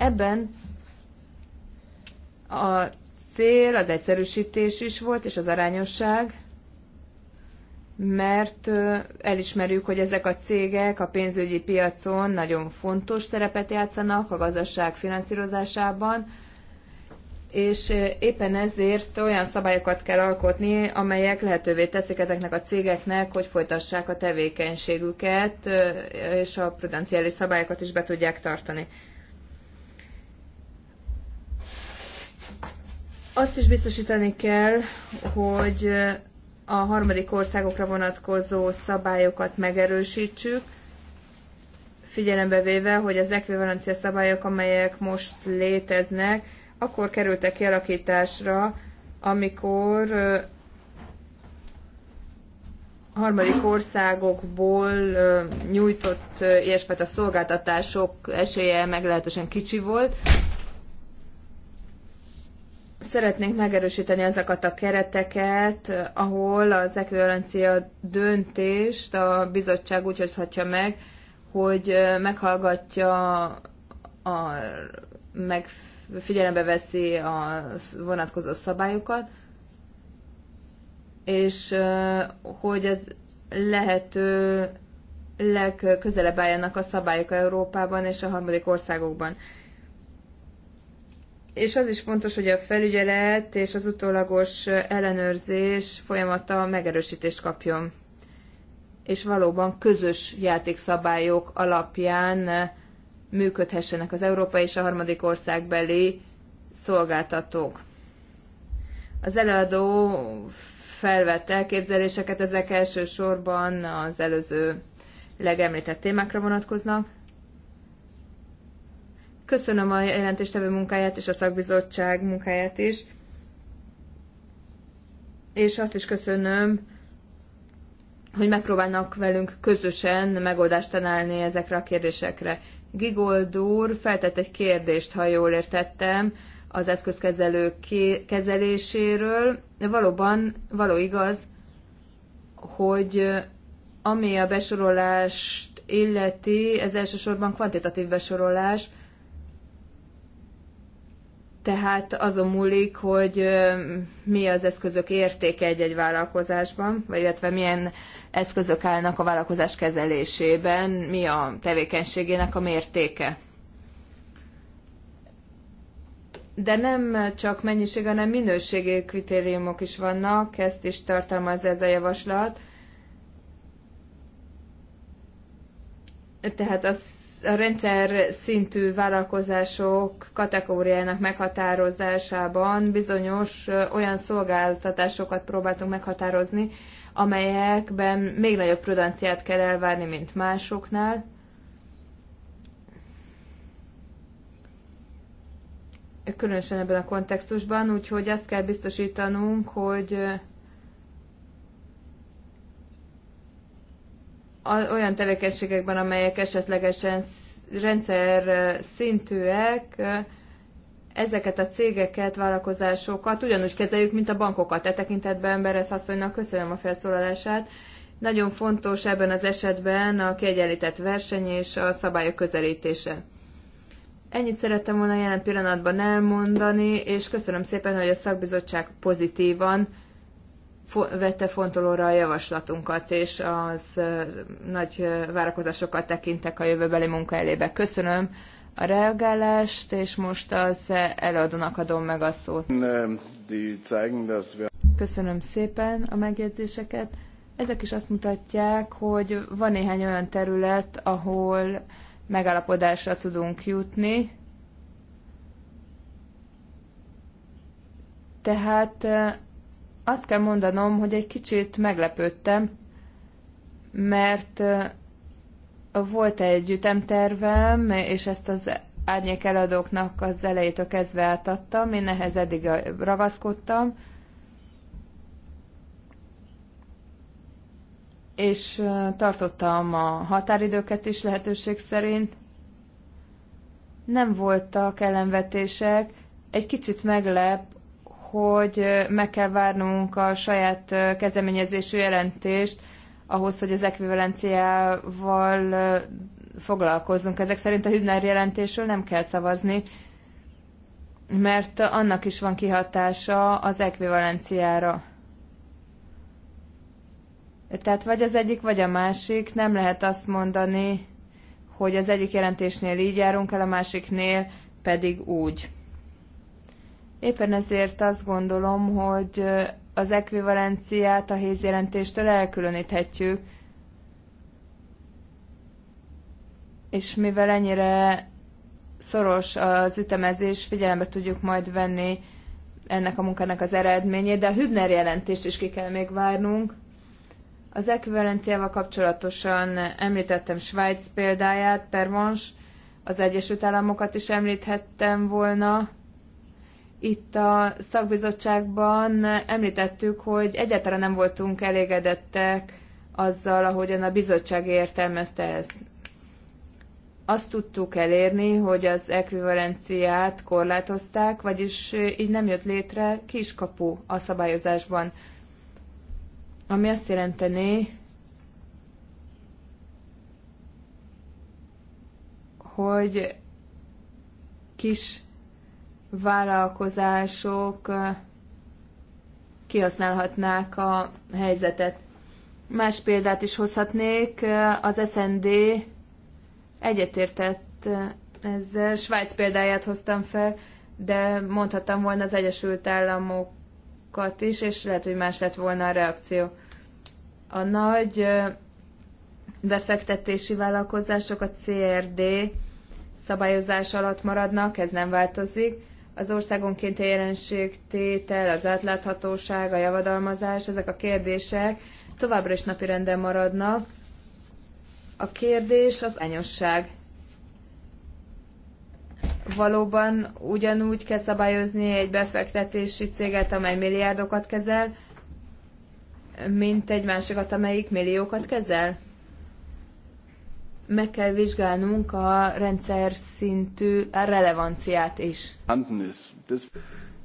Ebben a cél az egyszerűsítés is volt, és az arányosság, mert elismerjük, hogy ezek a cégek a pénzügyi piacon nagyon fontos szerepet játszanak a gazdaság finanszírozásában, és éppen ezért olyan szabályokat kell alkotni, amelyek lehetővé teszik ezeknek a cégeknek, hogy folytassák a tevékenységüket, és a prudenciális szabályokat is be tudják tartani. Azt is biztosítani kell, hogy a harmadik országokra vonatkozó szabályokat megerősítsük, figyelembe véve, hogy az ekvivalencia szabályok, amelyek most léteznek, akkor kerültek kialakításra, amikor harmadik országokból nyújtott ilyesfajta szolgáltatások esélye meglehetősen kicsi volt, szeretnénk megerősíteni ezeket a kereteket, ahol az ekvivalencia döntést a bizottság úgy hozhatja meg, hogy meghallgatja, a, meg figyelembe veszi a vonatkozó szabályokat, és hogy ez lehető legközelebb álljanak a szabályok Európában és a harmadik országokban és az is fontos, hogy a felügyelet és az utólagos ellenőrzés folyamata megerősítést kapjon. És valóban közös játékszabályok alapján működhessenek az európai és a harmadik országbeli szolgáltatók. Az előadó felvett elképzeléseket, ezek elsősorban az előző legemlített témákra vonatkoznak. Köszönöm a jelentéstevő munkáját és a szakbizottság munkáját is. És azt is köszönöm, hogy megpróbálnak velünk közösen megoldást találni ezekre a kérdésekre. Gigoldúr feltett egy kérdést, ha jól értettem, az eszközkezelő kezeléséről. Valóban, való igaz, hogy ami a besorolást illeti, ez elsősorban kvantitatív besorolás, tehát azon múlik, hogy mi az eszközök értéke egy-egy vállalkozásban, vagy illetve milyen eszközök állnak a vállalkozás kezelésében, mi a tevékenységének a mértéke. De nem csak mennyiség, hanem minőségi kritériumok is vannak, ezt is tartalmaz ez a javaslat. Tehát azt a rendszer szintű vállalkozások kategóriájának meghatározásában bizonyos olyan szolgáltatásokat próbáltunk meghatározni, amelyekben még nagyobb prudenciát kell elvárni, mint másoknál. Különösen ebben a kontextusban, úgyhogy azt kell biztosítanunk, hogy olyan tevékenységekben, amelyek esetlegesen rendszer szintűek, ezeket a cégeket, vállalkozásokat ugyanúgy kezeljük, mint a bankokat. E tekintetben Beresz asszonynak köszönöm a felszólalását. Nagyon fontos ebben az esetben a kiegyenlített verseny és a szabályok közelítése. Ennyit szerettem volna jelen pillanatban elmondani, és köszönöm szépen, hogy a szakbizottság pozitívan vette fontolóra a javaslatunkat, és az nagy várakozásokat tekintek a jövőbeli munka elébe. Köszönöm a reagálást, és most az előadónak adom meg a szót. Köszönöm szépen a megjegyzéseket. Ezek is azt mutatják, hogy van néhány olyan terület, ahol megállapodásra tudunk jutni. Tehát azt kell mondanom, hogy egy kicsit meglepődtem, mert volt egy ütemtervem, és ezt az árnyék eladóknak az elejétől kezdve átadtam, én ehhez eddig ragaszkodtam, és tartottam a határidőket is lehetőség szerint. Nem voltak ellenvetések. Egy kicsit meglep, hogy meg kell várnunk a saját kezdeményezésű jelentést ahhoz, hogy az ekvivalenciával foglalkozzunk. Ezek szerint a Hübner jelentésről nem kell szavazni, mert annak is van kihatása az ekvivalenciára. Tehát vagy az egyik, vagy a másik. Nem lehet azt mondani, hogy az egyik jelentésnél így járunk el, a másiknél pedig úgy. Éppen ezért azt gondolom, hogy az ekvivalenciát a hézjelentéstől elkülöníthetjük, és mivel ennyire szoros az ütemezés, figyelembe tudjuk majd venni ennek a munkának az eredményét, de a Hübner jelentést is ki kell még várnunk. Az ekvivalenciával kapcsolatosan említettem Svájc példáját, pervans, az Egyesült Államokat is említhettem volna, itt a szakbizottságban említettük, hogy egyáltalán nem voltunk elégedettek azzal, ahogyan a bizottság értelmezte ezt. Azt tudtuk elérni, hogy az ekvivalenciát korlátozták, vagyis így nem jött létre kiskapu a szabályozásban. Ami azt jelenteni, hogy kis vállalkozások kihasználhatnák a helyzetet. Más példát is hozhatnék, az SND egyetértett ezzel, Svájc példáját hoztam fel, de mondhattam volna az Egyesült Államokat is, és lehet, hogy más lett volna a reakció. A nagy befektetési vállalkozások a CRD szabályozás alatt maradnak, ez nem változik, az országonként tétel, az átláthatóság, a javadalmazás, ezek a kérdések továbbra is napirenden maradnak. A kérdés az anyosság. Valóban ugyanúgy kell szabályozni egy befektetési céget, amely milliárdokat kezel, mint egy másikat, amelyik milliókat kezel? meg kell vizsgálnunk a rendszer szintű relevanciát is.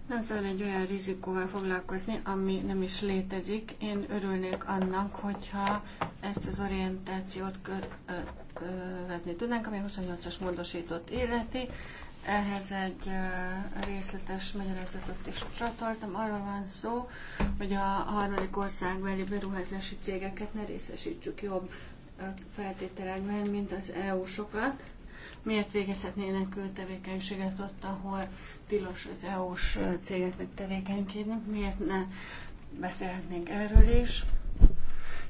Ezzel egy olyan rizikóval foglalkozni, ami nem is létezik. Én örülnék annak, hogyha ezt az orientációt követni tudnánk, ami 28-as módosított életi. Ehhez egy részletes magyarázatot is csatoltam. Arról van szó, hogy a harmadik országbeli beruházási cégeket ne részesítsük jobb a feltételekben, mint az EU-sokat. Miért végezhetnének ő tevékenységet ott, ahol tilos az EU-s cégeknek tevékenykedni? Miért ne beszélhetnénk erről is?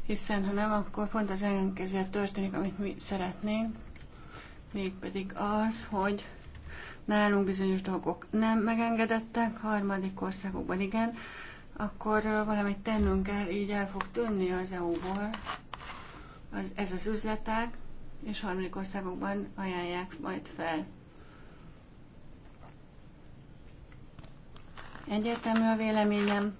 Hiszen ha nem, akkor pont az ellenkező történik, amit mi szeretnénk, mégpedig az, hogy nálunk bizonyos dolgok nem megengedettek, harmadik országokban igen, akkor valamit tennünk kell, így el fog tűnni az EU-ból, az, ez az üzletág, és harmadik országokban ajánlják majd fel. Egyértelmű a véleményem.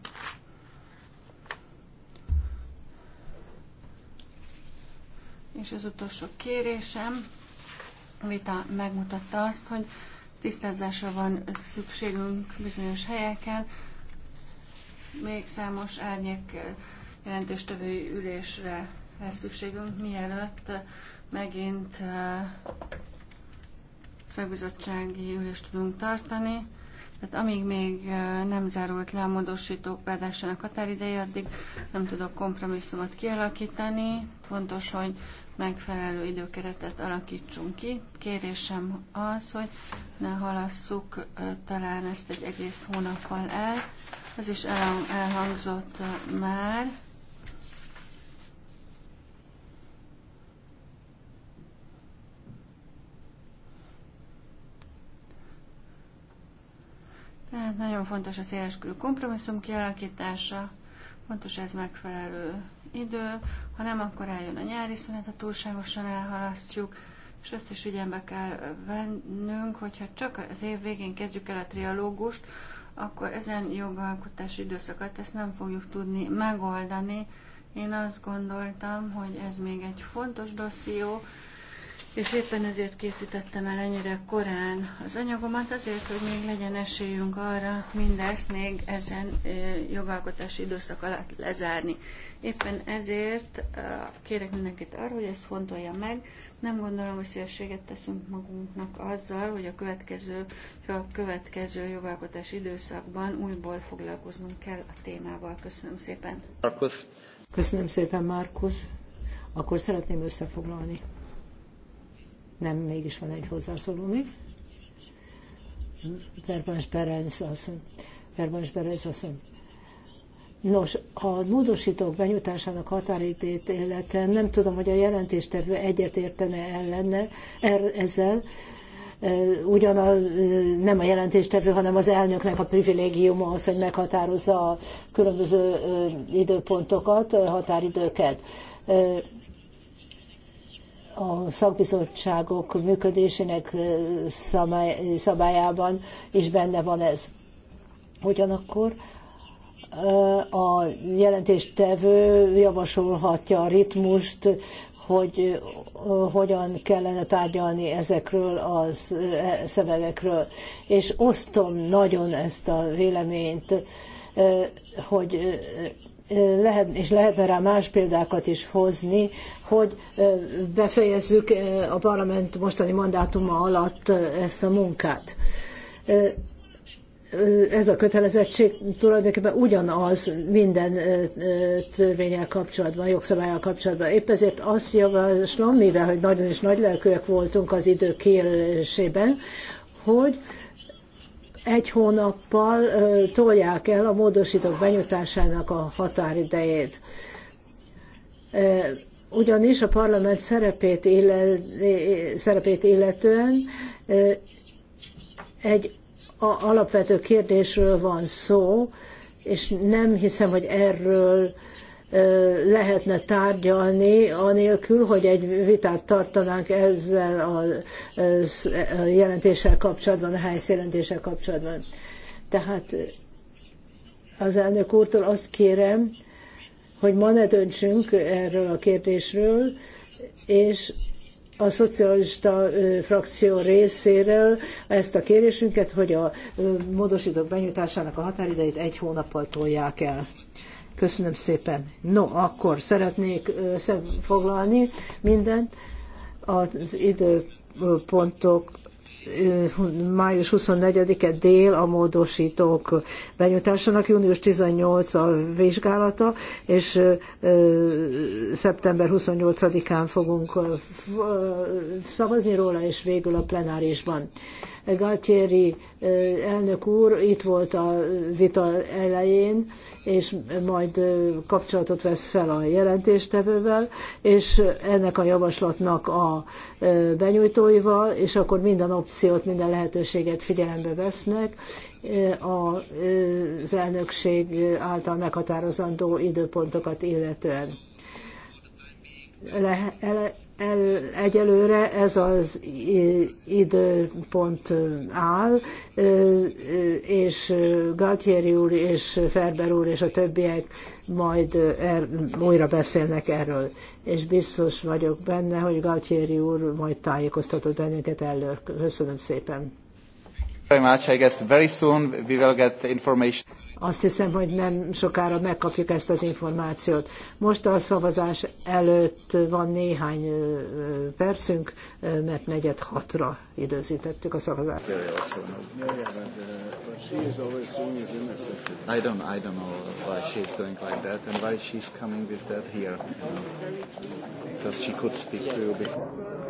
És az utolsó kérésem, a vita megmutatta azt, hogy tisztázásra van szükségünk bizonyos helyeken, még számos árnyék eh, jelentős tövői ülésre lesz szükségünk, mielőtt megint eh, szakbizottsági ülést tudunk tartani. Tehát amíg még eh, nem zárult le a módosítók beadásának határideje, addig nem tudok kompromisszumot kialakítani. Fontos, hogy megfelelő időkeretet alakítsunk ki. Kérésem az, hogy ne halasszuk eh, talán ezt egy egész hónappal el. Ez is elhangzott már. Tehát nagyon fontos a széleskörű kompromisszum kialakítása, fontos ez megfelelő idő, ha nem, akkor eljön a nyári szünet, ha túlságosan elhalasztjuk, és azt is ügyenbe kell vennünk, hogyha csak az év végén kezdjük el a trialógust, akkor ezen jogalkotási időszakat ezt nem fogjuk tudni megoldani. Én azt gondoltam, hogy ez még egy fontos dosszió, és éppen ezért készítettem el ennyire korán az anyagomat, azért, hogy még legyen esélyünk arra mindezt még ezen jogalkotási időszak alatt lezárni. Éppen ezért kérek mindenkit arra, hogy ezt fontolja meg. Nem gondolom, hogy szívességet teszünk magunknak azzal, hogy a következő, a következő jogalkotási időszakban újból foglalkoznunk kell a témával. Köszönöm szépen. Markus. Köszönöm szépen, Markus, Akkor szeretném összefoglalni. Nem, mégis van egy hozzászóló még. Vermás Berenc asszony. Vermás Berenc asszony. Nos, a módosítók benyújtásának határidét illetve nem tudom, hogy a jelentéstevő egyetértene ellenne er, ezzel, e, ugyan a, e, nem a jelentéstevő, hanem az elnöknek a privilégiuma az, hogy meghatározza a különböző e, időpontokat, határidőket a szakbizottságok működésének szabályában is benne van ez. Ugyanakkor a jelentéstevő javasolhatja a ritmust, hogy hogyan kellene tárgyalni ezekről a szövegekről. És osztom nagyon ezt a véleményt, hogy lehet, és lehetne rá más példákat is hozni, hogy befejezzük a parlament mostani mandátuma alatt ezt a munkát. Ez a kötelezettség tulajdonképpen ugyanaz minden törvényel kapcsolatban, jogszabályal kapcsolatban. Épp ezért azt javaslom, mivel hogy nagyon is nagy lelkűek voltunk az idő kérésében, hogy egy hónappal tolják el a módosítók benyújtásának a határidejét. Ugyanis a parlament szerepét, illet, szerepét illetően egy alapvető kérdésről van szó, és nem hiszem, hogy erről lehetne tárgyalni, anélkül, hogy egy vitát tartanánk ezzel a jelentéssel kapcsolatban, a helyszjelentéssel kapcsolatban. Tehát az elnök úrtól azt kérem, hogy ma ne döntsünk erről a kérdésről, és a szocialista frakció részéről ezt a kérésünket, hogy a módosítók benyújtásának a határidejét egy hónappal tolják el. Köszönöm szépen. No, akkor szeretnék összefoglalni mindent. Az időpontok május 24-e dél a módosítók benyújtásának, június 18 a vizsgálata, és szeptember 28-án fogunk szavazni róla, és végül a plenárisban. Galtieri elnök úr itt volt a vita elején, és majd kapcsolatot vesz fel a jelentéstevővel, és ennek a javaslatnak a benyújtóival, és akkor minden opciót, minden lehetőséget figyelembe vesznek az elnökség által meghatározandó időpontokat illetően le, el, el, egyelőre ez az időpont áll, és Galtieri úr és Ferber úr és a többiek majd er, újra beszélnek erről. És biztos vagyok benne, hogy Galtieri úr majd tájékoztatott bennünket előre Köszönöm szépen. Very much. I guess very soon we will get information. Azt hiszem, hogy nem sokára megkapjuk ezt az információt. Most a szavazás előtt van néhány percünk, mert negyed hatra időzítettük a szavazást. I don't, I don't know why she's doing like that and why she's coming with that here. Because she could speak to you before.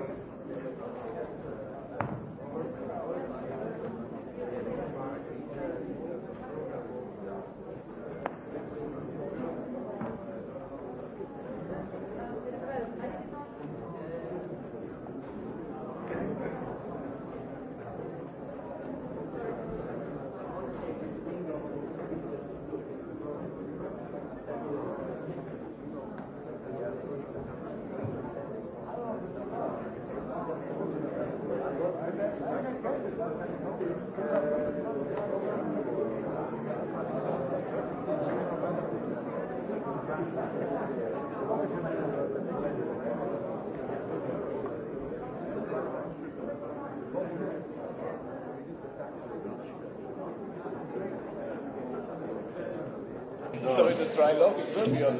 trilogue, it will be on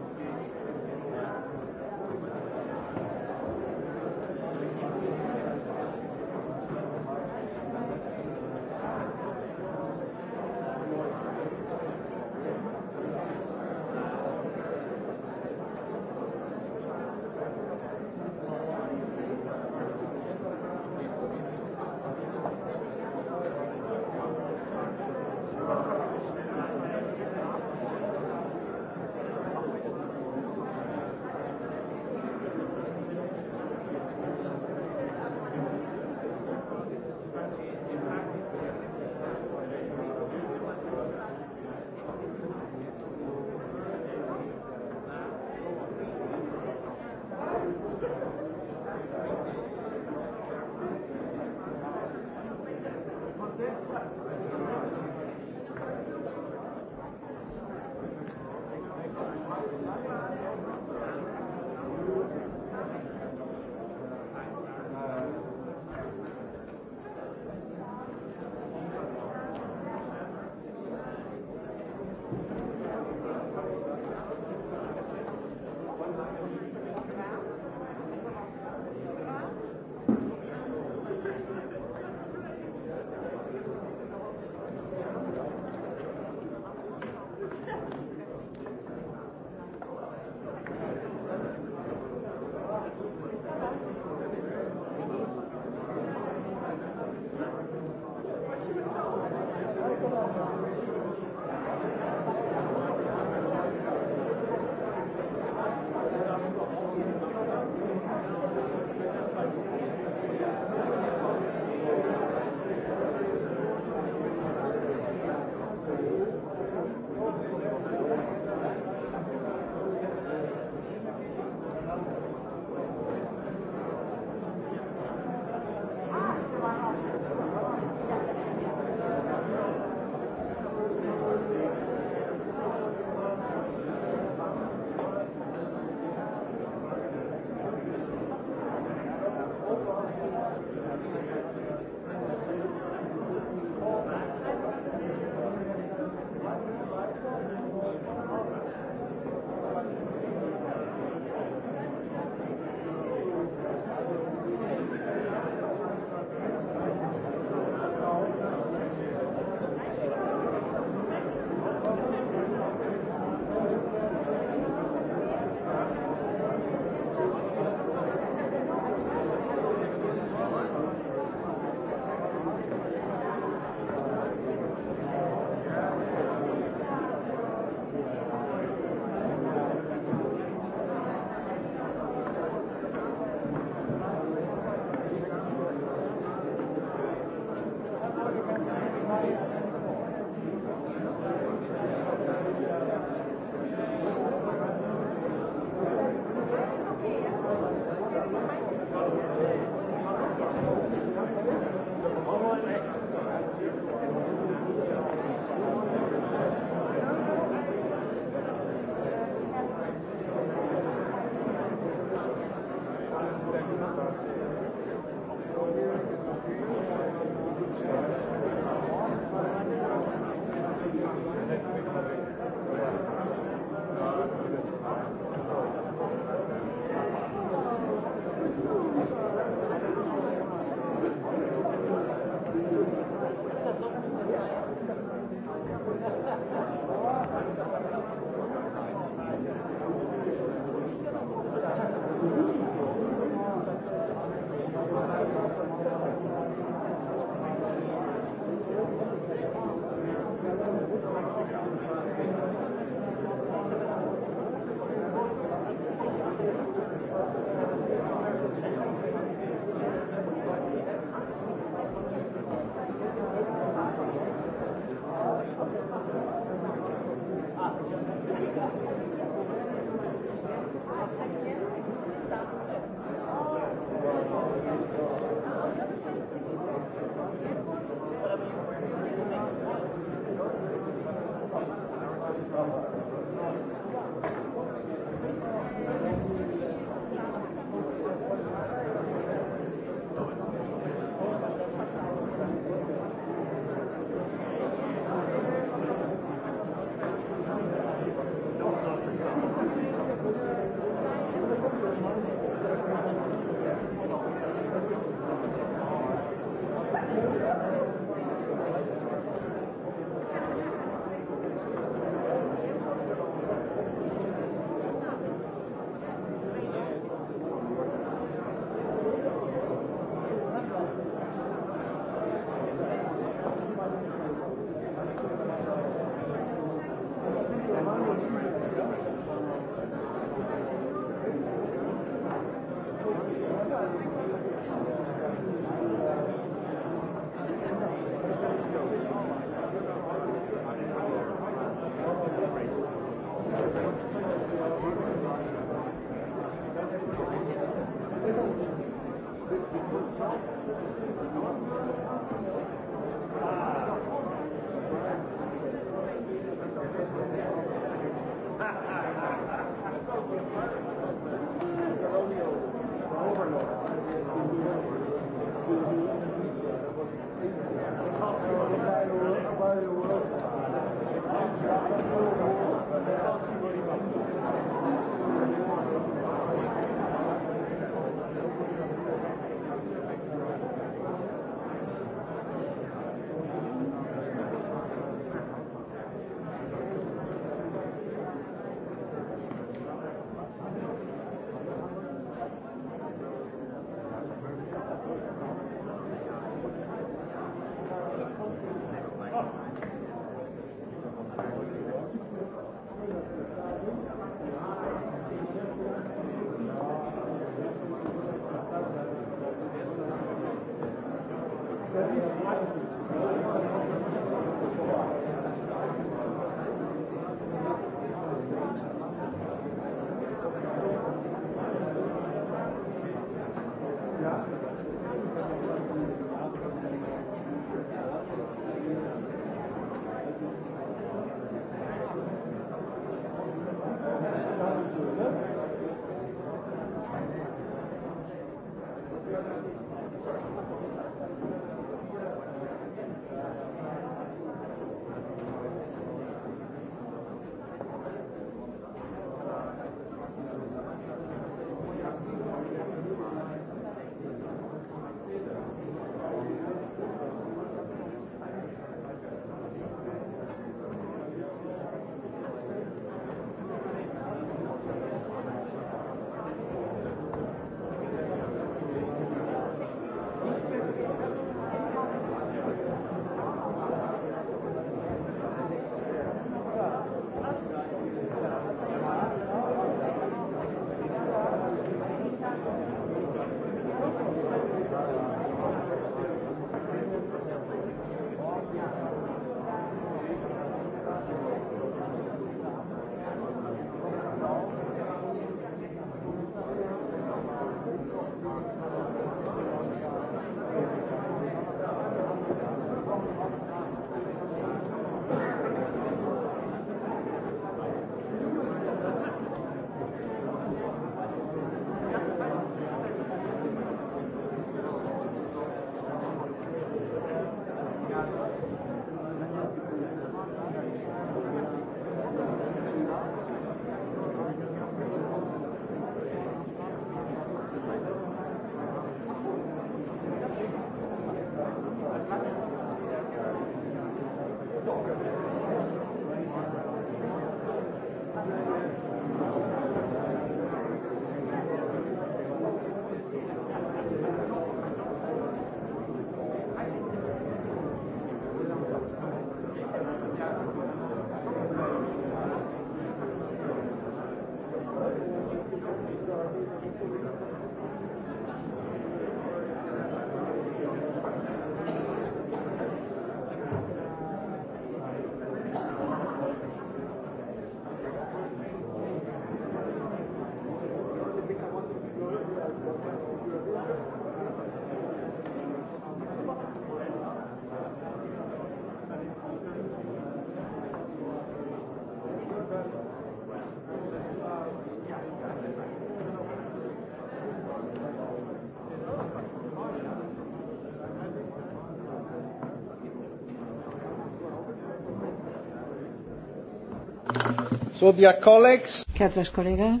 Kedves kollégák!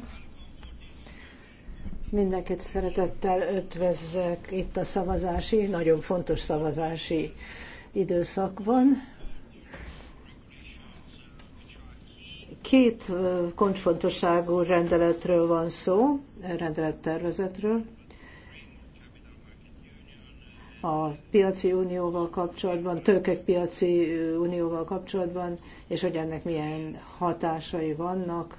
Mindenkit szeretettel ötvezzek itt a szavazási, nagyon fontos szavazási időszak van. Két kontfontosságú rendeletről van szó, rendelettervezetről a piaci unióval kapcsolatban, tőkek piaci unióval kapcsolatban, és hogy ennek milyen hatásai vannak,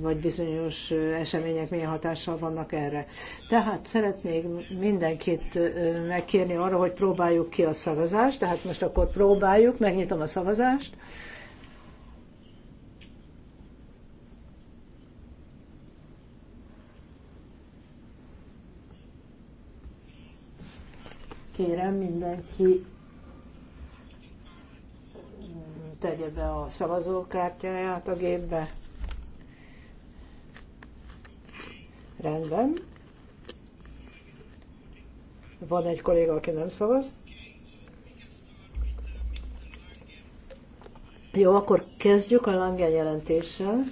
vagy bizonyos események milyen hatással vannak erre. Tehát szeretnék mindenkit megkérni arra, hogy próbáljuk ki a szavazást, tehát most akkor próbáljuk, megnyitom a szavazást. kérem mindenki mm, tegye be a szavazókártyáját a gépbe. Rendben. Van egy kolléga, aki nem szavaz. Jó, akkor kezdjük a Langen jelentéssel.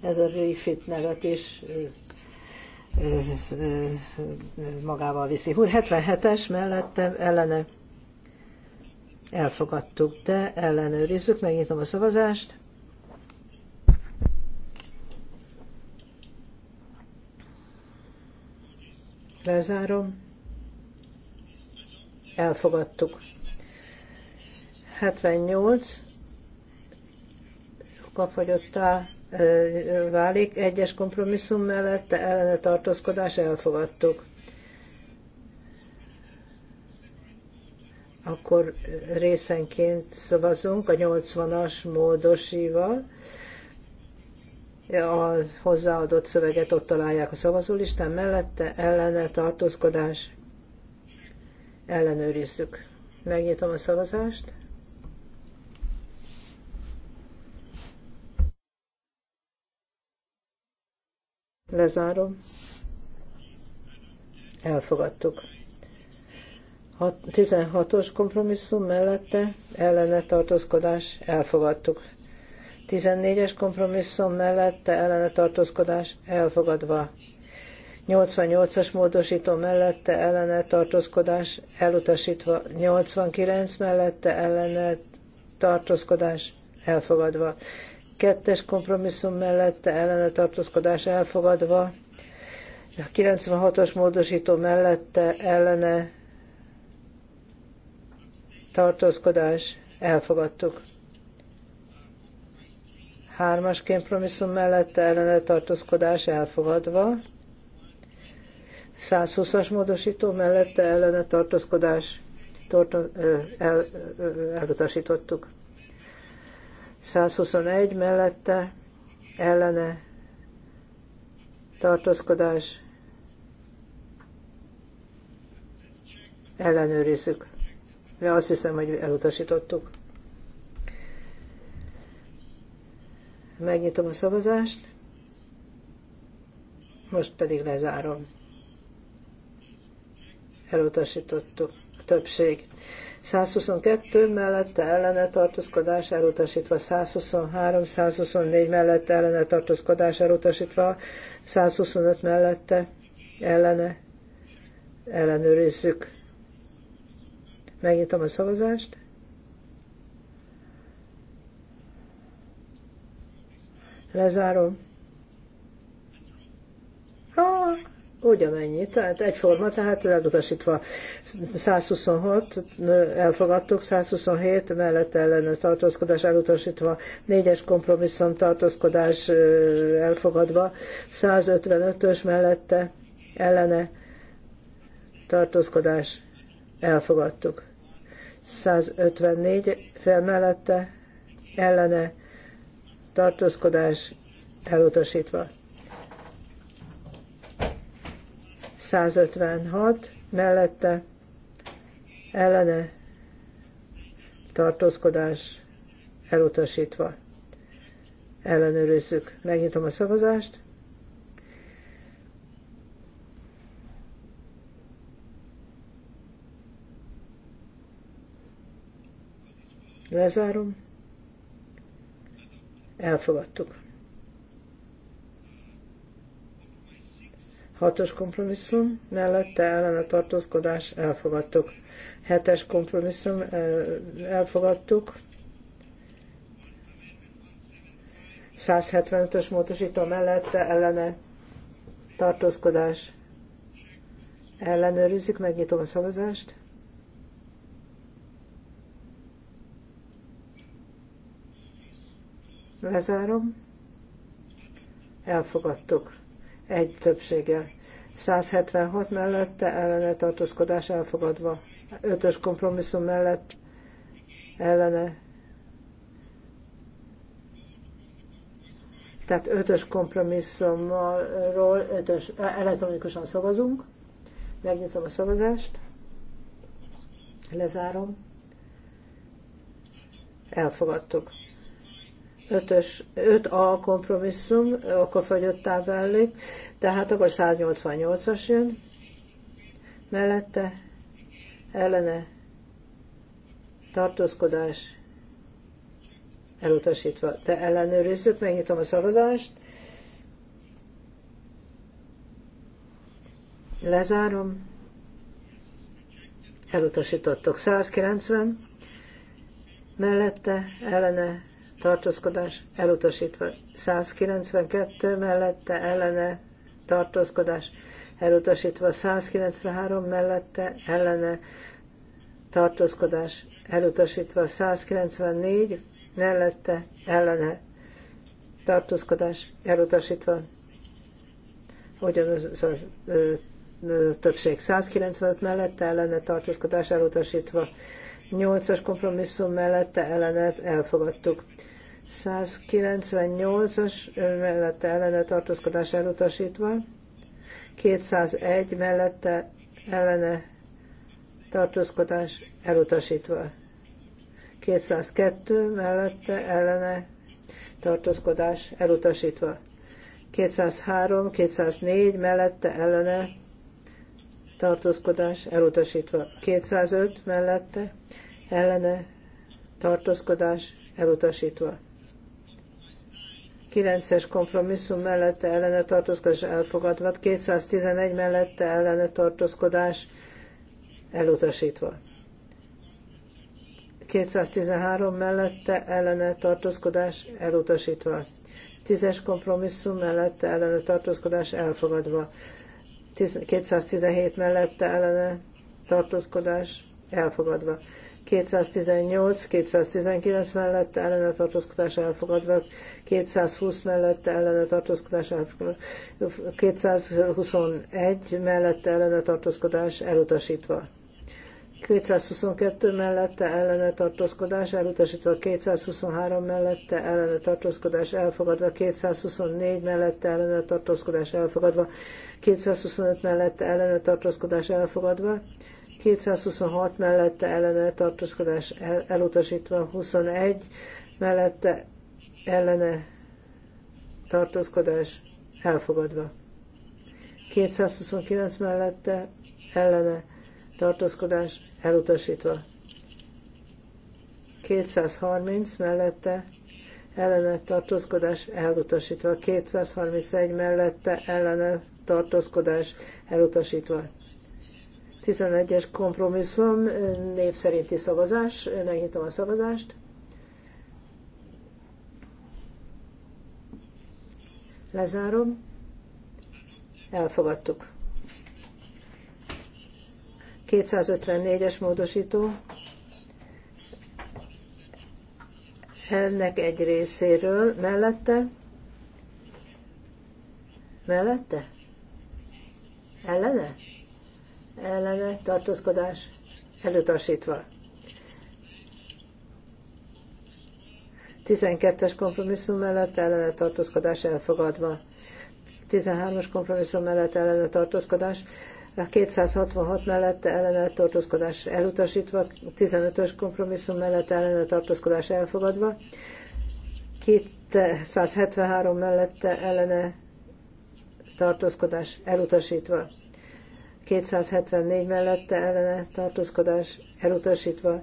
Ez a refit negatív magával viszi. Úr 77-es mellette ellene elfogadtuk, de ellenőrizzük, megnyitom a szavazást. Lezárom. Elfogadtuk. 78. Kapfagyottá válik. Egyes kompromisszum mellett ellene tartózkodás elfogadtuk. Akkor részenként szavazunk a 80-as módosival. A hozzáadott szöveget ott találják a szavazólistán mellette, ellene tartózkodás ellenőrizzük. Megnyitom a szavazást. Lezárom. Elfogadtuk. 16-os kompromisszum mellette ellene tartózkodás elfogadtuk. 14-es kompromisszum mellette ellene tartózkodás elfogadva. 88-as módosító mellette ellene tartózkodás elutasítva. 89 mellette ellene tartózkodás elfogadva kettes kompromisszum mellette ellene tartózkodás elfogadva, a 96-os módosító mellette ellene tartózkodás elfogadtuk. Hármas kompromisszum mellette ellene tartózkodás elfogadva, 120-as módosító mellette ellene tartózkodás el, elutasítottuk. 121 mellette ellene tartózkodás ellenőrizzük. De azt hiszem, hogy elutasítottuk. Megnyitom a szavazást, most pedig lezárom. Elutasítottuk. Többség 122 mellette ellene tartózkodás elutasítva, 123, 124 mellette ellene tartózkodás elutasítva, 125 mellette ellene ellenőrizzük. Megnyitom a szavazást. Lezárom. Ah, ugyanannyi, tehát egyforma, tehát elutasítva 126 elfogadtuk, 127 mellett ellene tartózkodás elutasítva, 4-es kompromisszum tartózkodás elfogadva, 155-ös mellette ellene tartózkodás elfogadtuk. 154 fel mellette ellene tartózkodás elutasítva. 156 mellette ellene tartózkodás elutasítva. Ellenőrizzük. Megnyitom a szavazást. Lezárom. Elfogadtuk. Hatos kompromisszum mellette a tartózkodás elfogadtuk. Hetes kompromisszum elfogadtuk. 175-ös módosító mellette ellene tartózkodás ellenőrizzük, megnyitom a szavazást. Lezárom. Elfogadtuk egy többséggel. 176 mellette ellene tartózkodás elfogadva. 5-ös kompromisszum mellett ellene. Tehát 5-ös kompromisszumról 5 eh, elektronikusan szavazunk. Megnyitom a szavazást. Lezárom. Elfogadtuk ötös, öt a kompromisszum, akkor fogyott válik, tehát akkor 188-as jön mellette, ellene tartózkodás elutasítva. De ellenőrizzük, megnyitom a szavazást. Lezárom. Elutasítottok 190, mellette, ellene tartózkodás elutasítva. 192 mellette ellene tartózkodás elutasítva. 193 mellette ellene tartózkodás elutasítva. 194 mellette ellene tartózkodás elutasítva. Ugyanaz a többség 195 mellette ellene tartózkodás elutasítva. 8-as kompromisszum mellette ellenet elfogadtuk. 198-as mellette ellene tartózkodás elutasítva, 201 mellette ellene tartózkodás elutasítva, 202 mellette ellene tartózkodás elutasítva, 203, 204 mellette ellene tartózkodás elutasítva, 205 mellette ellene tartózkodás elutasítva. 9-es kompromisszum mellette ellene tartózkodás elfogadva, 211 mellette ellene tartózkodás elutasítva. 213 mellette ellene tartózkodás elutasítva. 10-es kompromisszum mellette ellene tartózkodás elfogadva. 217 mellette ellene tartózkodás elfogadva. 218, 219 mellette ellene tartózkodás elfogadva, 220 mellette ellene tartózkodás elfogadva, 221 mellette ellene tartózkodás elutasítva. 222 mellette ellene tartózkodás elutasítva, 223 mellette ellene tartózkodás elfogadva, 224 mellette ellene tartózkodás elfogadva, 225 mellette ellene tartózkodás elfogadva, 226 mellette ellene tartózkodás el, elutasítva, 21 mellette ellene tartózkodás elfogadva. 229 mellette ellene tartózkodás elutasítva. 230 mellette ellene tartózkodás elutasítva. 231 mellette ellene tartózkodás elutasítva. 11-es kompromisszum, név szerinti szavazás, megnyitom a szavazást. Lezárom. Elfogadtuk. 254-es módosító. Ennek egy részéről mellette. Mellette? Ellene? ellene tartózkodás elutasítva. 12-es kompromisszum mellett ellene tartózkodás elfogadva. 13-as kompromisszum mellett ellene tartózkodás, 266 mellett ellene tartózkodás elutasítva, 15-ös kompromisszum mellett ellene tartózkodás elfogadva, 273 mellette ellene tartózkodás elutasítva. 274 mellette ellene tartózkodás elutasítva,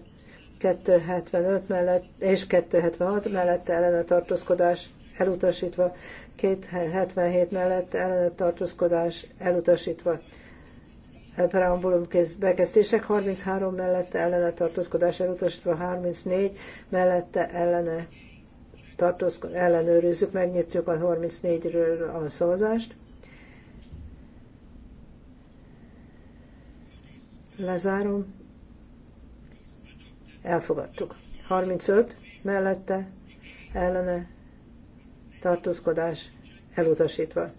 275 mellett és 276 mellette ellene tartózkodás elutasítva, 277 mellette ellene tartózkodás elutasítva. E, preambulum bekezdések 33 mellette ellene tartózkodás elutasítva, 34 mellette ellene tartózkodás ellenőrizzük, megnyitjuk a 34-ről a szavazást. Lezárom. Elfogadtuk. 35 mellette ellene tartózkodás elutasítva.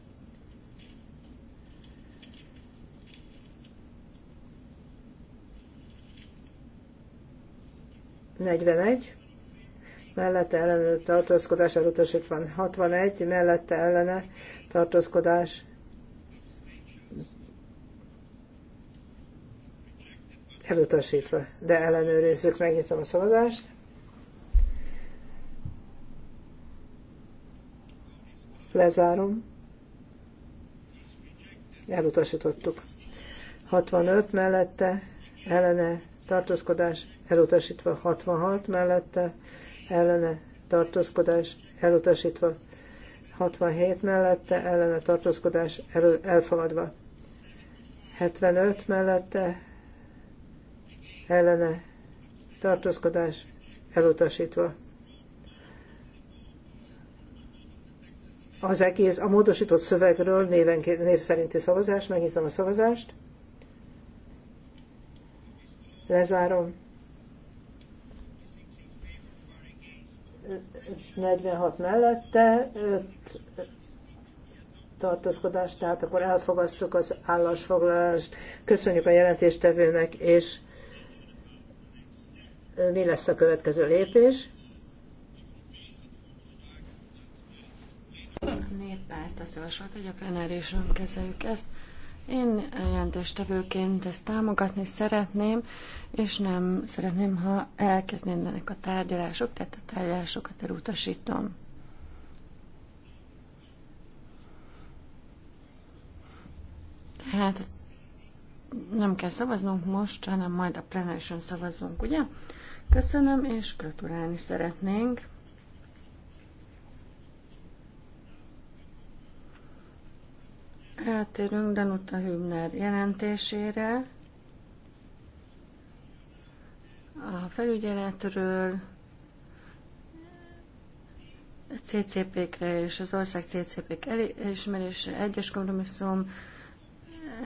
Negyvenegy, mellette ellene tartózkodás elutasítva. 61, mellette ellene tartózkodás elutasítva, de ellenőrizzük, megnyitom a szavazást. Lezárom. Elutasítottuk. 65 mellette, ellene tartózkodás, elutasítva 66 mellette, ellene tartózkodás, elutasítva 67 mellette, ellene tartózkodás, el, elfogadva. 75 mellette, ellene tartózkodás elutasítva. Az egész, a módosított szövegről néven, név szerinti szavazás, megnyitom a szavazást, lezárom, 46 mellette, 5 tartózkodást, tehát akkor elfogasztuk az állásfoglalást. Köszönjük a jelentéstevőnek, és mi lesz a következő lépés? Néppárt azt javasolt, hogy a plenárison kezeljük ezt. Én jelentéstevőként ezt támogatni szeretném, és nem szeretném, ha elkezdnének a tárgyalások, tehát a tárgyalásokat elutasítom. Tehát nem kell szavaznunk most, hanem majd a plenárison szavazunk, ugye? Köszönöm, és gratulálni szeretnénk. Eltérünk Danuta Hübner jelentésére. A felügyeletről, CCP-kre és az ország CCP-k elismerése, egyes kompromisszum,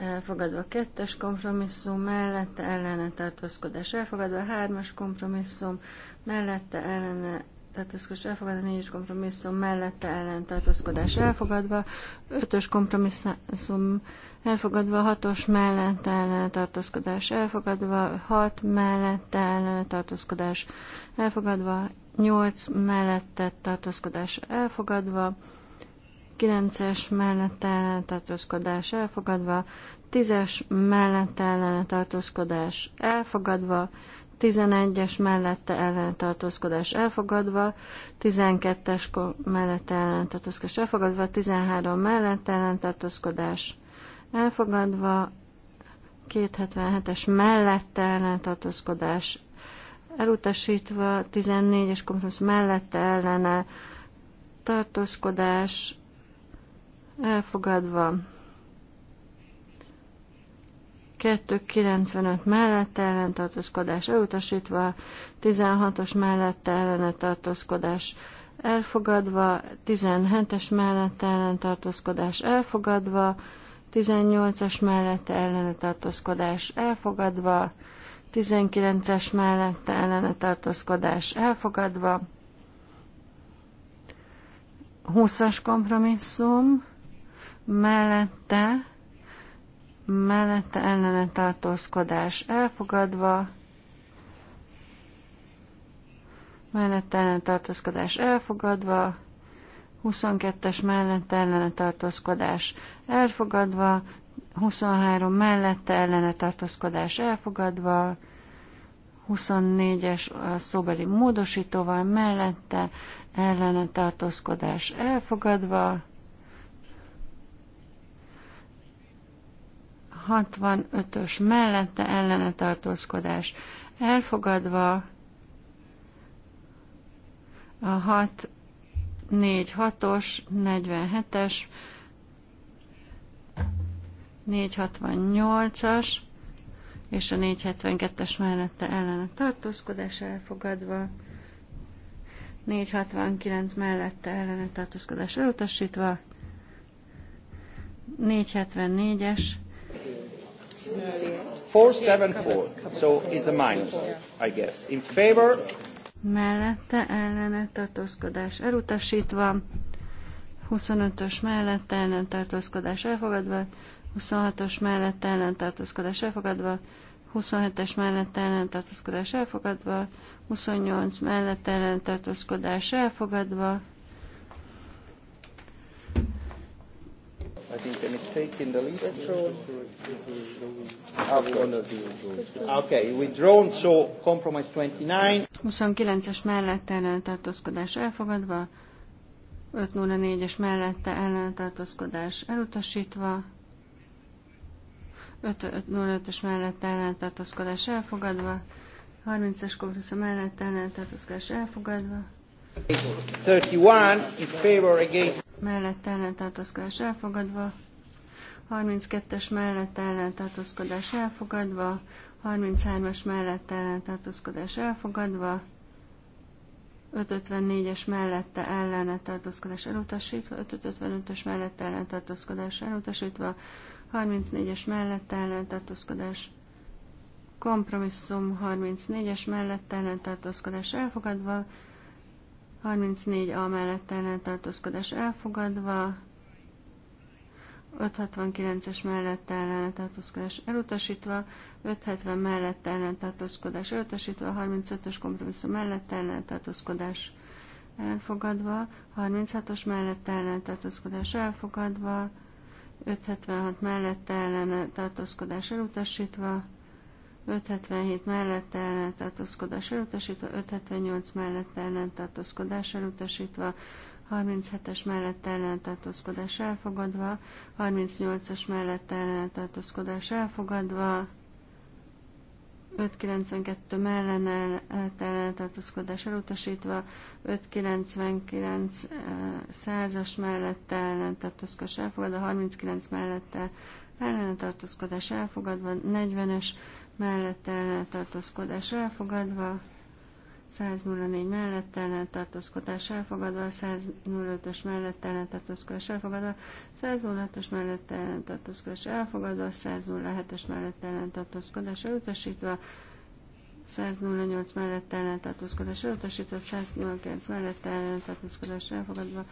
elfogadva kettes kompromisszum, mellette ellene tartózkodás elfogadva hármas kompromisszum, mellette ellene tartózkodás elfogadva négyes kompromisszum, mellette ellen tartózkodás elfogadva ötös kompromisszum elfogadva hatos mellette ellene tartózkodás elfogadva hat mellette ellene tartózkodás elfogadva nyolc mellette tartózkodás elfogadva 9-es mellett ellene tartózkodás elfogadva, 10-es mellett ellene tartózkodás elfogadva, 11-es mellette ellen tartózkodás elfogadva, 12-es mellette ellen tartózkodás elfogadva, 13 mellette ellen tartózkodás elfogadva, 277-es mellette ellen tartózkodás elutasítva, 14-es kompromisszum mellette ellene tartózkodás elfogadva. 295 mellett ellen tartózkodás elutasítva, 16-os mellett ellen tartózkodás elfogadva, 17-es mellett ellen tartózkodás elfogadva, 18-as mellett ellen tartózkodás elfogadva, 19-es mellett ellen tartózkodás elfogadva, 20-as kompromisszum, mellette, mellette ellene tartózkodás elfogadva, mellette ellene tartózkodás elfogadva, 22-es mellette ellene tartózkodás elfogadva, 23 mellette ellene tartózkodás elfogadva, 24-es szóbeli módosítóval mellette ellene tartózkodás elfogadva, 65-ös mellette ellene tartózkodás elfogadva, a 646-os, 47-es, 468-as és a 472-es mellette ellene tartózkodás elfogadva, 469 mellette ellene tartózkodás elutasítva, 474-es 474. So it's a minus, I guess. In favor. Mellette ellene tartózkodás elutasítva. 25-ös mellette ellen tartózkodás elfogadva. 26-os ellen tartózkodás elfogadva, 27-es ellen tartózkodás elfogadva, 28 ellen tartózkodás elfogadva, I think the mistake in the list. Withdrawn. Okay, withdrawn, so compromise 29. 29-es mellette ellentartózkodás elfogadva, 504-es mellette ellentartózkodás elutasítva, 505-ös mellette ellentartózkodás elfogadva, 30-es kompromisszum mellette ellentartózkodás elfogadva. 31 in favor against mellett ellentartózkodás elfogadva, 32-es mellett ellentartózkodás elfogadva, 33-as mellett ellentartózkodás elfogadva, 554-es mellette ellentartózkodás elutasítva, 555-ös mellette ellentartózkodás elutasítva, 34-es mellette ellentartózkodás kompromisszum 34-es mellett ellentartózkodás elfogadva, 34 a mellett ellentartózkodás elfogadva, 569-es mellett ellentartózkodás elutasítva, 570 mellett ellentartózkodás elutasítva, 35-ös kompromisszum mellett ellentartózkodás elfogadva, 36-os mellett ellentartózkodás elfogadva, 576 mellett ellentartózkodás elutasítva, 577 mellett ellentartózkodás elutasítva, 578 mellett ellentartózkodás elutasítva, 37-es mellett ellentartózkodás elfogadva, 38-as mellett ellentartózkodás elfogadva, 592 mellett ellentartózkodás elutasítva, 599 százas mellett ellentartózkodás elfogadva, 39 mellette ellentartózkodás elfogadva, 40-es mellett ellen tartózkodás elfogadva, 104 mellett ellen tartózkodás elfogadva, 105-ös mellett ellen tartózkodás elfogadva, 106-os mellett ellen tartózkodás elfogadva, 107-es mellett ellen tartózkodás elutasítva, 108 mellett ellen tartózkodás elutasítva, 109 mellett ellen tartózkodás elfogadva,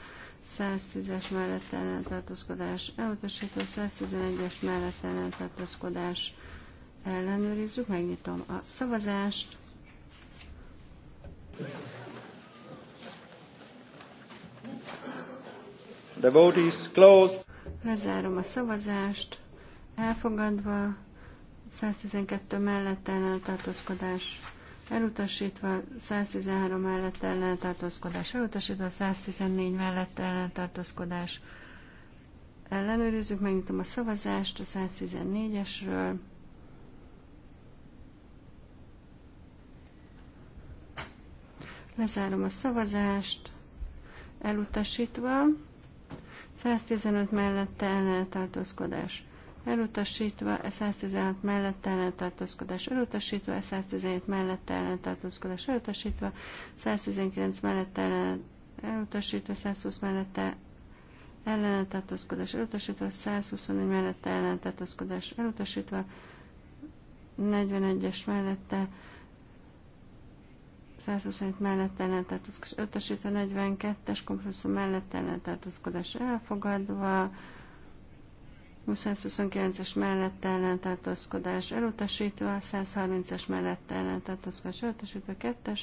110-es mellett ellen tartózkodás elutasítva, 111-es mellett ellen tartózkodás elfogadva, ellenőrizzük, megnyitom a szavazást. The vote is closed. Lezárom a szavazást. Elfogadva 112 mellett ellentartózkodás elutasítva, 113 mellett ellentartózkodás elutasítva, 114 mellett ellentartózkodás ellenőrizzük, megnyitom a szavazást a 114-esről. Lezárom a szavazást, elutasítva. 115 mellette ellentartózkodás elutasítva, 116 mellette ellentartózkodás elutasítva, 117 mellette ellentartózkodás elutasítva, 119 mellette ellen, elutasítva, 120 mellette ellentartózkodás elutasítva, 121 mellette ellentartózkodás elutasítva, 41-es mellette 127 mellett ellentartózkodás a 42-es kompromisszum mellett ellentartózkodás elfogadva, 129-es mellett ellentartózkodás elutasítva, 130-es mellett ellentartózkodás elutasítva, 2-es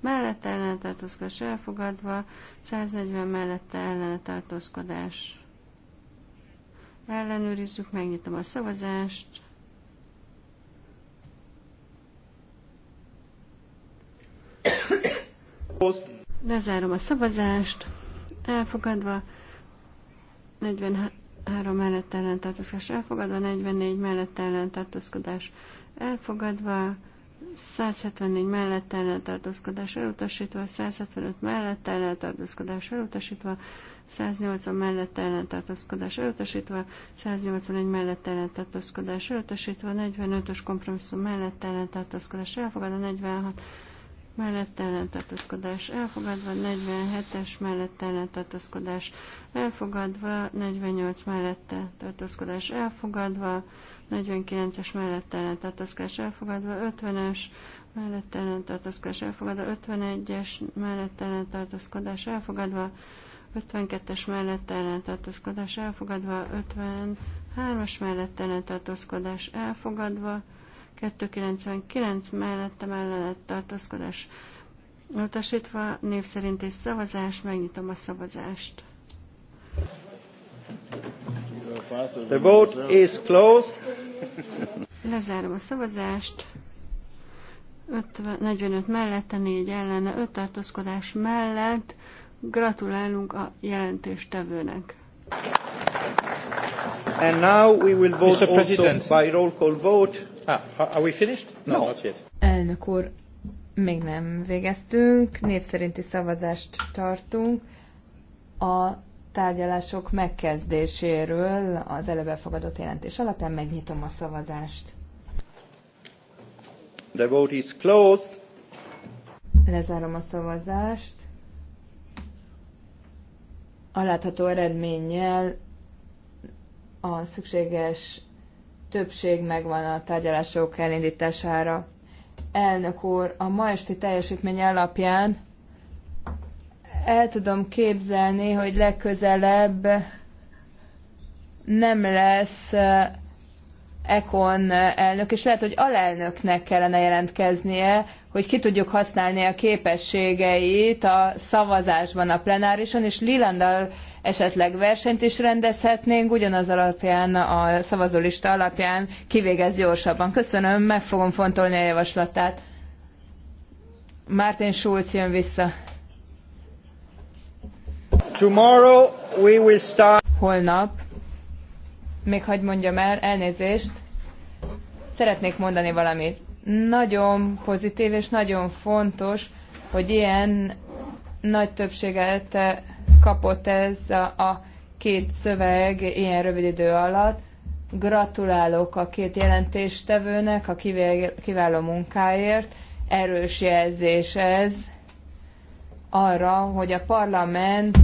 mellett ellentartózkodás elfogadva, 140 mellett ellentartózkodás ellenőrizzük, megnyitom a szavazást. Lezárom a szavazást. Elfogadva. 43 mellett ellentartózkodás elfogadva, 44 mellett ellentartózkodás elfogadva, 174 mellett ellentartózkodás elutasítva, 175 mellett ellentartózkodás elutasítva, 180 mellett ellentartózkodás elutasítva, 181 mellett ellentartózkodás elutasítva, 45-ös kompromisszum mellett ellentartózkodás elfogadva, 46 mellett ellentartózkodás elfogadva, 47-es mellett ellentartózkodás elfogadva, 48 mellette tartózkodás elfogadva, 49-es mellett ellentartózkodás elfogadva, 50-es mellett ellentartózkodás elfogadva, 51-es mellett ellentartózkodás elfogadva, 52-es mellett ellentartózkodás elfogadva, 53-as mellett ellentartózkodás elfogadva, 299 mellette mellett tartózkodás utasítva, név szerint és szavazás, megnyitom a szavazást. The vote is closed. Lezárom a szavazást. 50, 45 mellette, 4 ellene, 5 tartózkodás mellett. Gratulálunk a jelentéstevőnek. And now we will vote also by roll call vote. Ah, are we finished? No, no. not yet. Elnök úr, még nem végeztünk, népszerinti szavazást tartunk a tárgyalások megkezdéséről az eleve fogadott jelentés alapján megnyitom a szavazást. The vote is closed. Lezárom a szavazást. A látható eredménnyel a szükséges többség megvan a tárgyalások elindítására. Elnök úr, a ma esti teljesítmény alapján el tudom képzelni, hogy legközelebb nem lesz Ekon elnök, és lehet, hogy alelnöknek kellene jelentkeznie, hogy ki tudjuk használni a képességeit a szavazásban a plenárison, és Lilandal esetleg versenyt is rendezhetnénk, ugyanaz alapján, a szavazólista alapján kivégez gyorsabban. Köszönöm, meg fogom fontolni a javaslatát. Martin Schulz jön vissza. Tomorrow we will start... Holnap, még hagyd mondjam el, elnézést, szeretnék mondani valamit. Nagyon pozitív és nagyon fontos, hogy ilyen nagy többséget kapott ez a két szöveg ilyen rövid idő alatt. Gratulálok a két jelentéstevőnek a kiváló munkáért. Erős jelzés ez arra, hogy a parlament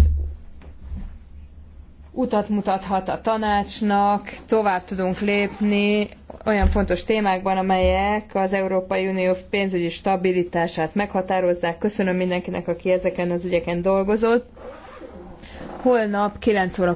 utat mutathat a tanácsnak, tovább tudunk lépni olyan fontos témákban, amelyek az Európai Unió pénzügyi stabilitását meghatározzák. Köszönöm mindenkinek, aki ezeken az ügyeken dolgozott holnap 9 óra